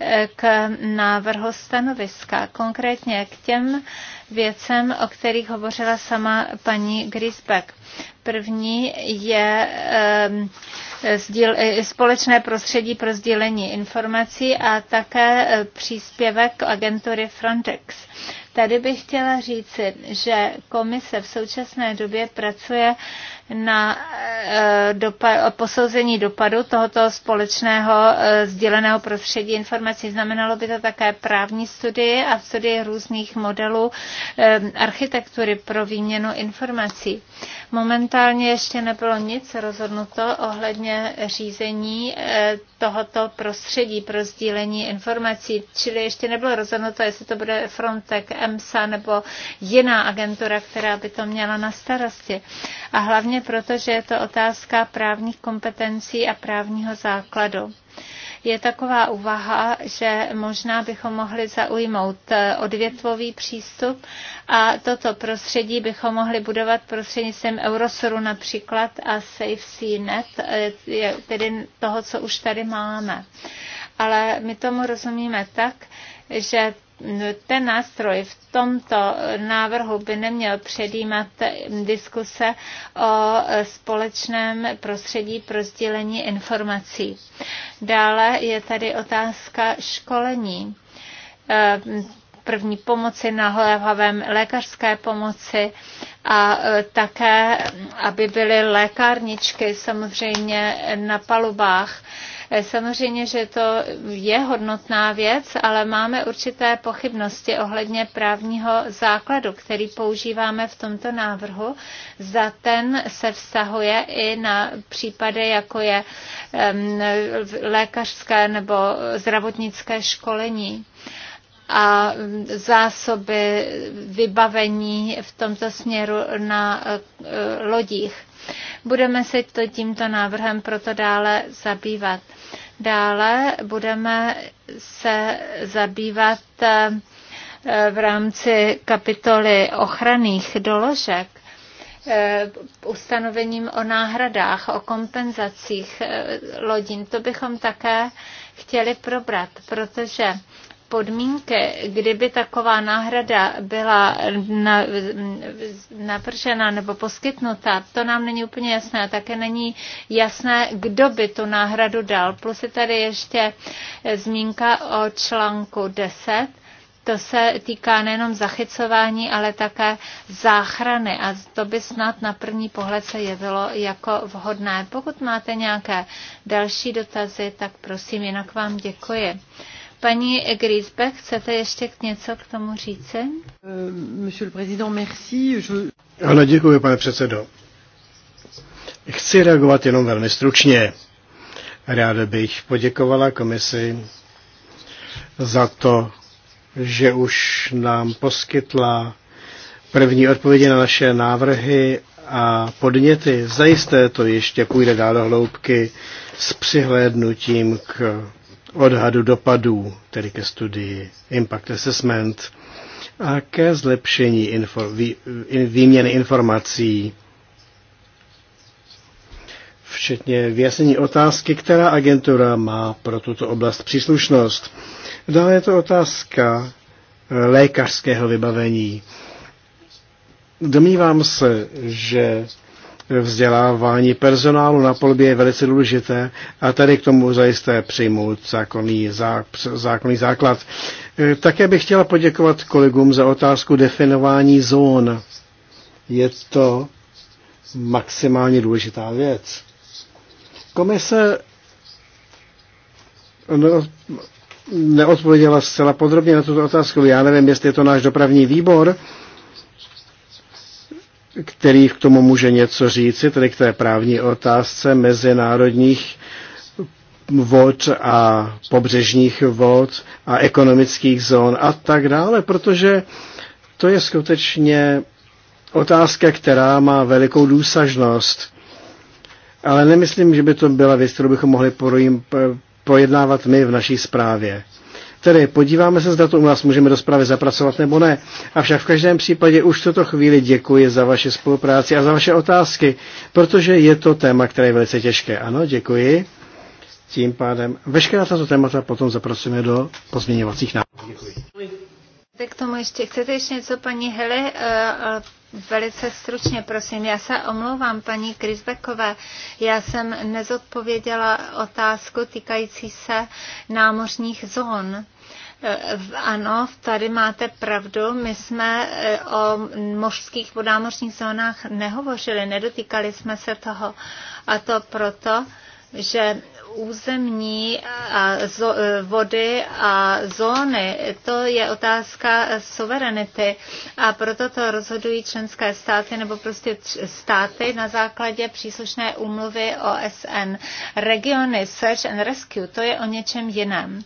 eh, k návrhu stanoviska, konkrétně k těm věcem, o kterých hovořila sama paní Grisbeck. První je ehm, společné prostředí pro sdílení informací a také e, příspěvek agentury Frontex. Tady bych chtěla říci, že komise v současné době pracuje na e, dopa- posouzení dopadu tohoto společného e, sdíleného prostředí informací. Znamenalo by to také právní studii a studii různých modelů architektury pro výměnu informací momentálně ještě nebylo nic rozhodnuto ohledně řízení eh, tohoto prostředí pro sdílení informací, čili ještě nebylo rozhodnuto, jestli to bude Frontex, EMSA nebo jiná agentura, která by to měla na starosti. A hlavně proto, že je to otázka právních kompetencí a právního základu je taková úvaha, že možná bychom mohli zaujmout eh, odvětvový přístup a toto prostředí bychom mohli budovat prostřednictvím Eurosuru například a SafeCNet, eh, tedy toho, co už tady máme. Ale my tomu rozumíme tak, že ten nástroj v tomto návrhu by neměl předjímat diskuse o společném prostředí pro sdílení informací. Dále je tady otázka školení e, první pomoci, naléhavém lékařské pomoci a e, také, aby byly lékárničky samozřejmě na palubách Samozřejmě, že to je hodnotná věc, ale máme určité pochybnosti ohledně právního základu, který používáme v tomto návrhu. Za ten se vztahuje i na případy, jako je lékařské nebo zdravotnické školení a zásoby vybavení v tomto směru na eh, lodích. Budeme se to tímto návrhem proto dále zabývat. Dále budeme se zabývat eh, v rámci kapitoly ochranných doložek eh, ustanovením o náhradách, o kompenzacích eh, lodin. To bychom také chtěli probrat, protože podmínky, kdyby taková náhrada byla navržena nebo poskytnuta, to nám není úplně jasné. Také není jasné, kdo by tu náhradu dal. Plus je tady ještě zmínka o článku 10, to se týká nejenom zachycování, ale také záchrany a to by snad na první pohled se jevilo jako vhodné. Pokud máte nějaké další dotazy, tak prosím, jinak vám děkuji. Paní Grisbeck, chcete ještě něco k tomu říci? Euh, monsieur le président, merci. Ano, děkuji, pane předsedo. Chci reagovat jenom velmi stručně. Ráda bych poděkovala komisi za to, že už nám poskytla první odpovědi na naše návrhy a podněty. Zajisté to ještě půjde dál do hloubky s přihlédnutím k odhadu dopadů, tedy ke studii Impact Assessment, a ke zlepšení info, vý, výměny informací, včetně vyjasnění otázky, která agentura má pro tuto oblast příslušnost. Dále je to otázka eh, lékařského vybavení. Domnívám se, že vzdělávání personálu na polbě je velice důležité a tady k tomu zajisté přijmout zákonný, zá, zákonný základ. E, také bych chtěla poděkovat kolegům za otázku definování zón. Je to maximálně důležitá věc. Komise no, neodpověděla zcela podrobně na tuto otázku. Já nevím, jestli je to náš dopravní výbor, který k tomu může něco říci, tedy k té právní otázce mezinárodních vod a pobřežních vod a ekonomických zón a tak dále, protože to je skutečně otázka, která má velikou důsažnost. Ale nemyslím, že by to byla věc, kterou bychom mohli pojednávat my v naší zprávě. Tedy podíváme se, zda to u nás můžeme do zprávy zapracovat nebo ne. Avšak v každém případě už v tuto chvíli děkuji za vaši spolupráci a za vaše otázky, protože je to téma, které je velice těžké. Ano, děkuji. Tím pádem veškerá tato témata potom zapracujeme do pozměňovacích návrhů. Děkuji. K tomu ještě chcete ještě něco, paní Hele? Eh, eh, velice stručně, prosím. Já se omlouvám, paní Krizbekové. Já jsem nezodpověděla otázku týkající se námořních zón. Ano, tady máte pravdu. My jsme eh, o mořských vodámořních zónách nehovořili, nedotýkali jsme se toho. A to proto, že územní eh, a eh, vody a zóny, to je otázka suverenity a proto to rozhodují členské státy nebo prostě státy na základě příslušné úmluvy OSN. Regiony Search and Rescue, to je o něčem jiném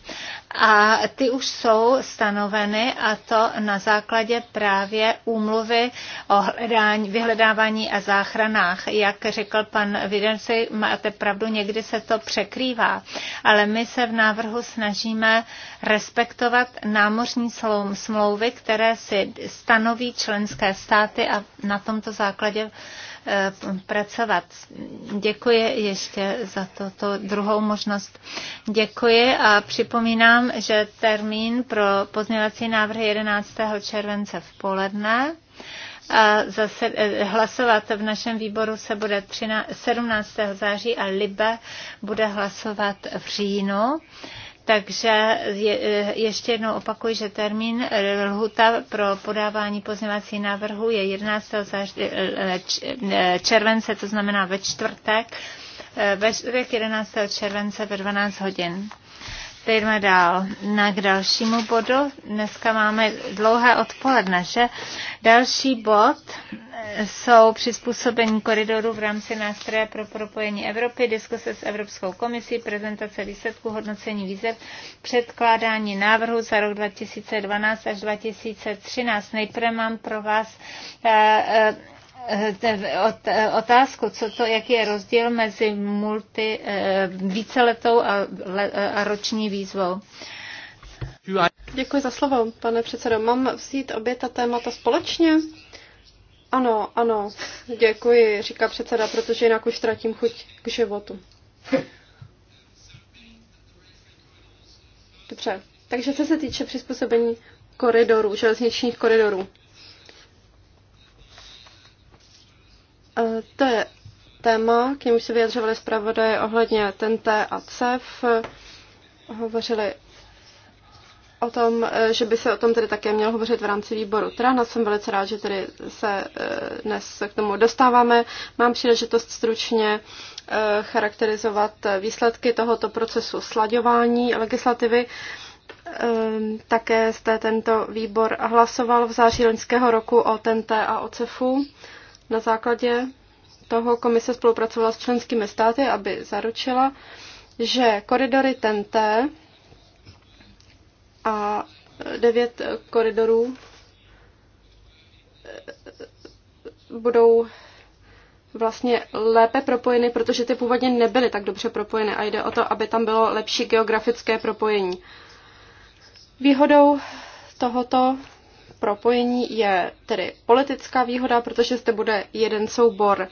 a ty už jsou stanoveny a to na základě právě úmluvy o hledání, vyhledávání a záchranách. Jak řekl pan Videnci, máte pravdu, někdy se to překrývá, ale my se v návrhu snažíme respektovat námořní smlouvy, které si stanoví členské státy a na tomto základě Eh, pracovat. Děkuji ještě za to druhou možnost. Děkuji a připomínám, že termín pro pozměňovací návrhy 11. července v poledne. A zase eh, hlasovat v našem výboru se bude 13, 17. září a Libe bude hlasovat v říjnu. Takže je, eh, ještě jednou opakuji, že termín eh, lhuta pro podávání pozměvací návrhu je 11. Eh, července, to znamená ve čtvrtek, ve čtvrtek 11. července ve 12 hodin. Jdeme dál na k dalšímu bodu. Dneska máme dlouhé odpoledne, že? Další bod jsou přizpůsobení koridoru v rámci nástroje pro propojení Evropy, diskuse s Evropskou komisí, prezentace výsledků, hodnocení výzev, předkládání návrhu za rok 2012 až 2013. Nejprve mám pro vás eh, eh, otázku, co to, jaký je rozdíl mezi multi, eh, víceletou a, eh, a roční výzvou. Děkuji za slovo, pane předsedo. Mám vzít obě ta témata společně? Ano, ano, děkuji, říká předseda, protože jinak už ztratím chuť k životu. Dobře, takže co se týče přizpůsobení koridorů, železničních koridorů. E, to je téma, k němu se vyjadřovali zpravodaje ohledně TNT a CEF. Hovořili o tom, e, že by se o tom tedy také mělo hovořit v rámci výboru TRAN. Jsem velice rád, že tedy se e, dnes k tomu dostáváme. Mám příležitost stručně charakterizovat výsledky tohoto procesu slaďování legislativy. Také jste tento výbor hlasoval v září loňského roku o TNT a o CEFu. Na základě toho komise spolupracovala s členskými státy, aby zaručila, že koridory TNT a devět koridorů eh, budou vlastně lépe propojeny, protože ty původně nebyly tak dobře propojeny a jde o to, aby tam bylo lepší geografické propojení. Výhodou tohoto propojení je tedy politická výhoda, protože zde bude jeden soubor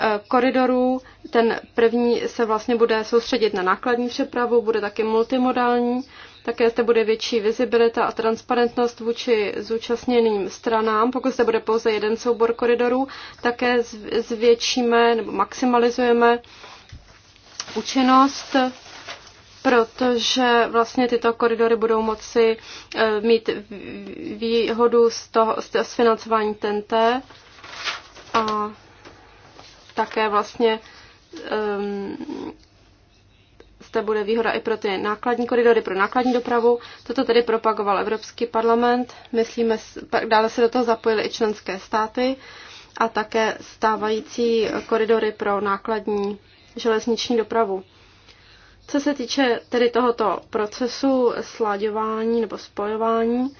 eh, koridorů. Ten první se vlastně bude soustředit na nákladní přepravu, bude taky multimodální, také zde bude větší vizibilita a transparentnost vůči zúčastněným stranám. Pokud zde bude pouze jeden soubor koridorů, také zvětšíme nebo maximalizujeme účinnost protože vlastně tyto koridory budou moci eh, mít výhodu z, toho, z financování TNT a také vlastně um, zde bude výhoda i pro ty nákladní koridory, pro nákladní dopravu. Toto tedy propagoval Evropský parlament. Myslíme, dále se do toho zapojily i členské státy a také stávající koridory pro nákladní železniční dopravu. Co se týče tedy tohoto procesu sláďování nebo spojování,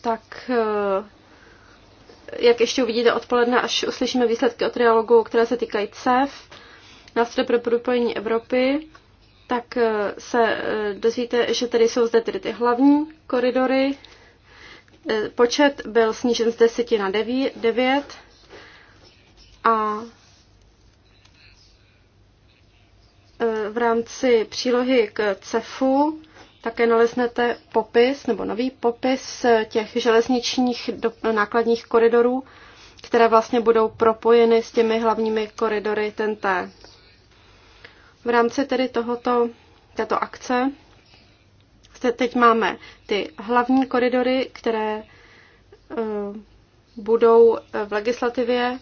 tak eh, jak ještě uvidíte odpoledne, až uslyšíme výsledky o trialogu, které se týkají CEF, nástroje pro propojení Evropy, tak eh, se eh, dozvíte, že tady jsou zde tedy ty hlavní koridory. Počet byl snížen z 10 na 9 a E, v rámci přílohy k CEFu také naleznete popis nebo nový popis těch železničních nákladních koridorů, které vlastně budou propojeny s těmi hlavními koridory TNT. V rámci tedy tohoto, této akce teď máme ty hlavní koridory, které e, budou v legislativě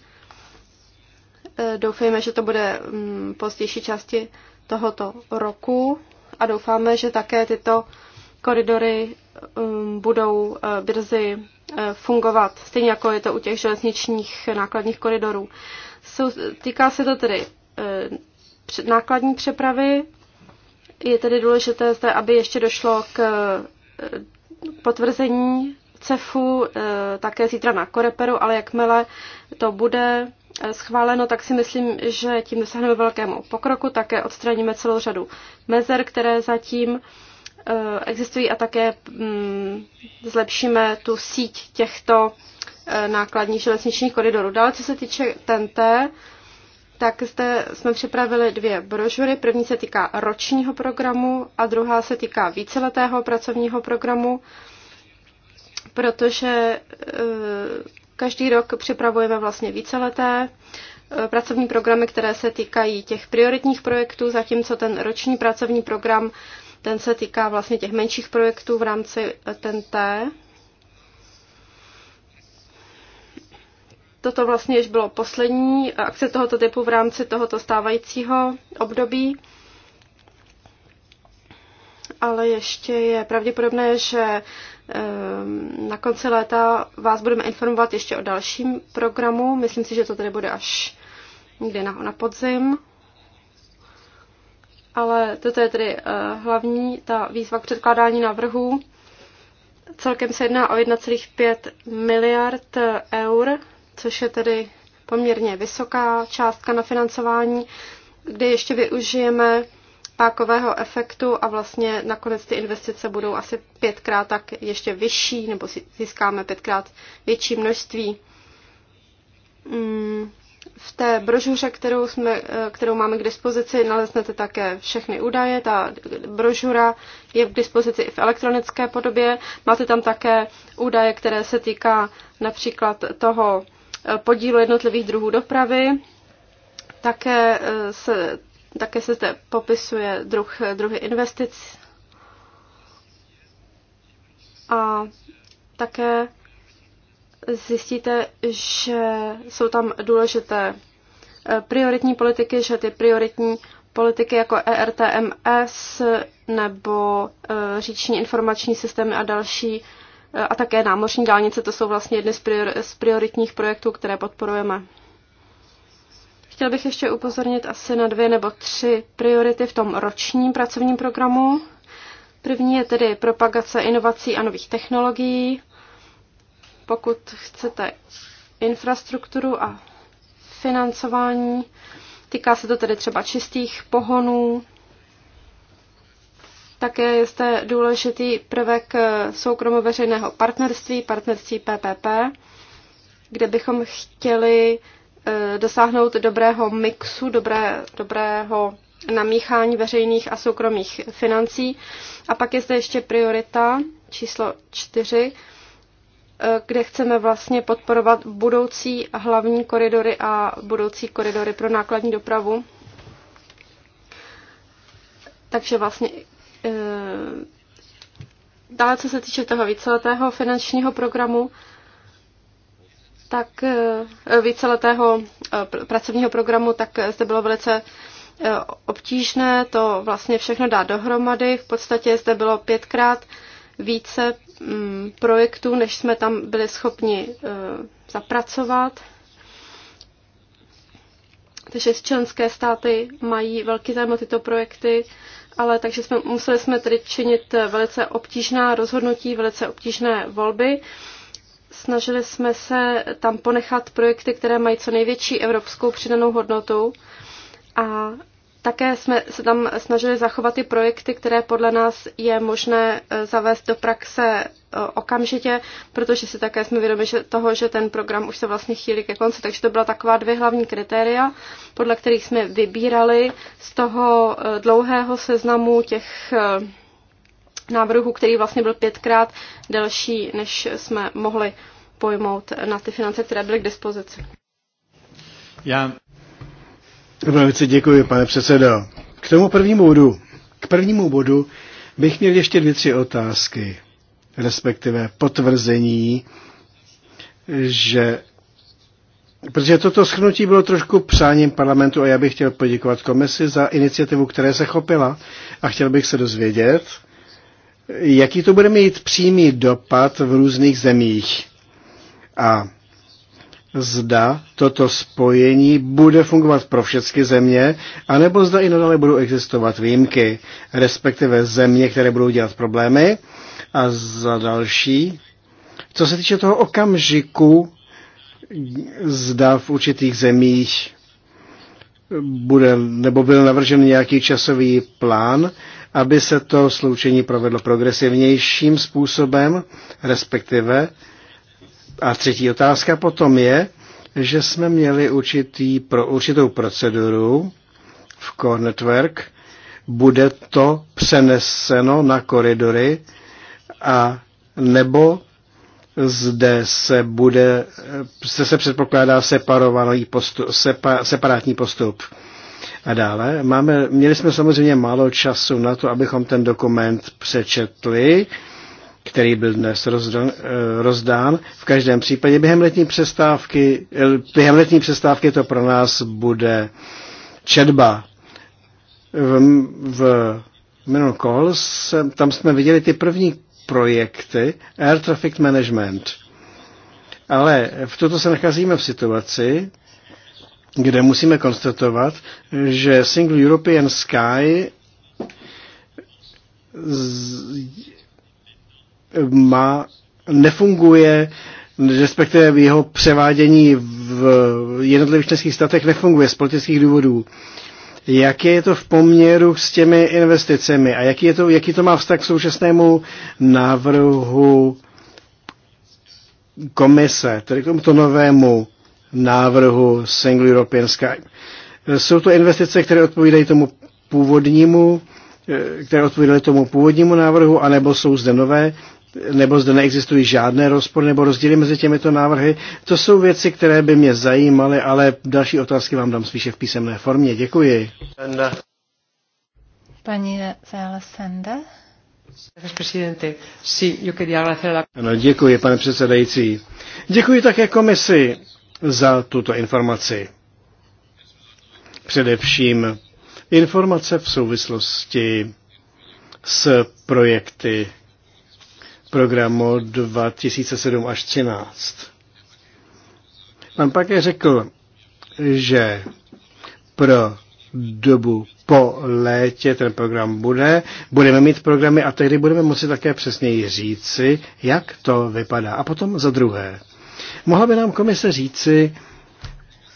Eh, doufejme, že to bude v mm, pozdější části tohoto roku a doufáme, že také tyto koridory mm, budou eh, brzy eh, fungovat, stejně jako je to u těch železničních nákladních koridorů. Jsou, týká se to tedy nákladní přepravy. Je tedy důležité zde, aby ještě došlo k potvrzení CEFu také zítra na Koreperu, ale jakmile to bude, schváleno, tak si myslím, že tím dosáhneme velkému pokroku, také odstraníme celou řadu mezer, které zatím eh, existují a také mm, zlepšíme tu síť těchto eh, nákladních železničních koridorů. Dále, co se týče TNT, tak zde jsme připravili dvě brožury. První se týká ročního programu a druhá se týká víceletého pracovního programu, protože eh, Každý rok připravujeme vlastně víceleté e, pracovní programy, které se týkají těch prioritních projektů, zatímco ten roční pracovní program, ten se týká vlastně těch menších projektů v rámci e, TNT. Toto vlastně již bylo poslední akce tohoto typu v rámci tohoto stávajícího období ale ještě je pravděpodobné, že Ehm, na konci léta vás budeme informovat ještě o dalším programu. Myslím si, že to tady bude až někdy na, na podzim. Ale toto je tedy eh, hlavní ta výzva k předkládání návrhů. Celkem se jedná o 1,5 miliard eur, což je tedy poměrně vysoká částka na financování, kde ještě využijeme pákového efektu a vlastně nakonec ty investice budou asi pětkrát tak ještě vyšší, nebo získáme pětkrát větší množství. Mm, v té brožuře, kterou, jsme, eh, kterou máme k dispozici, naleznete také všechny údaje. Ta brožura je k dispozici i v elektronické podobě. Máte tam také údaje, které se týká například toho eh, podílu jednotlivých druhů dopravy. Také eh, se také se zde popisuje druh, druhy investic a také zjistíte, že jsou tam důležité eh, prioritní politiky, že ty prioritní politiky jako ERTMS nebo eh, říční informační systémy a další eh, a také námořní dálnice, to jsou vlastně jedny z prioritních projektů, které podporujeme. Chtěl bych ještě upozornit asi na dvě nebo tři priority v tom ročním pracovním programu. První je tedy propagace inovací a nových technologií. Pokud chcete infrastrukturu a financování, týká se to tedy třeba čistých pohonů. Také je zde důležitý prvek soukromo-veřejného partnerství, partnerství PPP, kde bychom chtěli Eh, dosáhnout dobrého mixu, dobré, dobrého namíchání veřejných a soukromých financí. A pak je zde ještě priorita číslo čtyři, eh, kde chceme vlastně podporovat budoucí hlavní koridory a budoucí koridory pro nákladní dopravu. Takže vlastně eh, dále, co se týče toho víceletého finančního programu, tak eh, víceletého eh, pracovního programu, tak zde bylo velice eh, obtížné to vlastně všechno dát dohromady. V podstatě zde bylo pětkrát více mm, projektů, než jsme tam byli schopni zapracovat. Takže členské státy mají velký zájem o tyto projekty, ale takže jsme, museli jsme tedy činit velice obtížná rozhodnutí, velice obtížné volby. Snažili jsme se tam ponechat projekty, které mají co největší evropskou přidanou hodnotu a také jsme se tam snažili zachovat ty projekty, které podle nás je možné e, zavést do praxe e, okamžitě, protože si také jsme vědomi že toho, že ten program už se vlastně chýlí ke konci, takže to byla taková dvě hlavní kritéria, podle kterých jsme vybírali z toho e, dlouhého seznamu těch návrhu, který vlastně byl pětkrát delší, než jsme mohli pojmout na ty finance, které byly k dispozici. Já velice děkuji, pane předsedo. K tomu prvnímu bodu. K prvnímu bodu bych měl ještě dvě, tři otázky, respektive potvrzení, že Protože toto schnutí bylo trošku přáním parlamentu a já bych chtěl poděkovat komisi za iniciativu, které se chopila a chtěl bych se dozvědět, jaký to bude mít přímý dopad v různých zemích. A zda toto spojení bude fungovat pro všechny země, anebo zda i nadále budou existovat výjimky, respektive země, které budou dělat problémy. A za další, co se týče toho okamžiku, zda v určitých zemích bude nebo byl navržen nějaký časový plán aby se to sloučení provedlo progresivnějším způsobem, respektive. A třetí otázka potom je, že jsme měli určitý, pro, určitou proceduru v Core Network, bude to přeneseno na koridory a nebo zde se bude, se, se předpokládá separovaný postup, separ, separátní postup. A dále, máme, měli jsme samozřejmě málo času na to, abychom ten dokument přečetli, který byl dnes rozdán, eh, rozdán. V každém případě během letní přestávky, eh, během letní přestávky to pro nás bude četba. V, v minulý call jsem, tam jsme viděli ty první projekty Air Traffic Management. Ale v tuto se nacházíme v situaci, kde musíme konstatovat, že Single European Sky má, nefunguje, respektive jeho převádění v jednotlivých českých státech nefunguje z politických důvodů. Jak je to v poměru s těmi investicemi a jaký, je to, jaký to má vztah k současnému návrhu komise, tedy k tomuto novému návrhu Single European Sky. Jsou to investice, které odpovídají tomu původnímu, eh, které odpovídaly tomu původnímu návrhu, anebo jsou zde nové, nebo zde neexistují žádné rozpory nebo rozdíly mezi těmito návrhy. To jsou věci, které by mě zajímaly, ale další otázky vám dám spíše v písemné formě. Děkuji. Paní Zalesanda. Ano, děkuji, pane předsedající. Děkuji také komisi za tuto informaci. Především informace v souvislosti s projekty programu 2007 až 2013. Pan je řekl, že pro dobu po létě ten program bude. Budeme mít programy a tehdy budeme moci také přesněji říci, jak to vypadá. A potom za druhé, Mohla by nám komise říci,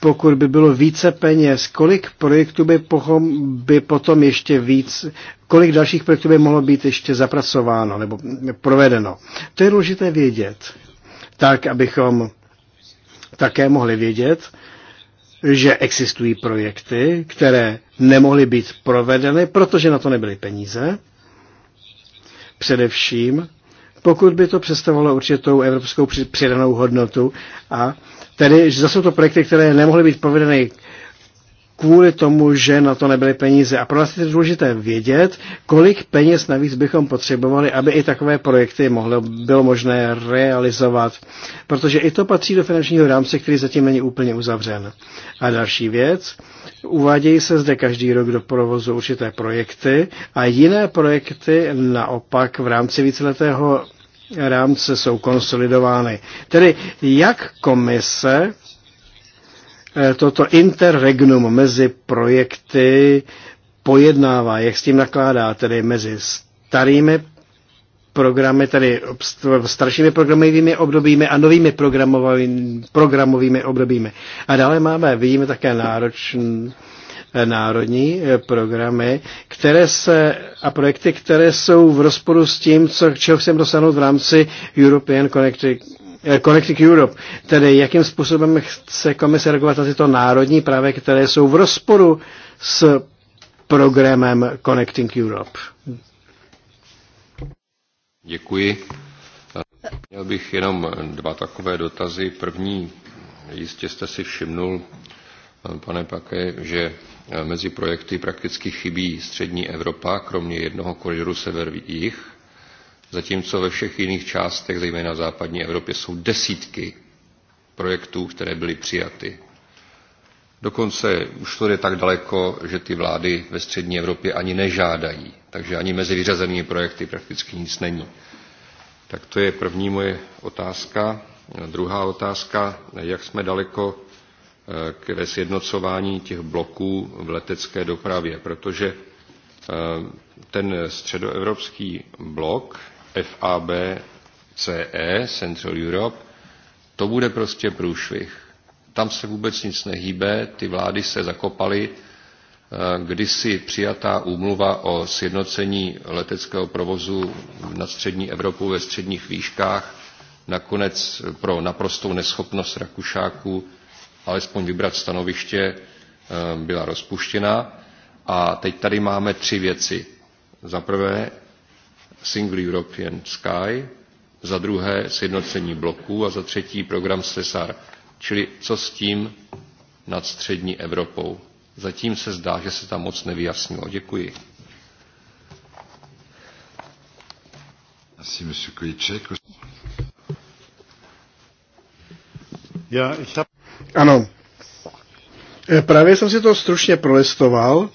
pokud by bylo více peněz, kolik projektů by, pochom by potom ještě víc, kolik dalších projektů by mohlo být ještě zapracováno nebo provedeno. To je důležité vědět, tak abychom také mohli vědět, že existují projekty, které nemohly být provedeny, protože na to nebyly peníze. Především pokud by to představovalo určitou evropskou přidanou hodnotu. A tedy, že zase jsou to projekty, které nemohly být provedeny kvůli tomu, že na to nebyly peníze. A pro nás je důležité vědět, kolik peněz navíc bychom potřebovali, aby i takové projekty mohlo, bylo možné realizovat. Protože i to patří do finančního rámce, který zatím není úplně uzavřen. A další věc, uvádějí se zde každý rok do provozu určité projekty a jiné projekty naopak v rámci víceletého rámce jsou konsolidovány. Tedy jak komise eh, toto interregnum mezi projekty pojednává, jak s tím nakládá, tedy mezi starými programy, tedy staršími programovými obdobími a novými programovými, programovými obdobími. A dále máme, vidíme také náročný národní eh, programy které se, a projekty, které jsou v rozporu s tím, co, čeho chceme dosáhnout v rámci European Connecting eh, Connecting Europe, tedy jakým způsobem chce komise reagovat na tyto národní právě, které jsou v rozporu s programem Connecting Europe. Děkuji. Měl bych jenom dva takové dotazy. První, jistě jste si všimnul, pane Pake, že eh, mezi projekty prakticky chybí střední Evropa, kromě jednoho koridoru sever-jih, zatímco ve všech jiných částech, zejména v západní Evropě, jsou desítky projektů, které byly přijaty. Dokonce už to jde tak daleko, že ty vlády ve střední Evropě ani nežádají, takže ani mezi vyřazenými projekty prakticky nic není. Tak to je první moje otázka. Druhá otázka, jak jsme daleko Eh, k sjednocování těch bloků v letecké dopravě, protože eh, ten středoevropský blok FABCE, Central Europe, to bude prostě průšvih. Tam se vůbec nic nehýbe, ty vlády se zakopaly, eh, kdysi přijatá úmluva o sjednocení leteckého provozu na střední Evropu ve středních výškách nakonec pro naprostou neschopnost Rakušáků alespoň vybrat stanoviště, eh, byla rozpuštěna. A teď tady máme tři věci. Za prvé Single European Sky, za druhé sjednocení bloků a za třetí program SESAR. Čili co s tím nad střední Evropou? Zatím se zdá, že se tam moc nevyjasnilo. Děkuji. Asi, Já, ich hab... Ano. Eh, právě jsem si to stručně prolistoval.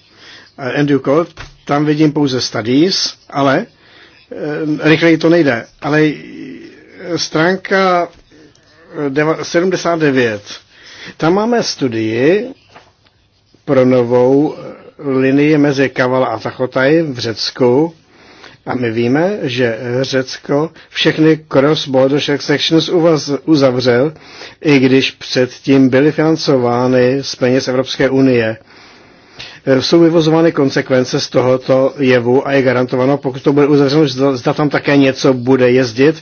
Eh, Andrew Cole, tam vidím pouze studies, ale eh, rychleji to nejde. Ale stránka 79. Tam máme studii pro novou linii mezi Kaval a Tachotaj v Řecku, a my víme, že Řecko všechny cross-border sections uzavřel, i když předtím byly financovány z peněz Evropské unie. E, jsou vyvozovány konsekvence z tohoto jevu a je garantováno, pokud to bude uzavřeno, zda tam také něco bude jezdit,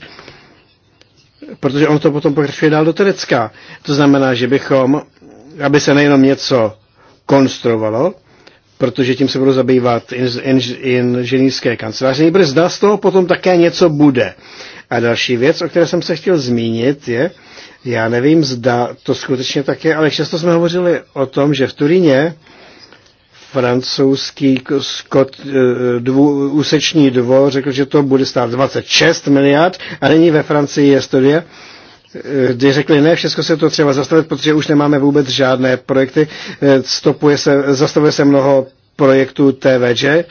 protože on to potom pokračuje dál do Turecka. To znamená, že bychom, aby se nejenom něco konstruovalo, protože tím se budou zabývat inženýrské kanceláře. Nejprve zda z toho potom také něco bude. A další věc, o které jsem se chtěl zmínit, je, já nevím, zda to skutečně tak je, ale často jsme hovořili o tom, že v Turíně francouzský skot, eh, dvů, úseční dvo řekl, že to bude stát 26 miliard a není ve Francii je studie, Eh, kdy řekli, ne, všechno se to třeba zastavit, protože už nemáme vůbec žádné projekty, eh, stopuje se, zastavuje se mnoho projektů TVG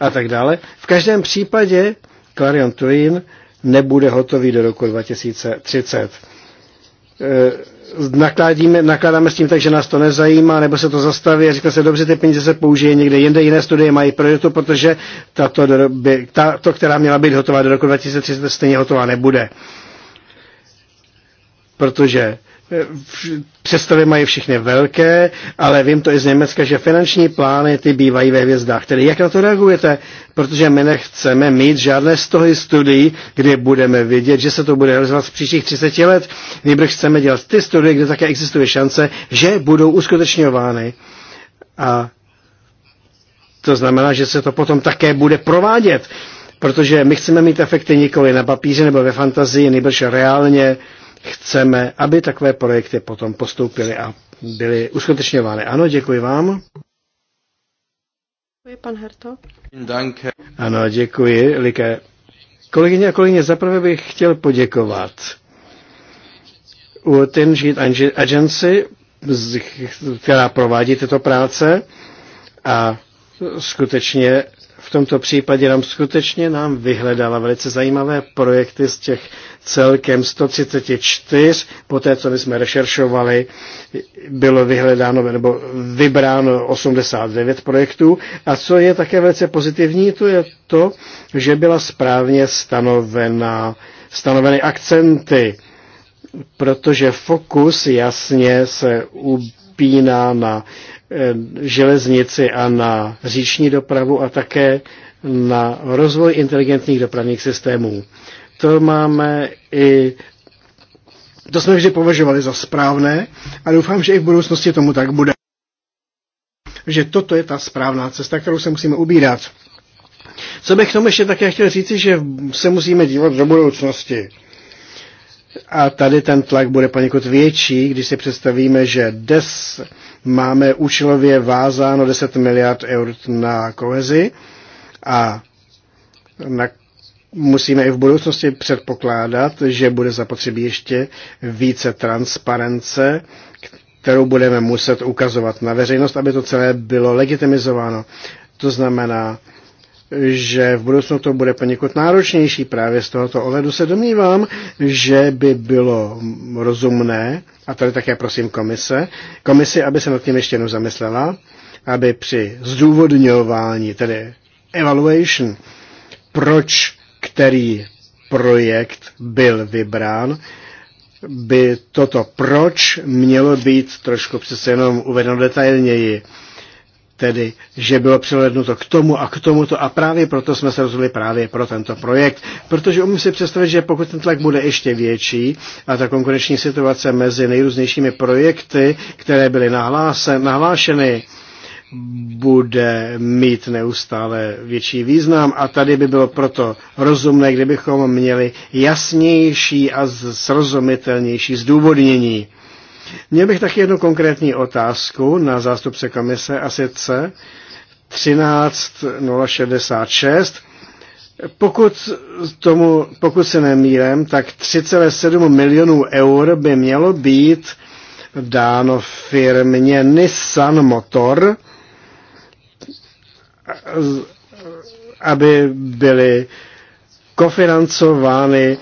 a tak dále. V každém případě Clarion Turin nebude hotový do roku 2030. Eh, nakládíme, nakládáme s tím tak, že nás to nezajímá, nebo se to zastaví a říká se, dobře, ty peníze se použije někde jinde, jiné studie mají projektu, protože tato, ta, to, která měla být hotová do roku 2030, stejně hotová nebude protože eh, představy mají všechny velké, ale vím to i z Německa, že finanční plány ty bývají ve hvězdách. Tedy jak na to reagujete? Protože my nechceme mít žádné z toho studií, kde budeme vidět, že se to bude realizovat v příštích 30 let. Nejbrž chceme dělat ty studie, kde také existuje šance, že budou uskutečňovány. A to znamená, že se to potom také bude provádět, protože my chceme mít efekty nikoli na papíře nebo ve fantazii, nejbrž reálně. Uh, chceme, aby takové projekty potom postoupily a byly uskutečňovány. Ano, děkuji vám. Děkuji, pan Herto. Ano, děkuji, Like. Kolegyně a kolegyně, zaprvé bych chtěl poděkovat u Tangent Agency, která provádí tyto práce a skutečně v tomto případě nám skutečně nám vyhledala velice zajímavé projekty z těch celkem 134, po té, co my jsme rešeršovali, bylo vyhledáno nebo vybráno 89 projektů. A co je také velice pozitivní, to je to, že byla správně stanovena, stanoveny akcenty, protože fokus jasně se upíná na eh, železnici a na říční dopravu a také na rozvoj inteligentních dopravních systémů to máme i to jsme vždy považovali za správné a doufám, že i v budoucnosti tomu tak bude. Že toto je ta správná cesta, kterou se musíme ubírat. Co bych k tomu ještě také chtěl říci, že se musíme dívat do budoucnosti. A tady ten tlak bude poněkud větší, když si představíme, že des máme účelově vázáno 10 miliard eur na kohezi a na musíme i v budoucnosti předpokládat, že bude zapotřebí ještě více transparence, kterou budeme muset ukazovat na veřejnost, aby to celé bylo legitimizováno. To znamená, že v budoucnu to bude poněkud náročnější. Právě z tohoto ohledu se domnívám, že by bylo rozumné, a tady také prosím komise, komisi, aby se nad tím ještě jednou zamyslela, aby při zdůvodňování, tedy evaluation, proč který projekt byl vybrán, by toto proč mělo být trošku přece jenom uvedeno detailněji. Tedy, že bylo přihlednuto k tomu a k tomuto a právě proto jsme se rozhodli právě pro tento projekt. Protože umím si představit, že pokud ten tlak bude ještě větší a ta konkurenční situace mezi nejrůznějšími projekty, které byly nahlásen, nahlášeny, bude mít neustále větší význam a tady by bylo proto rozumné, kdybychom měli jasnější a srozumitelnější zdůvodnění. Měl bych taky jednu konkrétní otázku na zástupce komise a sice 13066. Pokud, tomu, pokud se nemýlem, tak 3,7 milionů eur by mělo být dáno firmě Nissan Motor, aby byly kofinancovány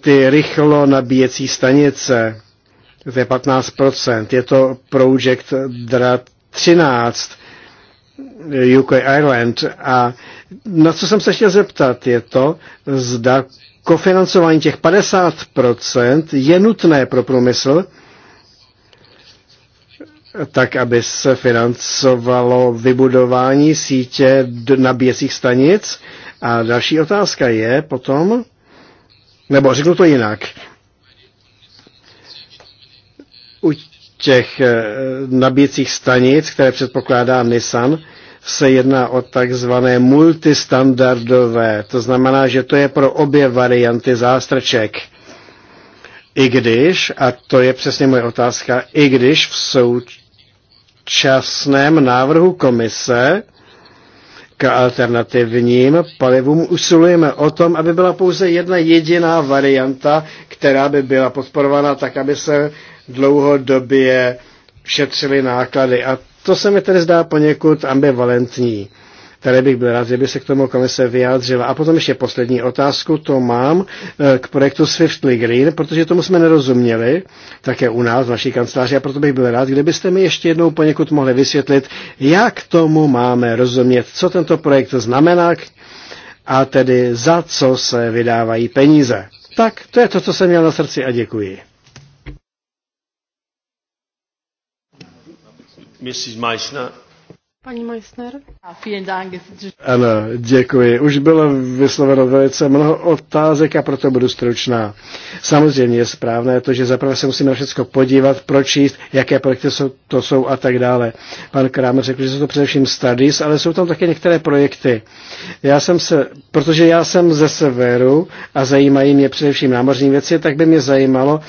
ty rychlo nabíjecí stanice. To je 15%. Je to Project DRA 13 UK Ireland. A na co jsem se chtěl zeptat, je to, zda kofinancování těch 50% je nutné pro průmysl, tak aby se financovalo vybudování sítě nabíjecích stanic. A další otázka je potom, nebo řeknu to jinak, u těch eh, nabíjecích stanic, které předpokládá Nissan, se jedná o takzvané multistandardové. To znamená, že to je pro obě varianty zástrček. I když, a to je přesně moje otázka, i když v souč předčasném návrhu komise k alternativním palivům usilujeme o tom, aby byla pouze jedna jediná varianta, která by byla podporována tak, aby se dlouhodobě šetřily náklady. A to se mi tedy zdá poněkud ambivalentní které bych byl rád, kdyby se k tomu komise vyjádřila. A potom ještě poslední otázku, to mám eh, k projektu Swiftly Green, protože tomu jsme nerozuměli, také u nás, v naší kanceláři, a proto bych byl rád, kdybyste mi ještě jednou poněkud mohli vysvětlit, jak tomu máme rozumět, co tento projekt znamená a tedy za co se vydávají peníze. Tak, to je to, co jsem měl na srdci a děkuji. Mrs. Meissner. Paní Meissner. Ano, děkuji. Už bylo vysloveno velice mnoho otázek a proto budu stručná. Samozřejmě je správné to, že zaprvé se musíme na všechno podívat, pročíst, jaké projekty jsou, to jsou a tak dále. Pan Kramer řekl, že jsou to především studies, ale jsou tam také některé projekty. Já jsem se, protože já jsem ze severu a zajímají mě především námořní věci, tak by mě zajímalo,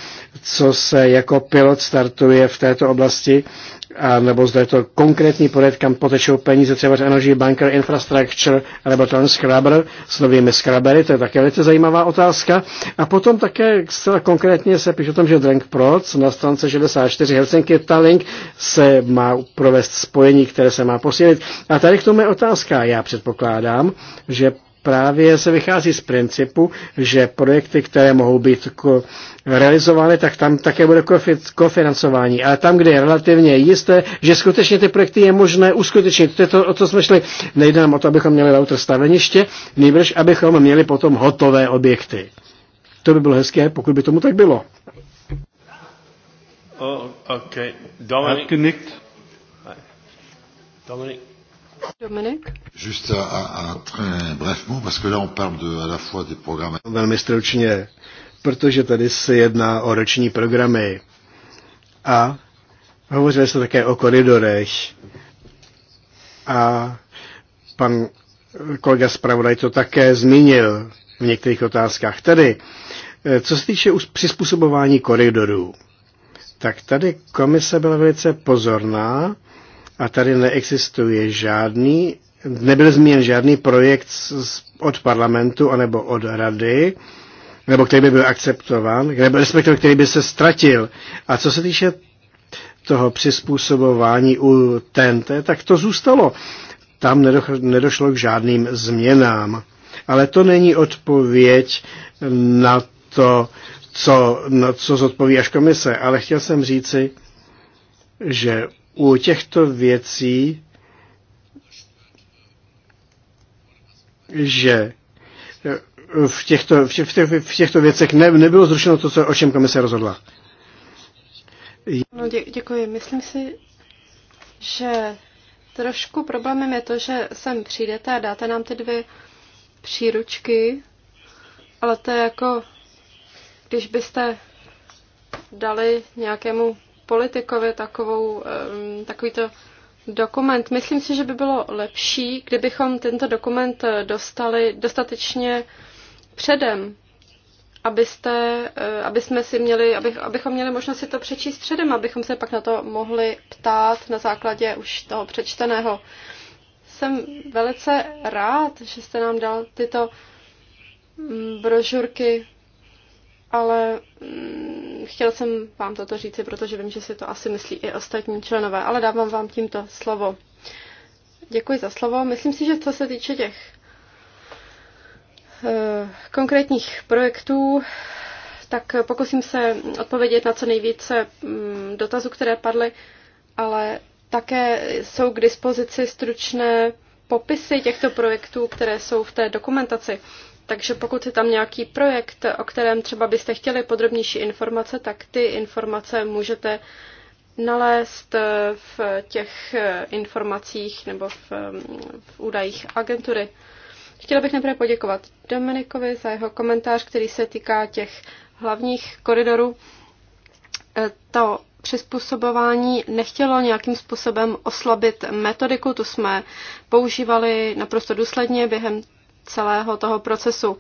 co se jako pilot startuje v této oblasti a nebo zda je to konkrétní projekt, kam potečou peníze, třeba Energy Banker Infrastructure nebo ten Scrubber s novými Scrubbery, to je také velice zajímavá otázka. A potom také zcela konkrétně se píše o tom, že Drank Proc na stance 64 Helsinki Tallink se má provést spojení, které se má posílit. A tady k tomu je otázka. Já předpokládám, že právě se vychází z principu, že projekty, které mohou být realizovány, tak tam také bude kofinancování. Ale tam, kde je relativně jisté, že skutečně ty projekty je možné uskutečnit. To je to, o co jsme šli. Nejde nám o to, abychom měli router staveniště, nejbrž abychom měli potom hotové objekty. To by bylo hezké, pokud by tomu tak bylo. Oh, okay. Dominik. Dominik. Dominik. Juste à, à très brefement, parce que là on parle de, à la fois des programmes... Velmi stručně, protože tady se jedná o roční programy a hovořili se také o koridorech a pan kolega zpravodaj to také zmínil v některých otázkách. Tady, eh, co se týče přizpůsobování koridorů, tak tady komise byla velice pozorná a tady neexistuje žádný nebyl zmíněn žádný projekt od parlamentu anebo od rady, nebo který by byl akceptován, nebo respektive který by se ztratil. A co se týče toho přizpůsobování u TNT, tak to zůstalo. Tam nedošlo k žádným změnám. Ale to není odpověď na to, co, na co zodpoví až komise. Ale chtěl jsem říci, že u těchto věcí že eh, v těchto, v, těchto, v těchto věcech ne, nebylo zrušeno to, co, o čem komise rozhodla. No, dě, děkuji. Myslím si, že trošku problémem je to, že sem přijdete a dáte nám ty dvě příručky, ale to je jako, když byste dali nějakému politikovi takovou, um, takovýto dokument. Myslím si, že by bylo lepší, kdybychom tento dokument eh, dostali dostatečně předem, abyste, eh, aby jsme si měli, abych, abychom měli možnost si to přečíst předem, abychom se pak na to mohli ptát na základě už toho přečteného. Jsem velice rád, že jste nám dal tyto mm, brožurky, ale mm, chtěl jsem vám toto říci, protože vím, že si to asi myslí i ostatní členové, ale dávám vám tímto slovo. Děkuji za slovo. Myslím si, že co se týče těch eh, konkrétních projektů, tak pokusím se odpovědět na co nejvíce mm, dotazů, které padly, ale také jsou k dispozici stručné popisy těchto projektů, které jsou v té dokumentaci. Takže pokud je tam nějaký projekt, o kterém třeba byste chtěli podrobnější informace, tak ty informace můžete nalézt eh, v těch eh, informacích nebo v, mm, v údajích agentury. Chtěla bych nejprve poděkovat Dominikovi za jeho komentář, který se týká těch hlavních koridorů. Eh, to přizpůsobování nechtělo nějakým způsobem oslabit metodiku, tu jsme používali naprosto důsledně během celého toho procesu.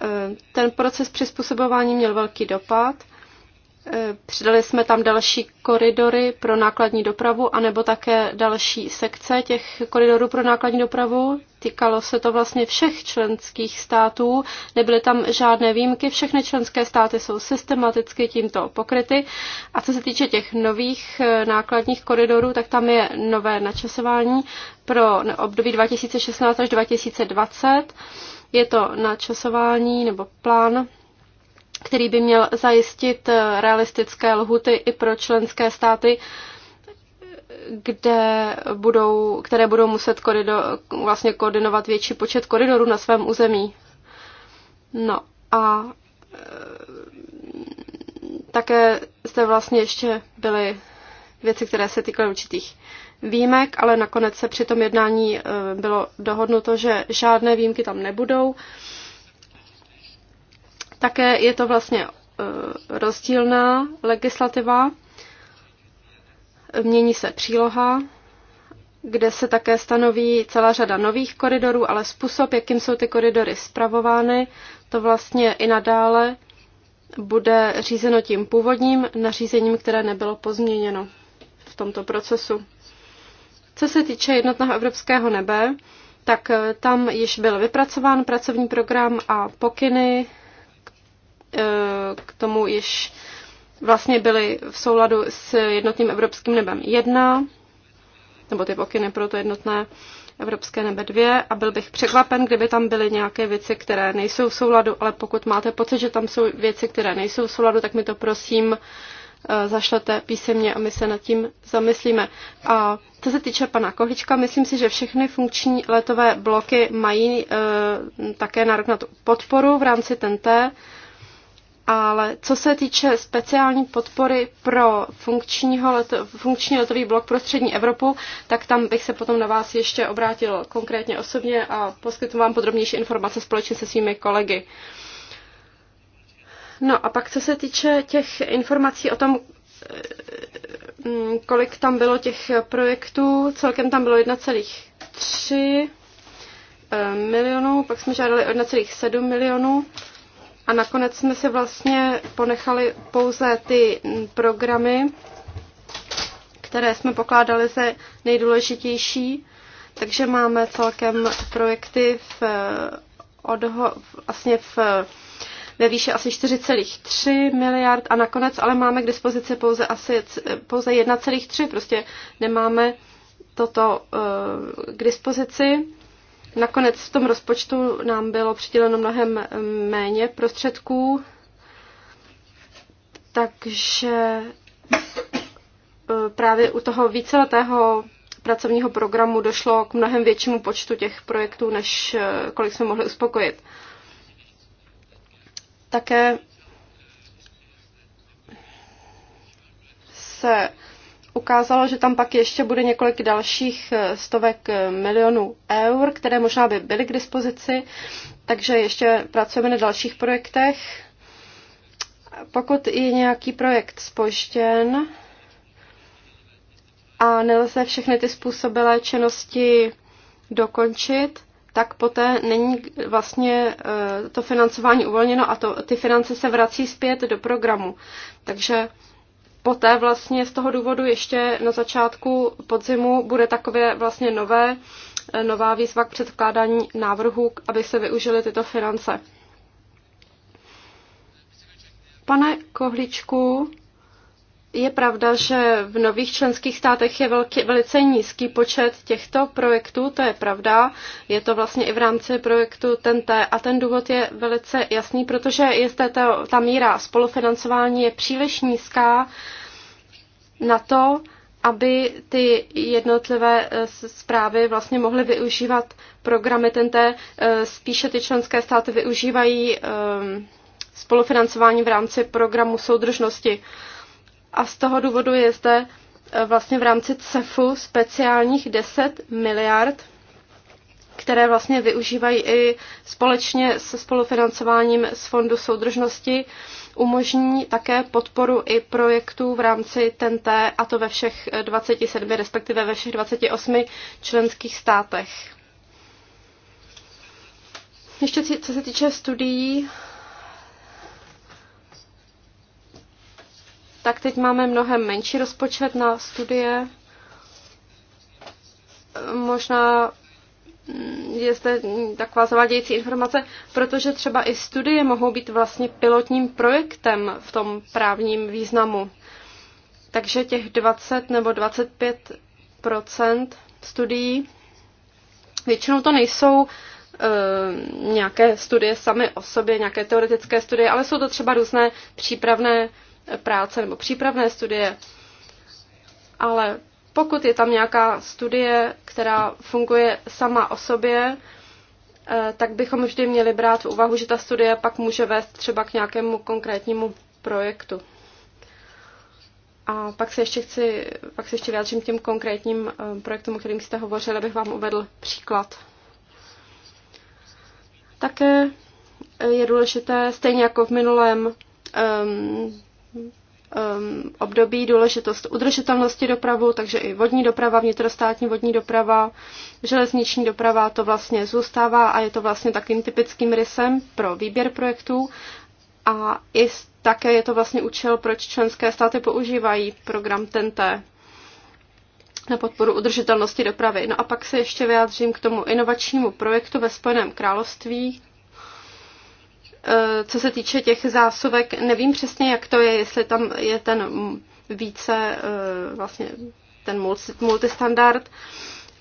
Eh, ten proces přizpůsobování měl velký dopad Přidali jsme tam další koridory pro nákladní dopravu, anebo také další sekce těch koridorů pro nákladní dopravu. Týkalo se to vlastně všech členských států, nebyly tam žádné výjimky, všechny členské státy jsou systematicky tímto pokryty. A co se týče těch nových eh, nákladních koridorů, tak tam je nové načasování pro období 2016 až 2020. Je to načasování nebo plán který by měl zajistit eh, realistické lhuty i pro členské státy, kde budou, které budou muset korido, vlastně koordinovat větší počet koridorů na svém území. No a eh, také zde vlastně ještě byly věci, které se týkaly určitých výjimek, ale nakonec se při tom jednání eh, bylo dohodnuto, že žádné výjimky tam nebudou. Také je to vlastně e, rozdílná legislativa. Mění se příloha, kde se také stanoví celá řada nových koridorů, ale způsob, jakým jsou ty koridory zpravovány, to vlastně i nadále bude řízeno tím původním nařízením, které nebylo pozměněno v tomto procesu. Co se týče jednotného evropského nebe, tak e, tam již byl vypracován pracovní program a pokyny E, k tomu již vlastně byly v souladu s jednotným evropským nebem 1, nebo ty pokyny pro to jednotné evropské nebe 2 a byl bych překvapen, kdyby tam byly nějaké věci, které nejsou v souladu, ale pokud máte pocit, že tam jsou věci, které nejsou v souladu, tak mi to prosím e, zašlete písemně a my se nad tím zamyslíme. A co se týče pana Kohlička, myslím si, že všechny funkční letové bloky mají e, také nárok na tu podporu v rámci TNT. Ale co se týče speciální podpory pro funkčního leto, funkční letový blok pro střední Evropu, tak tam bych se potom na vás ještě obrátil konkrétně osobně a poskytnu vám podrobnější informace společně se svými kolegy. No a pak co se týče těch informací o tom, eh, mm, kolik tam bylo těch projektů, celkem tam bylo 1,3 eh, milionů, pak jsme žádali 1,7 milionů. A nakonec jsme si vlastně ponechali pouze ty programy, které jsme pokládali za nejdůležitější. Takže máme celkem projekty v, eh, odho, vlastně v, ve výše asi 4,3 miliard a nakonec ale máme k dispozici pouze asi eh, pouze 1,3, prostě nemáme toto eh, k dispozici. Nakonec v tom rozpočtu nám bylo přiděleno mnohem eh, méně prostředků, takže eh, právě u toho víceletého pracovního programu došlo k mnohem většímu počtu těch projektů, než eh, kolik jsme mohli uspokojit. Také se ukázalo, že tam pak ještě bude několik dalších eh, stovek eh, milionů eur, které možná by byly k dispozici, takže ještě pracujeme na dalších projektech. Pokud je nějaký projekt spožděn a nelze všechny ty způsobilé činnosti dokončit, tak poté není vlastně eh, to financování uvolněno a to, ty finance se vrací zpět do programu. Takže poté vlastně z toho důvodu ještě na začátku podzimu bude takové vlastně nové, eh, nová výzva k předkládání návrhů, aby se využily tyto finance. Pane Kohličku, je pravda, že v nových členských státech je velký, velice nízký počet těchto projektů, to je pravda. Je to vlastně i v rámci projektu TNT a ten důvod je velice jasný, protože je zde ta, ta míra spolufinancování je příliš nízká na to, aby ty jednotlivé eh, zprávy vlastně mohly využívat programy tenté. Eh, spíše ty členské státy využívají eh, spolufinancování v rámci programu soudržnosti. A z toho důvodu je zde vlastně v rámci CEFu speciálních 10 miliard které vlastně využívají i společně se spolufinancováním z Fondu soudržnosti, umožní také podporu i projektů v rámci TNT, a to ve všech 27, respektive ve všech 28 členských státech. Ještě co se týče studií, tak teď máme mnohem menší rozpočet na studie. Možná je zde taková zavádějící informace, protože třeba i studie mohou být vlastně pilotním projektem v tom právním významu. Takže těch 20 nebo 25 studií, většinou to nejsou e, nějaké studie samy o sobě, nějaké teoretické studie, ale jsou to třeba různé přípravné práce nebo přípravné studie. Ale pokud je tam nějaká studie, která funguje sama o sobě, eh, tak bychom vždy měli brát v úvahu, že ta studie pak může vést třeba k nějakému konkrétnímu projektu. A pak se ještě, chci, pak se ještě vyjádřím těm konkrétním eh, projektům, o kterým jste hovořil, abych vám uvedl příklad. Také je důležité, stejně jako v minulém ehm, um, období důležitost udržitelnosti dopravu, takže i vodní doprava, vnitrostátní vodní doprava, železniční doprava, to vlastně zůstává a je to vlastně takým typickým rysem pro výběr projektů. A i také je to vlastně účel, proč členské státy používají program TNT na podporu udržitelnosti dopravy. No a pak se ještě vyjádřím k tomu inovačnímu projektu ve Spojeném království, Eh, co se týče těch zásuvek, nevím přesně, jak to je, jestli tam je ten více, eh, vlastně ten multistandard.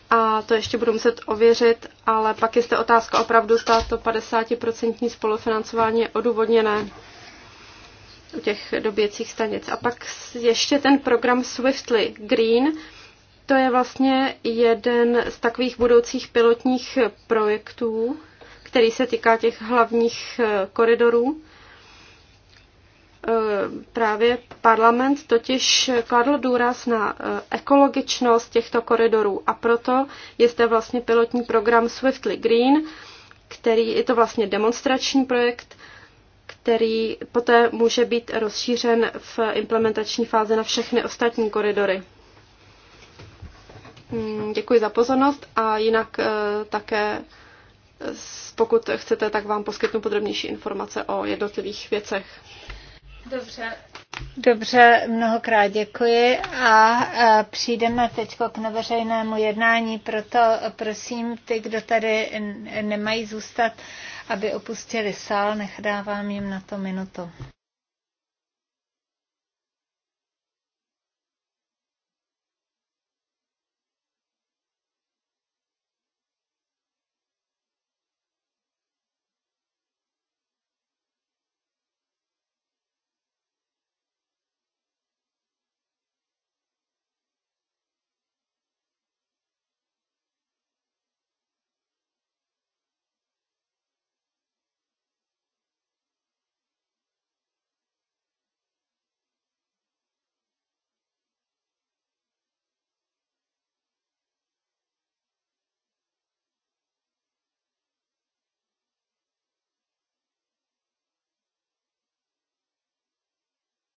A to ještě budu muset ověřit, ale pak je zde otázka opravdu, zda to 50% spolufinancování je odůvodněné u těch doběcích stanic. A pak ještě ten program Swiftly Green, to je vlastně jeden z takových budoucích pilotních projektů, který se týká těch hlavních eh, koridorů. Eh, právě parlament totiž kladl důraz na eh, ekologičnost těchto koridorů a proto je zde vlastně pilotní program Swiftly Green, který je to vlastně demonstrační projekt, který poté může být rozšířen v implementační fázi na všechny ostatní koridory. Hmm, děkuji za pozornost a jinak také pokud chcete, tak vám poskytnu podrobnější informace o jednotlivých věcech. Dobře. Dobře, mnohokrát děkuji a přijdeme teď k neveřejnému jednání, proto prosím ty, kdo tady nemají zůstat, aby opustili sál, nechávám jim na to minutu.